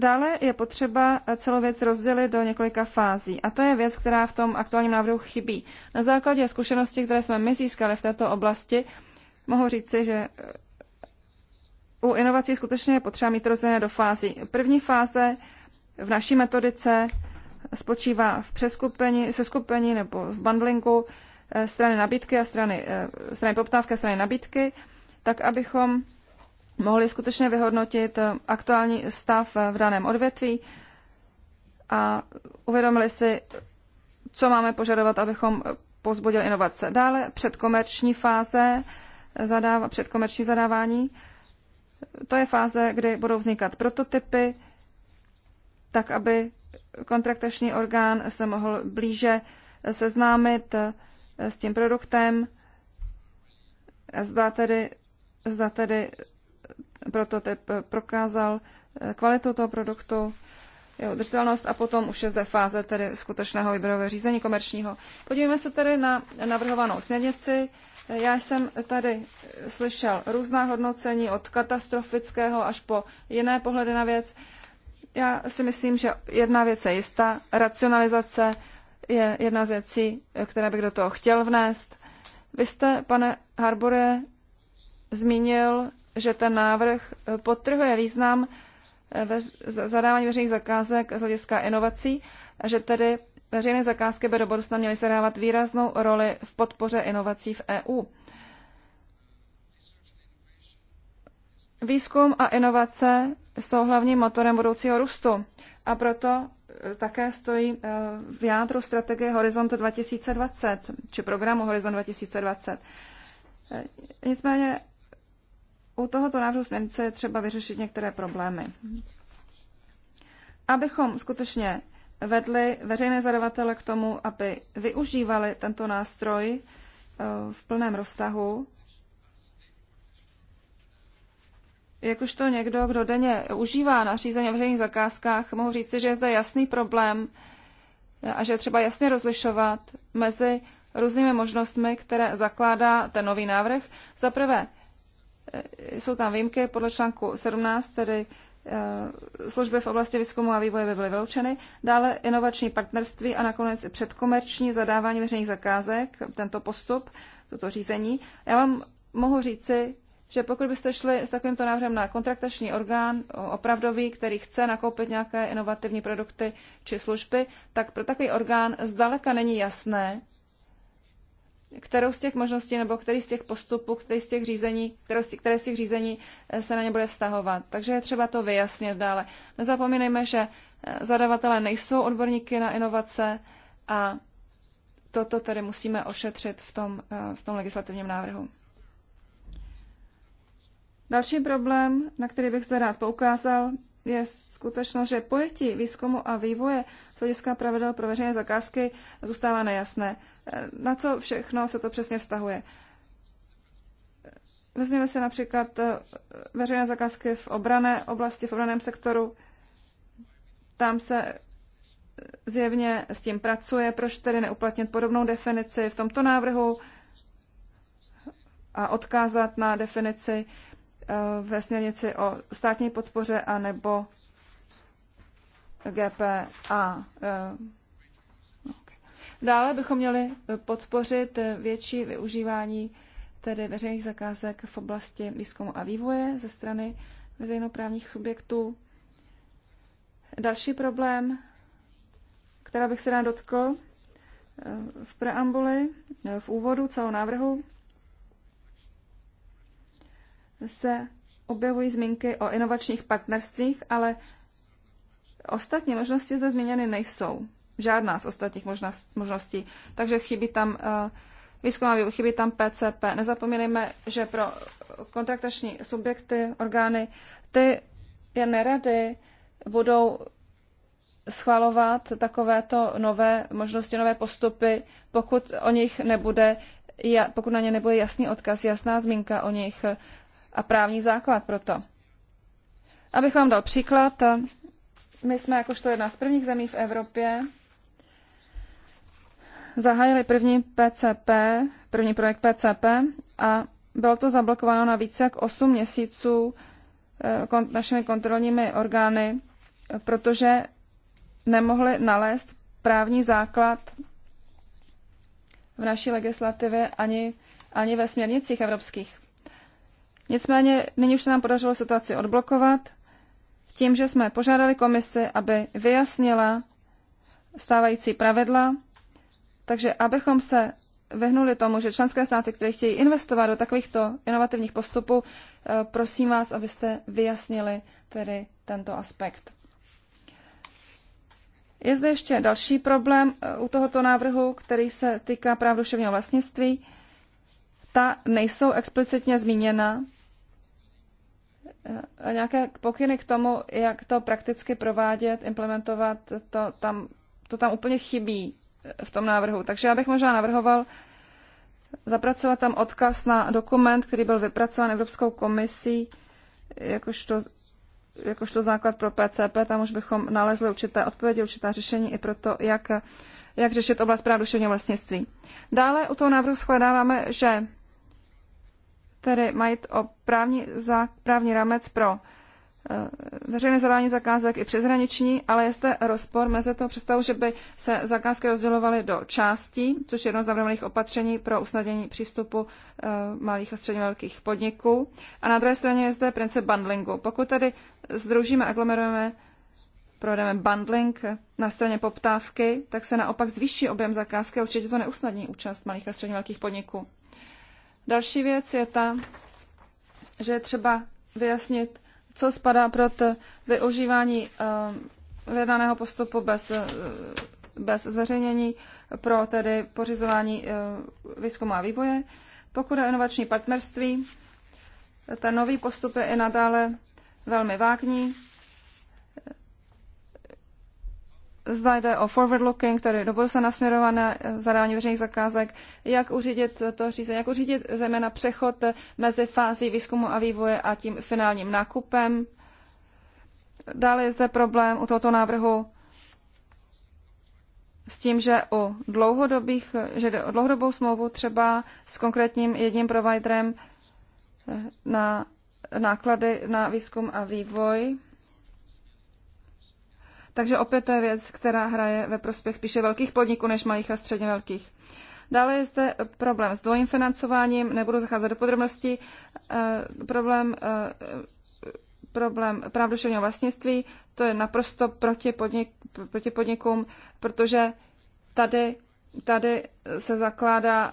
Dále je potřeba celou věc rozdělit do několika fází a to je věc, která v tom aktuálním návrhu chybí. Na základě zkušeností, které jsme my získali v této oblasti, mohu říci, že eh, u inovací skutečně je potřeba mít rozdělené do fází. První fáze v naší metodice spočívá v přeskupení, seskupení nebo v bundlingu eh, strany nabídky a strany, eh, strany poptávky a strany nabídky, tak abychom mohli skutečně vyhodnotit eh, aktuální stav eh, v daném odvětví a uvědomili si, co máme požadovat, abychom eh, pozbudili inovace. Dále předkomerční fáze, zadáv- předkomerční zadávání, to je fáze, kdy budou vznikat prototypy, tak aby kontraktační orgán se mohl blíže seznámit s tím produktem, zda tedy, zda tedy prototyp prokázal eh, kvalitu toho produktu, jeho udržitelnost a potom už je zde fáze tedy skutečného výběrového řízení komerčního. Podívejme se tedy na navrhovanou směrnici. Já jsem tady eh, slyšel různá hodnocení od katastrofického až po jiné pohledy na věc. Já si myslím, že jedna věc je jistá. Racionalizace je jedna z věcí, eh, které bych do toho chtěl vnést. Vy jste, pane Harbore, zmínil že ten návrh eh, podtrhuje význam eh, veř, zadávání veřejných zakázek z hlediska inovací a že tedy veřejné zakázky by do budoucna měly zadávat výraznou roli v podpoře inovací v EU. Výzkum a inovace jsou hlavním motorem budoucího růstu a proto eh, také stojí v jádru strategie Horizont 2020 či programu Horizont 2020. Nicméně u tohoto návrhu směrnice je třeba vyřešit některé problémy. Abychom skutečně vedli veřejné zadavatele k tomu, aby využívali tento nástroj eh, v plném rozsahu, Jakožto někdo, kdo denně užívá nařízení v veřejných zakázkách, mohu říci, že je zde jasný problém eh, a že je třeba jasně rozlišovat mezi různými možnostmi, které zakládá ten nový návrh. Za prvé, Eh, jsou tam výjimky podle článku 17, tedy eh, služby v oblasti výzkumu a vývoje by byly vyloučeny, dále inovační partnerství a nakonec předkomerční zadávání veřejných zakázek, tento postup, toto řízení. Já vám mohu říci, že pokud byste šli s takovýmto návrhem na kontraktační orgán opravdový, který chce nakoupit nějaké inovativní produkty či služby, tak pro takový orgán zdaleka není jasné, kterou z těch možností nebo který z těch postupů, který z těch řízení, které z těch, které z těch řízení eh, se na ně bude vztahovat. Takže je třeba to vyjasnit dále. Nezapomínejme, že eh, zadavatelé nejsou odborníky na inovace a toto tedy musíme ošetřit v tom, eh, v tom legislativním návrhu. Další problém, na který bych zde rád poukázal, je skutečnost, že pojetí výzkumu a vývoje z hlediska pravidel pro veřejné zakázky zůstává nejasné. Na co všechno se to přesně vztahuje? Vezměme se například eh, veřejné zakázky v obrané oblasti, v obraném sektoru. Tam se eh, zjevně s tím pracuje. Proč tedy neuplatnit podobnou definici v tomto návrhu a odkázat na definici Eh, ve směrnici o státní podpoře a nebo eh, GPA. Dále bychom měli podpořit větší využívání tedy veřejných zakázek v oblasti výzkumu a vývoje ze strany veřejnoprávních subjektů. Další problém, která bych se rád dotkl eh, v preambuli, v úvodu celou návrhu, se objevují zmínky o inovačních partnerstvích, ale ostatní možnosti zde zmíněny nejsou. Žádná z ostatních možností. Takže chybí tam eh, výzkum a chybí tam PCP. Nezapomínejme, že pro kontraktační subjekty, orgány, ty je nerady budou schvalovat takovéto nové možnosti, nové postupy, pokud o nich nebude, pokud na ně nebude jasný odkaz, jasná zmínka o nich, a právní základ pro to. Abych vám dal příklad, my jsme jakožto jedna z prvních zemí v Evropě zahájili první PCP, první projekt PCP a bylo to zablokováno na více jak 8 měsíců eh, našimi kontrolními orgány, protože nemohli nalézt právní základ v naší legislativě ani, ani ve směrnicích evropských. Nicméně nyní už se nám podařilo situaci odblokovat tím, že jsme požádali komisi, aby vyjasnila stávající pravidla, takže abychom se vyhnuli tomu, že členské státy, které chtějí investovat do takovýchto inovativních postupů, eh, prosím vás, abyste vyjasnili tedy tento aspekt. Je zde ještě další problém eh, u tohoto návrhu, který se týká práv duševního vlastnictví. Ta nejsou explicitně zmíněna nějaké pokyny k tomu, jak to prakticky provádět, implementovat, to tam, to tam úplně chybí v tom návrhu. Takže já bych možná navrhoval zapracovat tam odkaz na dokument, který byl vypracován Evropskou komisí, jakožto, jakožto základ pro PCP. Tam už bychom nalezli určité odpovědi, určitá řešení i pro to, jak, jak řešit oblast práv duševního vlastnictví. Dále u toho návrhu shledáváme, že tedy mají o právní, za, právní rámec pro eh, veřejné zadání zakázek i přeshraniční, ale je zde rozpor mezi toho představu, že by se zakázky rozdělovaly do částí, což je jedno z navrhovaných opatření pro usnadnění přístupu eh, malých a středně velkých podniků. A na druhé straně je zde princip bundlingu. Pokud tedy združíme, aglomerujeme, provedeme bundling na straně poptávky, tak se naopak zvýší objem zakázky a určitě to neusnadní účast malých a středně velkých podniků. Další věc je ta, že je třeba vyjasnit, co spadá pro využívání eh, vydaného postupu bez, eh, bez zveřejnění pro tedy pořizování eh, výzkumu a vývoje. Pokud je inovační partnerství, ten nový postup je i nadále velmi vágní Zda jde o forward looking, tedy do budoucna nasměrované eh, zadání veřejných zakázek, jak uřídit to řízení, jak uřídit zejména přechod mezi fází výzkumu a vývoje a tím finálním nákupem. Dále je zde problém u tohoto návrhu s tím, že o dlouhodobých, že jde o dlouhodobou smlouvu třeba s konkrétním jedním providerem eh, na náklady na výzkum a vývoj takže opět to je věc, která hraje ve prospěch spíše velkých podniků než malých a středně velkých. Dále je zde problém s dvojím financováním, nebudu zacházet do podrobností, e, problém, e, problém práv vlastnictví, to je naprosto proti, podnik, proti podnikům, protože tady, tady se zakládá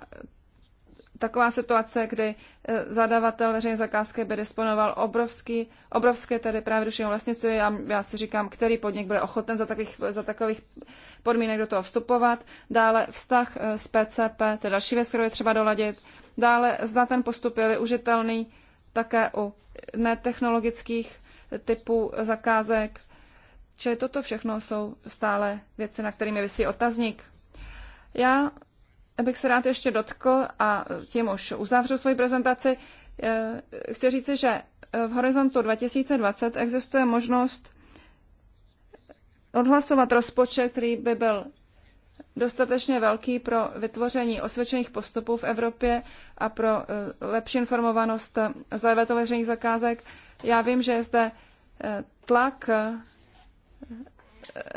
taková situace, kdy e, zadavatel veřejné zakázky by disponoval obrovský, obrovské tedy právě duševního vlastnictví Já, já si říkám, který podnik bude ochoten za takových, za takových podmínek do toho vstupovat. Dále vztah e, s PCP, to je další věc, kterou je třeba doladit. Dále zda ten postup je využitelný také u netechnologických typů zakázek. Čili toto všechno jsou stále věci, na kterými vysí otazník. Já bych se rád ještě dotkl a tím už uzavřu svoji prezentaci. Eh, chci říci, že v horizontu 2020 existuje možnost odhlasovat rozpočet, který by byl dostatečně velký pro vytvoření osvědčených postupů v Evropě a pro eh, lepší informovanost zadavatelů veřejných zakázek. Já vím, že je zde eh, tlak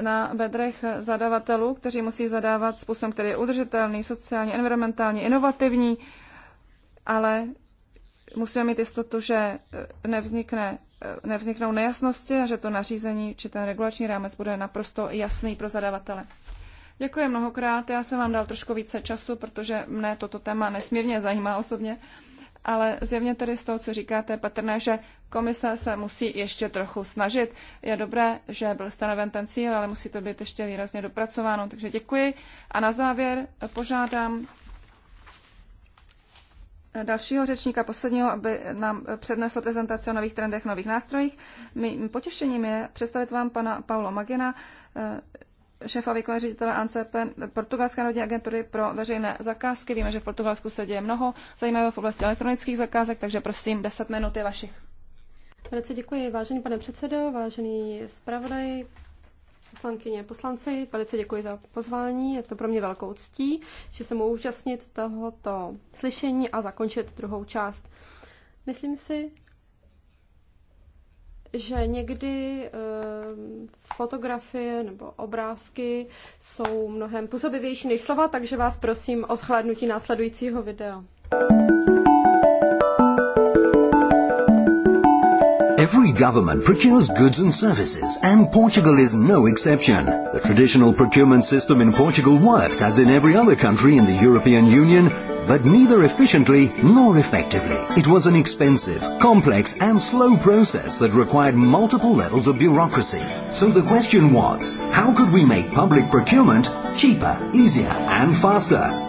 na bedrech zadavatelů, kteří musí zadávat způsobem, který je udržitelný, sociálně, environmentálně inovativní, ale musíme mít jistotu, že eh, nevznikne, eh, nevzniknou nejasnosti a že to nařízení či ten regulační rámec bude naprosto jasný pro zadavatele. Děkuji mnohokrát. Já jsem vám dal trošku více času, protože mne toto téma nesmírně zajímá osobně ale zjevně tedy z toho, co říkáte, patrné, že komise se musí ještě trochu snažit. Je dobré, že byl stanoven ten cíl, ale musí to být ještě výrazně dopracováno, takže děkuji. A na závěr požádám dalšího řečníka, posledního, aby nám přednesl prezentaci o nových trendech, nových nástrojích. Mým potěšením je představit vám pana Paulo Magina, šéfa výkonného ředitele ANCP Portugalské národní agentury pro veřejné zakázky. Víme, že v Portugalsku se děje mnoho zajímavého v oblasti elektronických zakázek, takže prosím, 10 minut je vašich. Velice děkuji, vážený pane předsedo, vážený zpravodaj, poslankyně, poslanci. Velice děkuji za pozvání, je to pro mě velkou ctí, že se mohu účastnit tohoto slyšení a zakončit druhou část. Myslím si, že někdy eh, fotografie nebo obrázky jsou mnohem působivější než slova, takže vás prosím o shlédnutí následujícího videa. Every government procures goods and services, and Portugal is no exception. The traditional procurement system in Portugal worked, as in every other country in the European Union, but neither efficiently nor effectively. It was an expensive, complex and slow process that required multiple levels of bureaucracy. So the question was, how could we make public procurement cheaper, easier and faster?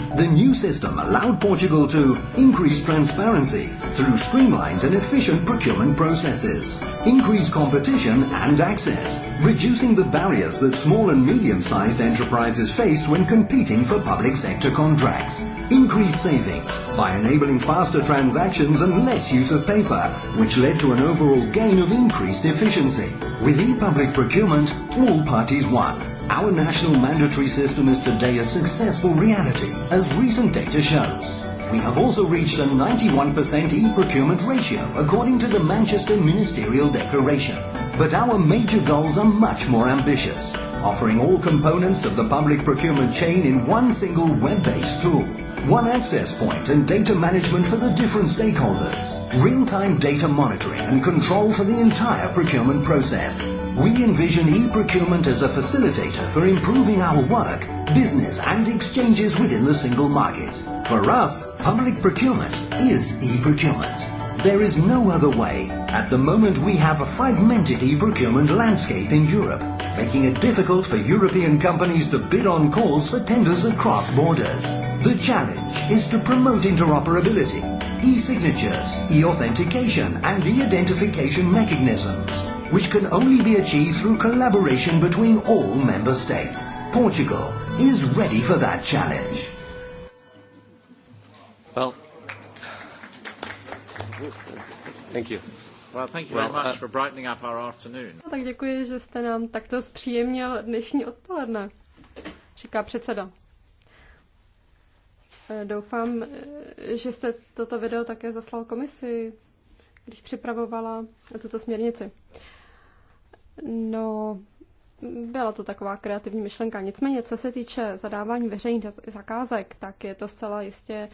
The new system allowed Portugal to increase transparency through streamlined and efficient procurement processes, increase competition and access, reducing the barriers that small and medium-sized enterprises face when competing for public sector contracts, increase savings by enabling faster transactions and less use of paper, which led to an overall gain of increased efficiency. With e-public procurement, all parties won. Our national mandatory system is today a successful reality, as recent data shows. We have also reached a 91% e-procurement ratio according to the Manchester Ministerial Declaration. But our major goals are much more ambitious, offering all components of the public procurement chain in one single web-based tool. One access point and data management for the different stakeholders. Real-time data monitoring and control for the entire procurement process we envision e-procurement as a facilitator for improving our work, business and exchanges within the single market. For us, public procurement is e-procurement. There is no other way. At the moment we have a fragmented e-procurement landscape in Europe, making it difficult for European companies to bid on calls for tenders across borders. The challenge is to promote interoperability, e-signatures, e-authentication and e-identification mechanisms which can only be achieved through collaboration between all member states. Portugal is ready for that challenge. Well, thank you. Well, thank you very uh, much for brightening up our afternoon. No, tak děkuji, že jste nám takto zpříjemnil dnešní odpoledne, říká předseda. E, doufám, e, že jste toto video také zaslal komisi, když připravovala tuto směrnici. No, byla to taková kreativní myšlenka. Nicméně, co se týče zadávání veřejných zakázek, tak je to zcela jistě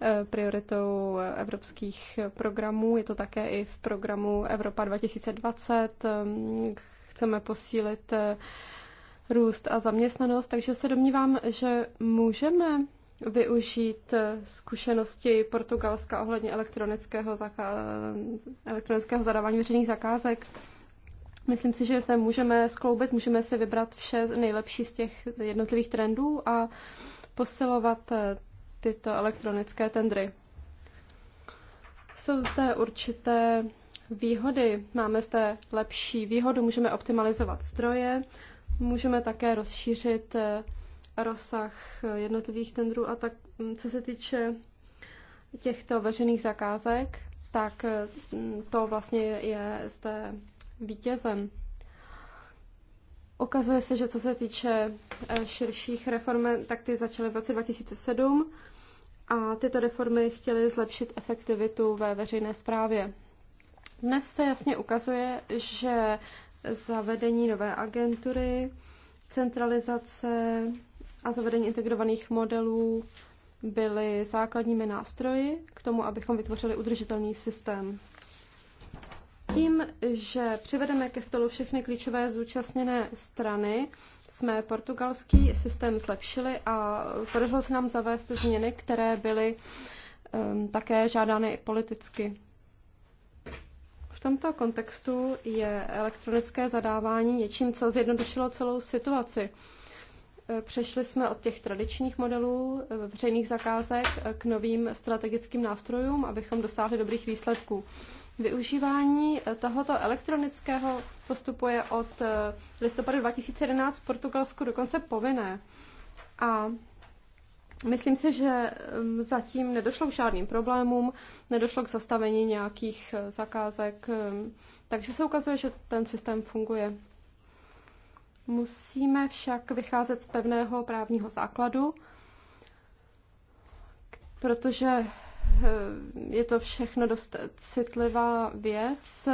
eh, prioritou evropských programů. Je to také i v programu Evropa 2020. Ehm, chceme posílit eh, růst a zaměstnanost, takže se domnívám, že můžeme využít eh, zkušenosti Portugalska ohledně elektronického, zaka- elektronického zadávání veřejných zakázek. Myslím si, že se můžeme skloubit, můžeme si vybrat vše nejlepší z těch jednotlivých trendů a posilovat eh, tyto elektronické tendry. Jsou zde určité výhody. Máme zde lepší výhodu, můžeme optimalizovat stroje, můžeme také rozšířit eh, rozsah eh, jednotlivých tendrů a tak, mm, co se týče těchto veřejných zakázek, tak mm, to vlastně je zde vítězem. Okazuje se, že co se týče eh, širších reform, tak ty začaly v roce 2007 a tyto reformy chtěly zlepšit efektivitu ve veřejné správě. Dnes se jasně ukazuje, že zavedení nové agentury, centralizace a zavedení integrovaných modelů byly základními nástroji k tomu, abychom vytvořili udržitelný systém. Tím, že přivedeme ke stolu všechny klíčové zúčastněné strany, jsme portugalský systém zlepšili a podařilo se nám zavést změny, které byly um, také žádány i politicky. V tomto kontextu je elektronické zadávání něčím, co zjednodušilo celou situaci. Eh, přešli jsme od těch tradičních modelů eh, veřejných zakázek eh, k novým strategickým nástrojům, abychom dosáhli dobrých výsledků. Využívání eh, tohoto elektronického postupu je od eh, listopadu 2011 v Portugalsku dokonce povinné. A myslím si, že mm, zatím nedošlo k žádným problémům, nedošlo k zastavení nějakých eh, zakázek, mm, takže se ukazuje, že ten systém funguje. Musíme však vycházet z pevného právního základu, protože je to všechno dost citlivá věc.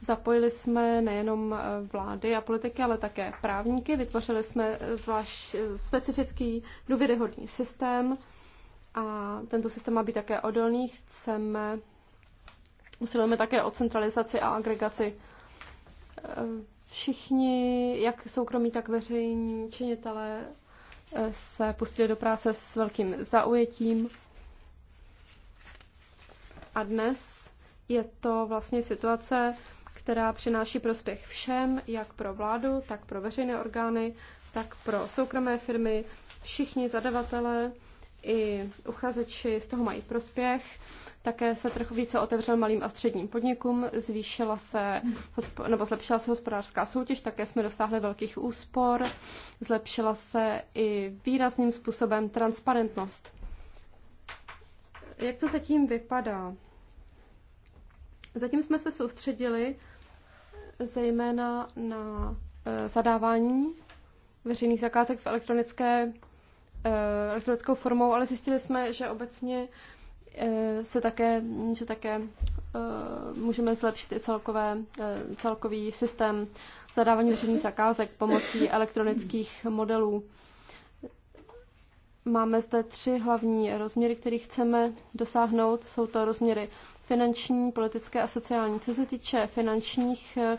Zapojili jsme nejenom vlády a politiky, ale také právníky. Vytvořili jsme zvlášť specifický důvěryhodný systém a tento systém má být také odolný. Chceme, usilujeme také o centralizaci a agregaci. Všichni, jak soukromí, tak veřejní činitelé, se pustili do práce s velkým zaujetím. A dnes je to vlastně situace, která přináší prospěch všem, jak pro vládu, tak pro veřejné orgány, tak pro soukromé firmy. Všichni zadavatelé i uchazeči z toho mají prospěch. Také se trochu více otevřel malým a středním podnikům, zvýšila se, nebo zlepšila se hospodářská soutěž, také jsme dosáhli velkých úspor, zlepšila se i výrazným způsobem transparentnost. Jak to zatím vypadá? Zatím jsme se soustředili zejména na eh, zadávání veřejných zakázek v elektronické, eh, elektronickou formou, ale zjistili jsme, že obecně eh, se také, že také můžeme zlepšit i celkové, celkový systém zadávání veřejných zakázek pomocí elektronických modelů. Máme zde tři hlavní rozměry, které chceme dosáhnout. Jsou to rozměry finanční, politické a sociální. Co se týče finančních, eh,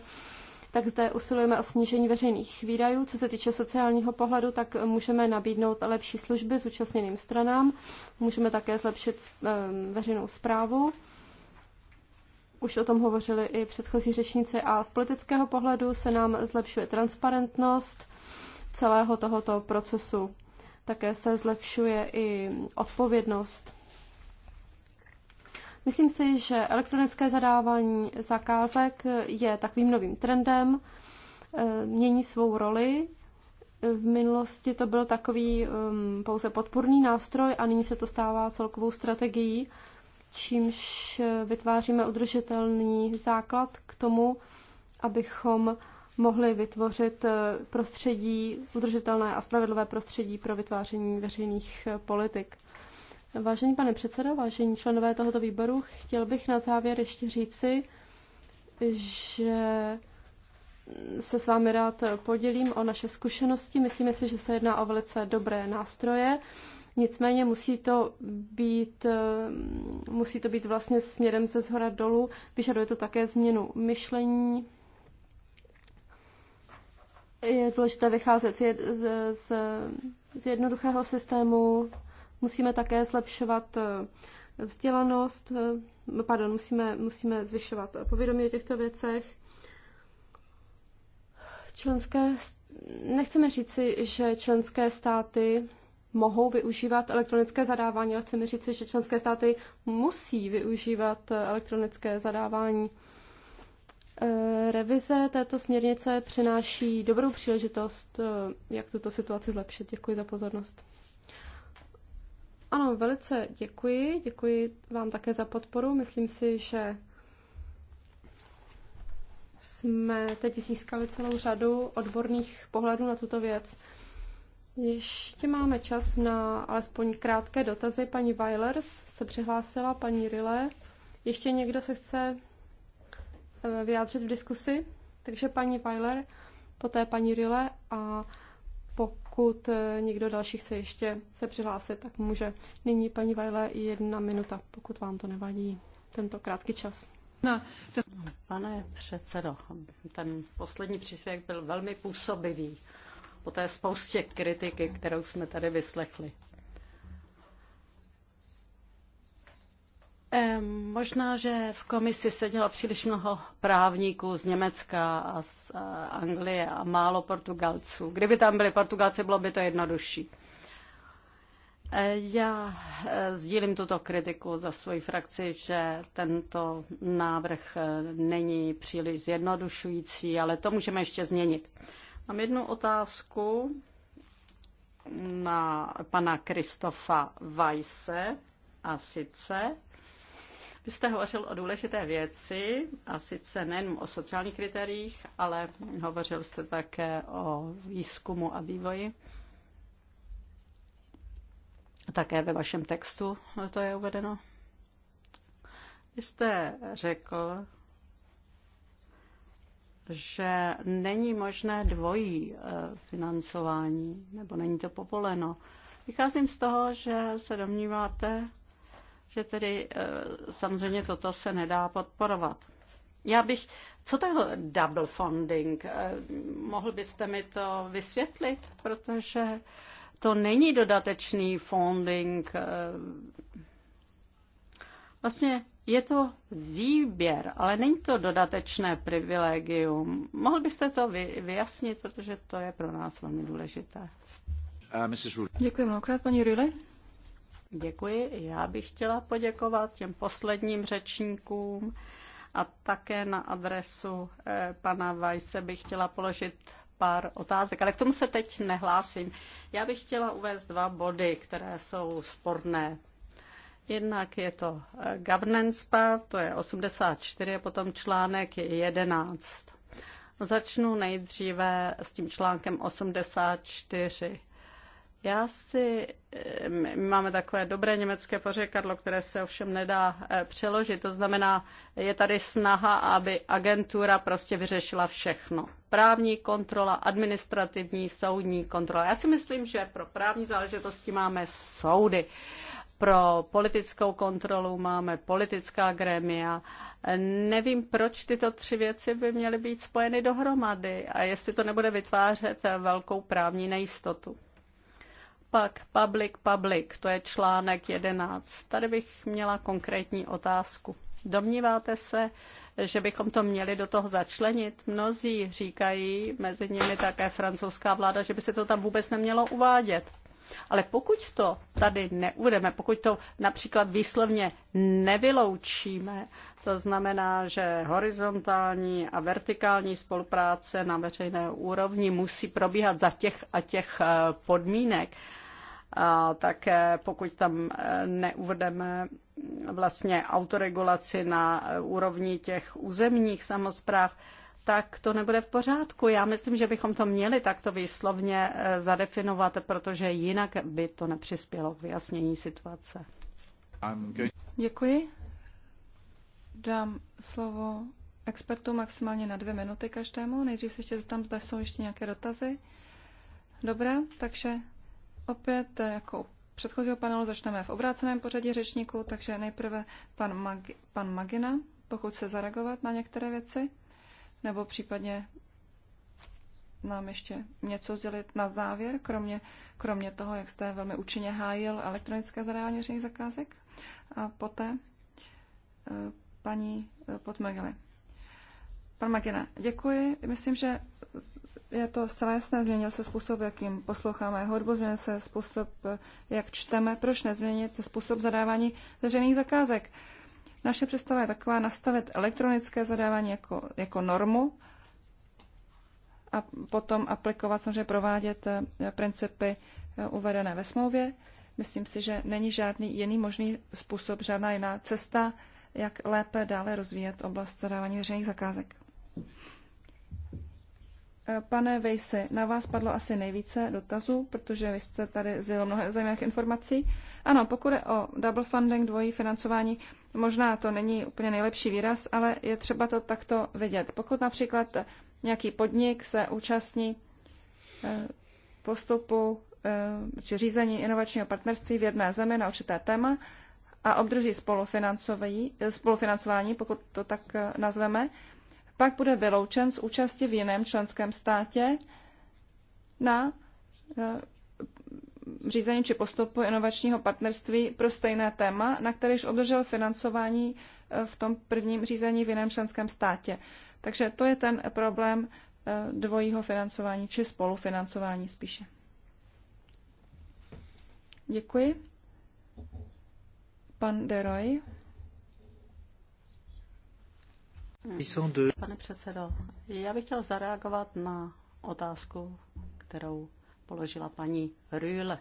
tak zde usilujeme o snížení veřejných výdajů. Co se týče sociálního pohledu, tak můžeme nabídnout lepší služby zúčastněným stranám. Můžeme také zlepšit eh, veřejnou zprávu. Už o tom hovořili i předchozí řečníci a z politického pohledu se nám zlepšuje transparentnost celého tohoto procesu. Také se zlepšuje i odpovědnost. Myslím si, že elektronické zadávání zakázek je takovým novým trendem, eh, mění svou roli. V minulosti to byl takový ehm, pouze podpůrný nástroj a nyní se to stává celkovou strategií, čímž eh, vytváříme udržitelný základ k tomu, abychom mohli vytvořit eh, prostředí, udržitelné a spravedlivé prostředí pro vytváření veřejných eh, politik. Vážený pane předsedo, vážení členové tohoto výboru, chtěl bych na závěr ještě říci, že se s vámi rád podělím o naše zkušenosti. Myslíme si, že se jedná o velice dobré nástroje. Nicméně musí to být, eh, musí to být vlastně směrem ze zhora dolů. Vyžaduje to také změnu myšlení, je důležité vycházet z, z, z jednoduchého systému. Musíme také zlepšovat eh, vzdělanost, eh, pardon, musíme, musíme zvyšovat povědomí o těchto věcech. Členské, nechceme říci, že členské státy mohou využívat elektronické zadávání, ale chceme říci, že členské státy musí využívat eh, elektronické zadávání. Eh, revize této směrnice přináší dobrou příležitost, eh, jak tuto situaci zlepšit. Děkuji za pozornost. Ano, velice děkuji. Děkuji vám také za podporu. Myslím si, že jsme teď získali celou řadu odborných pohledů na tuto věc. Ještě máme čas na alespoň krátké dotazy. Paní Weilers se přihlásila, paní Rille. Ještě někdo se chce Eh, vyjádřit v diskusi. Takže paní Weiler, poté paní Rille a pokud eh, někdo další chce ještě se přihlásit, tak může. Nyní, paní Vajle, jedna minuta, pokud vám to nevadí, tento krátký čas. No, to... Pane předsedo, ten poslední příspěvek byl velmi působivý po té spoustě kritiky, kterou jsme tady vyslechli. Možná, že v komisi sedělo příliš mnoho právníků z Německa a z eh, Anglie a málo Portugalců. Kdyby tam byli Portugalci, bylo by to jednodušší. Eh, já eh, sdílím tuto kritiku za svoji frakci, že tento návrh není příliš zjednodušující, ale to můžeme ještě změnit. Mám jednu otázku na pana Kristofa Weisse a sice vy jste hovořil o důležité věci, a sice nejen o sociálních kritériích, ale hovořil jste také o výzkumu a vývoji. Také ve vašem textu to je uvedeno. Vy jste řekl, že není možné dvojí eh, financování, nebo není to povoleno. Vycházím z toho, že se domníváte, že tedy eh, samozřejmě toto se nedá podporovat. Já bych, co to je double funding? Eh, mohl byste mi to vysvětlit? Protože to není dodatečný funding. Eh, vlastně je to výběr, ale není to dodatečné privilegium. Mohl byste to vy, vyjasnit, protože to je pro nás velmi důležité. Uh, Děkuji mnohokrát, paní Rile. Děkuji. Já bych chtěla poděkovat těm posledním řečníkům a také na adresu eh, pana Vajse bych chtěla položit pár otázek, ale k tomu se teď nehlásím. Já bych chtěla uvést dva body, které jsou sporné. Jednak je to eh, governance part, to je 84, a potom článek 11. Začnu nejdříve s tím článkem 84. Já si, eh, my máme takové dobré německé pořekadlo, které se ovšem nedá eh, přeložit. To znamená, je tady snaha, aby agentura prostě vyřešila všechno. Právní kontrola, administrativní, soudní kontrola. Já si myslím, že pro právní záležitosti máme soudy. Pro politickou kontrolu máme politická grémia. Nevím, proč tyto tři věci by měly být spojeny dohromady a jestli to nebude vytvářet velkou právní nejistotu. Pak public public, to je článek 11. Tady bych měla konkrétní otázku. Domníváte se, že bychom to měli do toho začlenit? Mnozí říkají, mezi nimi také francouzská vláda, že by se to tam vůbec nemělo uvádět. Ale pokud to tady neudeme, pokud to například výslovně nevyloučíme, to znamená, že horizontální a vertikální spolupráce na veřejné úrovni musí probíhat za těch a těch eh, podmínek, a také pokud tam eh, neuvedeme vlastně autoregulaci na eh, úrovni těch územních samozpráv, tak to nebude v pořádku. Já myslím, že bychom to měli takto výslovně eh, zadefinovat, protože jinak by to nepřispělo k vyjasnění situace. Děkuji. Dám slovo expertu maximálně na dvě minuty každému. Nejdřív se ještě zeptám, zda jsou ještě nějaké dotazy. Dobré, takže opět eh, jako u předchozího panelu začneme v obráceném pořadí řečníků, takže nejprve pan, Mag- pan Magina, pokud se zareagovat na některé věci nebo případně nám ještě něco sdělit na závěr, kromě, kromě toho, jak jste velmi účinně hájil elektronické zadávání veřejných zakázek. A poté eh, paní eh, Potmegele. Pan Magina, děkuji. Myslím, že je to celé jasné. Změnil se způsob, jakým posloucháme hudbu, změnil se způsob, eh, jak čteme. Proč nezměnit způsob zadávání veřejných zakázek? Naše představa je taková nastavit elektronické zadávání jako, jako normu a potom aplikovat, samozřejmě provádět eh, principy eh, uvedené ve smlouvě. Myslím si, že není žádný jiný možný způsob, žádná jiná cesta, jak lépe dále rozvíjet oblast zadávání veřejných zakázek. Eh, pane Vejsi, na vás padlo asi nejvíce dotazů, protože vy jste tady sdělil mnoho zajímavých informací. Ano, pokud je o double funding, dvojí financování, možná to není úplně nejlepší výraz, ale je třeba to takto vidět. Pokud například nějaký podnik se účastní eh, postupu eh, či řízení inovačního partnerství v jedné zemi na určité téma a obdrží eh, spolufinancování, pokud to tak nazveme, pak bude vyloučen z účasti v jiném členském státě na řízení či postupu inovačního partnerství pro stejné téma, na kteréž održel financování e, v tom prvním řízení v jiném členském státě. Takže to je ten problém e, dvojího financování či spolufinancování spíše. Děkuji. Pan Deroy. Pane předsedo, já bych chtěl zareagovat na otázku, kterou položila paní Rühle.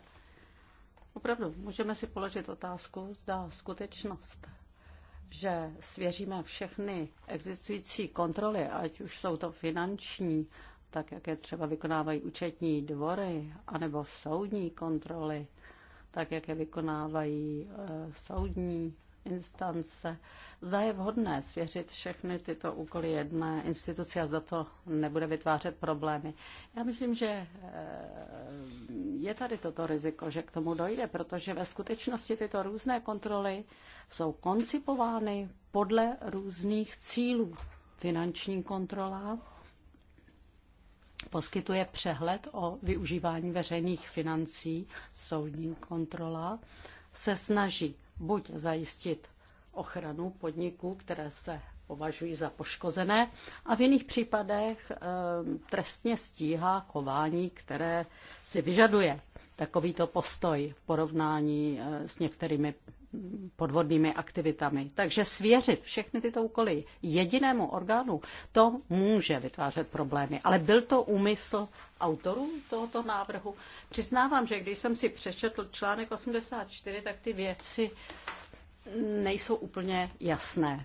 Opravdu, můžeme si položit otázku, zda skutečnost, že svěříme všechny existující kontroly, ať už jsou to finanční, tak jak je třeba vykonávají účetní dvory, anebo soudní kontroly, tak jak je vykonávají e, soudní instance. Zda je vhodné svěřit všechny tyto úkoly jedné instituci a zda to nebude vytvářet problémy. Já myslím, že eh, je tady toto riziko, že k tomu dojde, protože ve skutečnosti tyto různé kontroly jsou koncipovány podle různých cílů. Finanční kontrola poskytuje přehled o využívání veřejných financí, soudní kontrola se snaží buď zajistit ochranu podniků, které se považují za poškozené a v jiných případech e, trestně stíhá chování, které si vyžaduje takovýto postoj v porovnání e, s některými podvodnými aktivitami. Takže svěřit všechny tyto úkoly jedinému orgánu, to může vytvářet problémy. Ale byl to úmysl autorů tohoto návrhu. Přiznávám, že když jsem si přečetl článek 84, tak ty věci nejsou úplně jasné.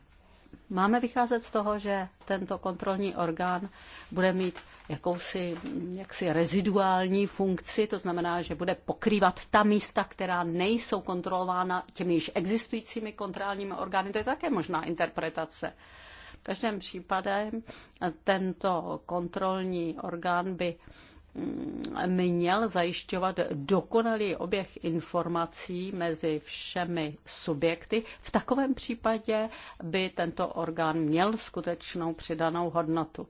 Máme vycházet z toho, že tento kontrolní orgán bude mít jakousi jaksi reziduální funkci, to znamená, že bude pokrývat ta místa, která nejsou kontrolována těmi již existujícími kontrolními orgány. To je také možná interpretace. V každém případě tento kontrolní orgán by mm, měl zajišťovat dokonalý oběh informací mezi všemi subjekty. V takovém případě by tento orgán měl skutečnou přidanou hodnotu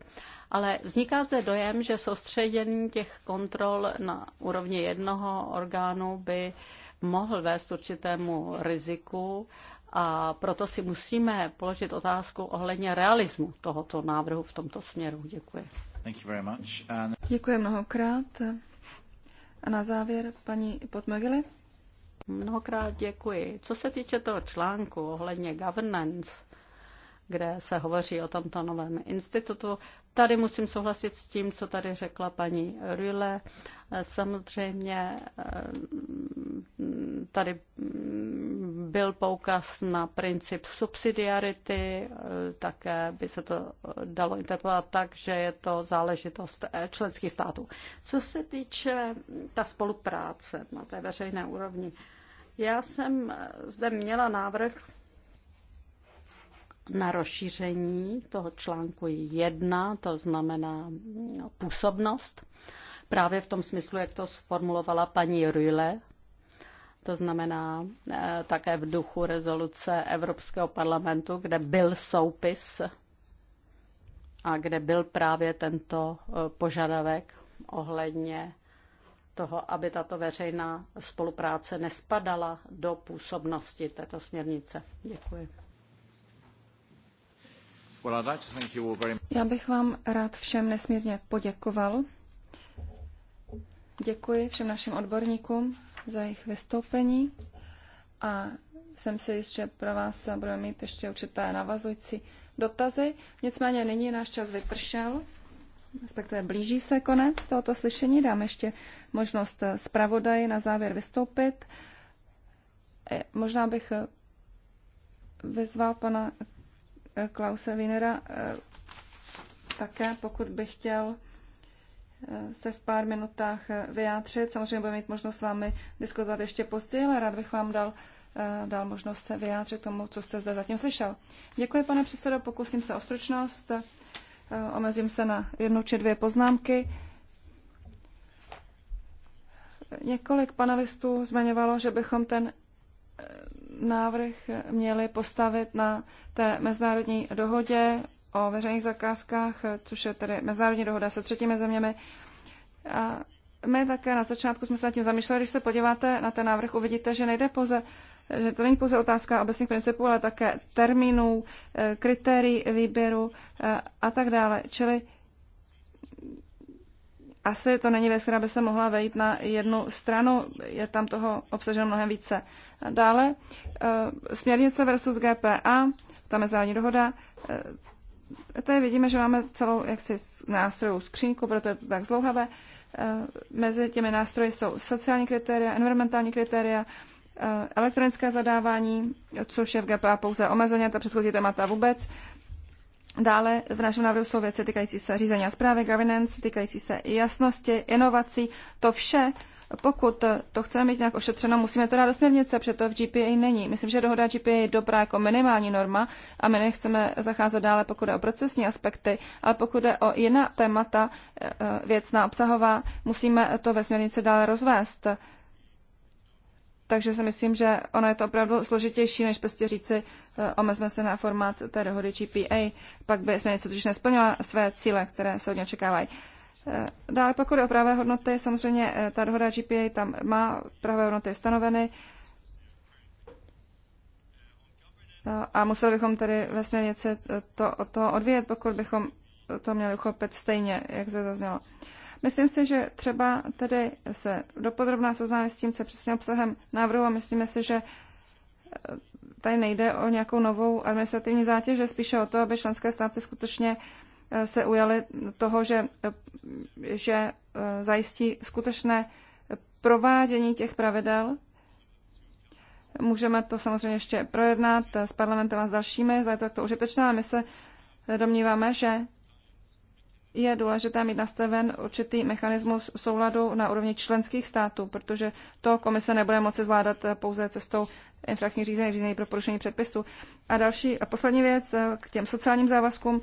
ale vzniká zde dojem, že soustředění těch kontrol na úrovni jednoho orgánu by mohl vést určitému riziku a proto si musíme položit otázku ohledně realismu tohoto návrhu v tomto směru. Děkuji. And... Děkuji mnohokrát. A na závěr paní Podmagily. Mnohokrát děkuji. Co se týče toho článku ohledně governance, kde se hovoří o tomto novém institutu. Tady musím souhlasit s tím, co tady řekla paní Rüle. Samozřejmě eh, tady byl poukaz na princip subsidiarity, eh, také by se to dalo interpretovat tak, že je to záležitost eh, členských států. Co se týče ta spolupráce na té veřejné úrovni, já jsem zde měla návrh na rozšíření toho článku 1, to znamená působnost, právě v tom smyslu, jak to sformulovala paní Rüle, to znamená eh, také v duchu rezoluce Evropského parlamentu, kde byl soupis a kde byl právě tento eh, požadavek ohledně toho, aby tato veřejná spolupráce nespadala do působnosti této směrnice. Děkuji. Já bych vám rád všem nesmírně poděkoval. Děkuji všem našim odborníkům za jejich vystoupení a jsem si jist, že pro vás budeme mít ještě určité navazující dotazy. Nicméně nyní náš čas vypršel, respektive blíží se konec tohoto slyšení. Dám ještě možnost zpravodaji na závěr vystoupit. Eh, možná bych vyzval pana Eh, Klause Wienera eh, také, pokud by chtěl eh, se v pár minutách vyjádřit. Samozřejmě budeme mít možnost s vámi diskutovat ještě později, ale rád bych vám dal, dal možnost se vyjádřit tomu, co jste zde zatím slyšel. Děkuji, pane předsedo, pokusím se o stručnost. Omezím se na jednu či dvě poznámky. Několik panelistů zmiňovalo, že bychom ten návrh měli postavit na té mezinárodní dohodě o veřejných zakázkách, což je tedy mezinárodní dohoda se třetími zeměmi. A my také na začátku jsme se nad tím zamýšleli, když se podíváte na ten návrh, uvidíte, že nejde pouze že to není pouze otázka obecných principů, ale také termínů, eh, kritérií výběru eh, a tak dále. Čili asi to není věc, která by se mohla vejít na jednu stranu, je tam toho obsaženo mnohem více. Dále eh, směrnice versus GPA, ta mezinárodní dohoda, eh, tady vidíme, že máme celou jaksi nástrojů skřínku, proto je to tak zlouhavé. Eh, mezi těmi nástroji jsou sociální kritéria, environmentální kritéria, elektronické zadávání, což je v GPA pouze omezeně, ta předchozí témata vůbec, Dále v našem návrhu jsou věci týkající se řízení a zprávy, governance, týkající se jasnosti, inovací. To vše, pokud to chceme mít nějak ošetřeno, musíme to dát do směrnice, protože v GPA není. Myslím, že dohoda GPA je dobrá jako minimální norma a my nechceme zacházet dále, pokud jde o procesní aspekty, ale pokud jde o jiná témata, e, e, věcná, obsahová, musíme to ve směrnici dále rozvést. Takže si myslím, že ono je to opravdu složitější, než prostě říci, eh, omezme se na formát té dohody GPA, pak by něco totiž nesplnila své cíle, které se od něj očekávají. Eh, dále pokud je o pravé hodnoty, samozřejmě eh, ta dohoda GPA tam má pravé hodnoty stanoveny a museli bychom tedy ve směrnici to, to odvíjet, pokud bychom to měli uchopit stejně, jak se zaznělo. Myslím si, že třeba tedy se dopodrobná seznámí s tím, co přesně obsahem návrhu a myslíme si, že eh, tady nejde o nějakou novou administrativní zátěž, že spíše o to, aby členské státy skutečně eh, se ujaly toho, že, eh, že zajistí skutečné provádění těch pravidel. Můžeme to samozřejmě ještě projednat s parlamentem a s dalšími, zda je to takto užitečné, ale my se domníváme, že je důležité mít nastaven určitý mechanismus souladu na úrovni členských států, protože to komise nebude moci zvládat pouze cestou infrakční řízení, řízení pro porušení předpisu. A další a poslední věc eh, k těm sociálním závazkům.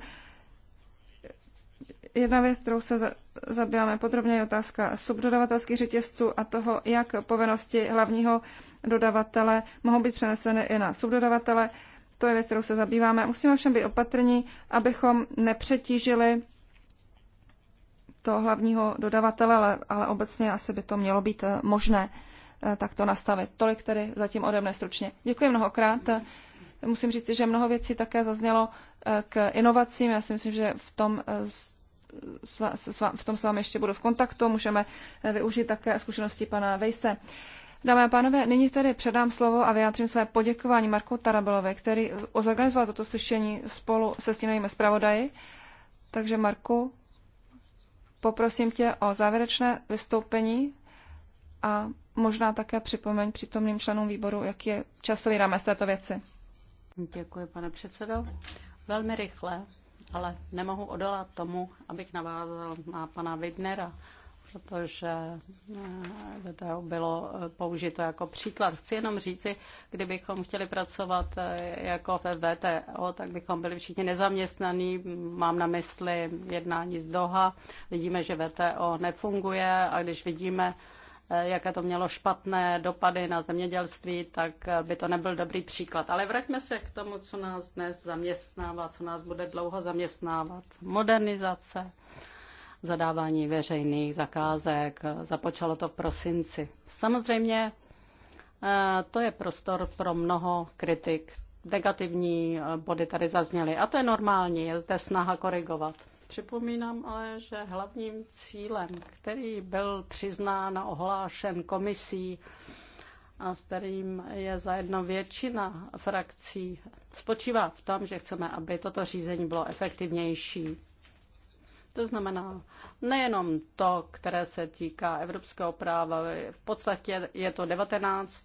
Jedna věc, kterou se zabýváme podrobně, je otázka subdodavatelských řetězců a toho, jak povinnosti hlavního dodavatele mohou být přeneseny i na subdodavatele. To je věc, kterou se zabýváme. Musíme všem být opatrní, abychom nepřetížili toho hlavního dodavatele, ale, ale obecně asi by to mělo být eh, možné eh, takto nastavit. Tolik tedy zatím ode mne stručně. Děkuji mnohokrát. Musím říct, že mnoho věcí také zaznělo eh, k inovacím. Já si myslím, že v tom v tom s vámi ještě budu v kontaktu, můžeme využít také zkušenosti pana Vejse. Dámy a pánové, nyní tedy předám slovo a vyjádřím své poděkování Marku Tarabelovi, který zorganizoval toto slyšení spolu se stínovými zpravodaji. Takže Marku, Poprosím tě o závěrečné vystoupení a možná také připomeň přítomným členům výboru, jaký je časový rámec této věci. Děkuji, pane předsedo. Velmi rychle, ale nemohu odolat tomu, abych navázal na pana Widnera protože VTO eh, bylo použito jako příklad. Chci jenom říci, kdybychom chtěli pracovat eh, jako ve VTO, tak bychom byli všichni nezaměstnaní. Mám na mysli jednání z Doha. Vidíme, že VTO nefunguje a když vidíme, eh, jaké to mělo špatné dopady na zemědělství, tak by to nebyl dobrý příklad. Ale vraťme se k tomu, co nás dnes zaměstnává, co nás bude dlouho zaměstnávat. Modernizace, zadávání veřejných zakázek. Započalo to v prosinci. Samozřejmě eh, to je prostor pro mnoho kritik. Negativní eh, body tady zazněly a to je normální, je zde snaha korigovat. Připomínám ale, že hlavním cílem, který byl přiznán a ohlášen komisí, a s kterým je zajedno většina frakcí, spočívá v tom, že chceme, aby toto řízení bylo efektivnější. To znamená nejenom to, které se týká evropského práva, v podstatě je to 19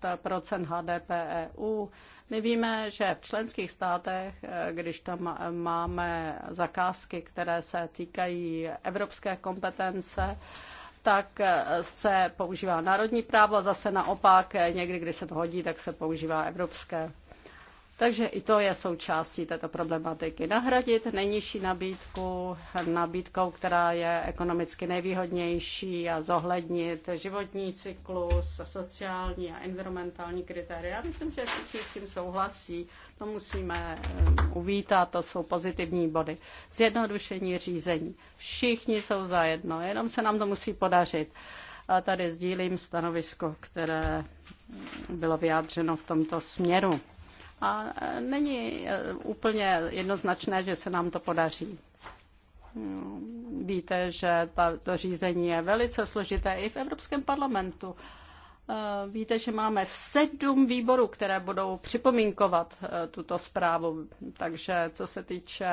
HDP EU. My víme, že v členských státech, eh, když tam máme zakázky, které se týkají evropské kompetence, tak eh, se používá národní právo zase naopak eh, někdy, když se to hodí, tak se používá evropské. Takže i to je součástí této problematiky. Nahradit nejnižší nabídku nabídkou, která je ekonomicky nejvýhodnější a zohlednit životní cyklus, sociální a environmentální kritéria. Já myslím, že všichni s tím souhlasí. To musíme um, uvítat, to jsou pozitivní body. Zjednodušení řízení. Všichni jsou zajedno, jenom se nám to musí podařit. A tady sdílím stanovisko, které bylo vyjádřeno v tomto směru. A e, není e, úplně jednoznačné, že se nám to podaří. Hmm, víte, že ta, to řízení je velice složité i v Evropském parlamentu. E, víte, že máme sedm výborů, které budou připomínkovat tuto zprávu. Takže co se týče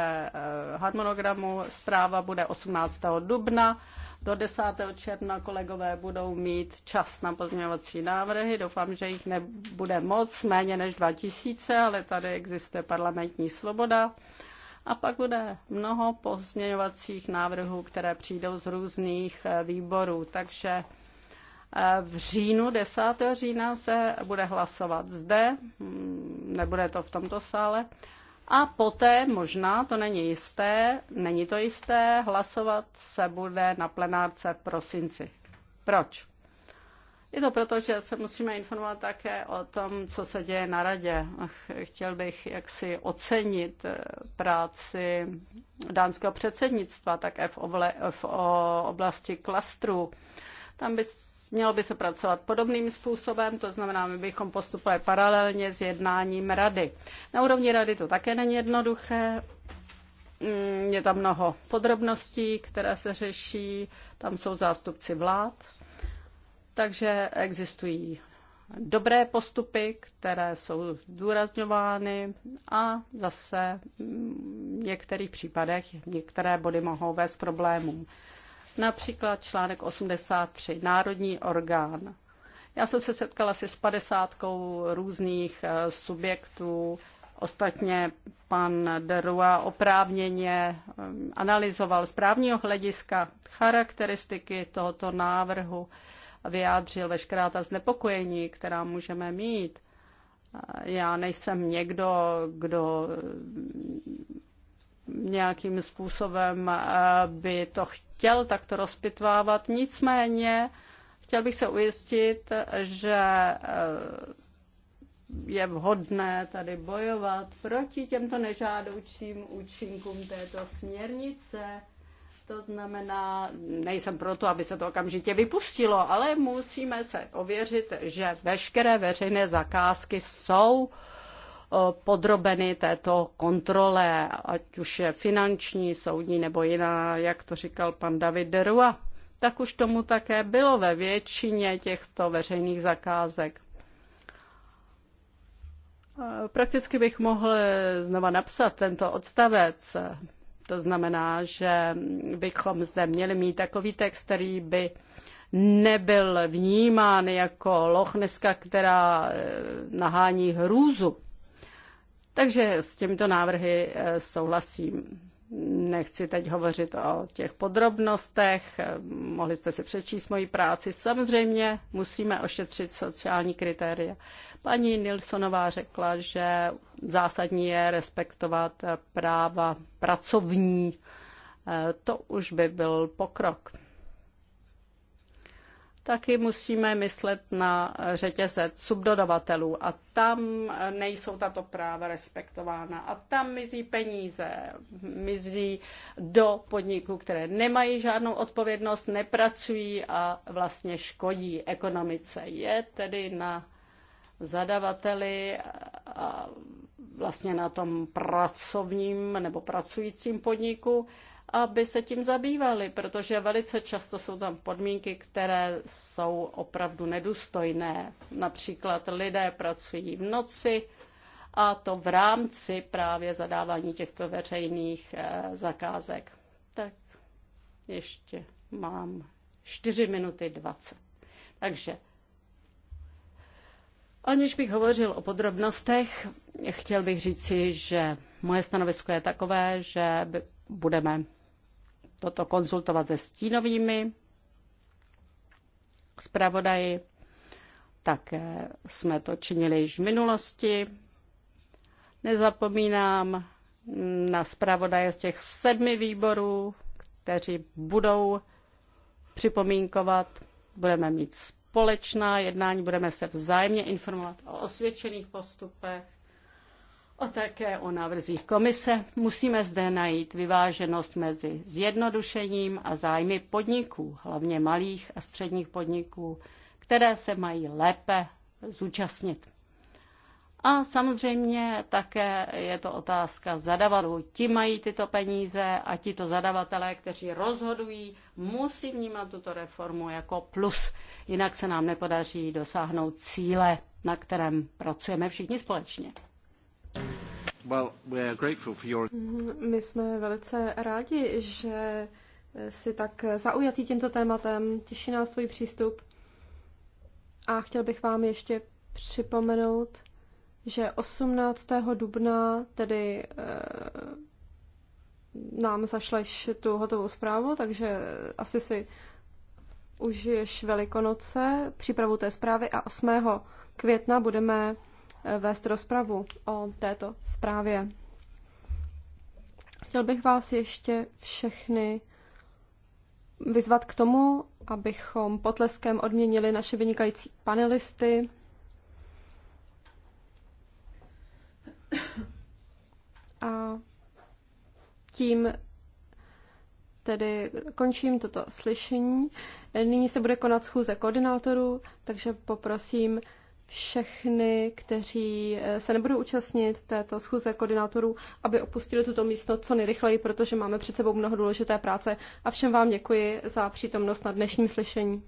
harmonogramu, zpráva bude 18. dubna do 10. června kolegové budou mít čas na pozměňovací návrhy. Doufám, že jich nebude moc, méně než 2000, ale tady existuje parlamentní svoboda. A pak bude mnoho pozměňovacích návrhů, které přijdou z různých eh, výborů. Takže eh, v říjnu, 10. října se bude hlasovat zde, hmm, nebude to v tomto sále. A poté možná, to není jisté, není to jisté, hlasovat se bude na plenárce v prosinci. Proč? Je to proto, že se musíme informovat také o tom, co se děje na radě. Chtěl bych jaksi ocenit eh, práci dánského předsednictva také v, oblasti klastru. Tam by mělo by se pracovat podobným způsobem, to znamená, my bychom postupovali paralelně s jednáním rady. Na úrovni rady to také není jednoduché. Mm, je tam mnoho podrobností, které se řeší, tam jsou zástupci vlád, takže existují dobré postupy, které jsou zdůrazňovány a zase v některých případech některé body mohou vést problémům. Například článek 83, národní orgán. Já jsem se setkala asi s padesátkou různých eh, subjektů, Ostatně pan Derua oprávněně eh, analyzoval z právního hlediska charakteristiky tohoto návrhu a vyjádřil veškerá ta znepokojení, která můžeme mít. Eh, já nejsem někdo, kdo nějakým způsobem by to chtěl chtěl takto rozpitvávat, nicméně chtěl bych se ujistit, že eh, je vhodné tady bojovat proti těmto nežádoucím účinkům této směrnice. To znamená, nejsem proto, aby se to okamžitě vypustilo, ale musíme se ověřit, že veškeré veřejné zakázky jsou uh, podrobeny této kontrole, ať už je finanční, soudní nebo jiná, jak to říkal pan David Derua, tak už tomu také bylo ve většině těchto veřejných zakázek. Prakticky bych mohl znova napsat tento odstavec. To znamená, že bychom zde měli mít takový text, který by nebyl vnímán jako lochneska, která eh, nahání hrůzu. Takže s těmito návrhy eh, souhlasím. Nechci teď hovořit o těch podrobnostech, eh, mohli jste si přečíst moji práci. Samozřejmě musíme ošetřit sociální kritéria. Paní Nilsonová řekla, že zásadní je respektovat eh, práva pracovní. To už by byl pokrok taky musíme myslet na řetězec subdodavatelů a tam nejsou tato práva respektována a tam mizí peníze, mizí do podniků, které nemají žádnou odpovědnost, nepracují a vlastně škodí ekonomice. Je tedy na zadavateli a vlastně na tom pracovním nebo pracujícím podniku, aby se tím zabývali, protože velice často jsou tam podmínky, které jsou opravdu nedůstojné. Například lidé pracují v noci a to v rámci právě zadávání těchto veřejných eh, zakázek. Tak ještě mám 4 minuty 20. Takže Aniž bych hovořil o podrobnostech, chtěl bych říci, že moje stanovisko je takové, že budeme toto konzultovat se stínovými zpravodaji. tak eh, jsme to činili již v minulosti. Nezapomínám na zpravodaje z těch sedmi výborů, kteří budou připomínkovat. Budeme mít společná jednání, budeme se vzájemně informovat o osvědčených postupech a také o návrzích komise. Musíme zde najít vyváženost mezi zjednodušením a zájmy podniků, hlavně malých a středních podniků, které se mají lépe zúčastnit. A samozřejmě také je to otázka zadavatelů. Ti mají tyto peníze a tito zadavatelé, kteří rozhodují, musí vnímat tuto reformu jako plus. Jinak se nám nepodaří dosáhnout cíle, na kterém pracujeme všichni společně. My jsme velice rádi, že jsi tak zaujatý tímto tématem. Těší nás tvůj přístup. A chtěl bych vám ještě připomenout, že 18. dubna tedy eh, nám zašleš tu hotovou zprávu, takže asi si užiješ Velikonoce, přípravu té zprávy a 8. května budeme vést rozpravu o této zprávě. Chtěl bych vás ještě všechny vyzvat k tomu, abychom potleskem odměnili naše vynikající panelisty. A tím tedy končím toto slyšení. Nyní se bude konat schůze koordinátorů, takže poprosím všechny, kteří eh, se nebudou účastnit této schůze koordinátorů, aby opustili tuto místnost co nejrychleji, protože máme před sebou mnoho důležité práce. A všem vám děkuji za přítomnost na dnešním slyšení.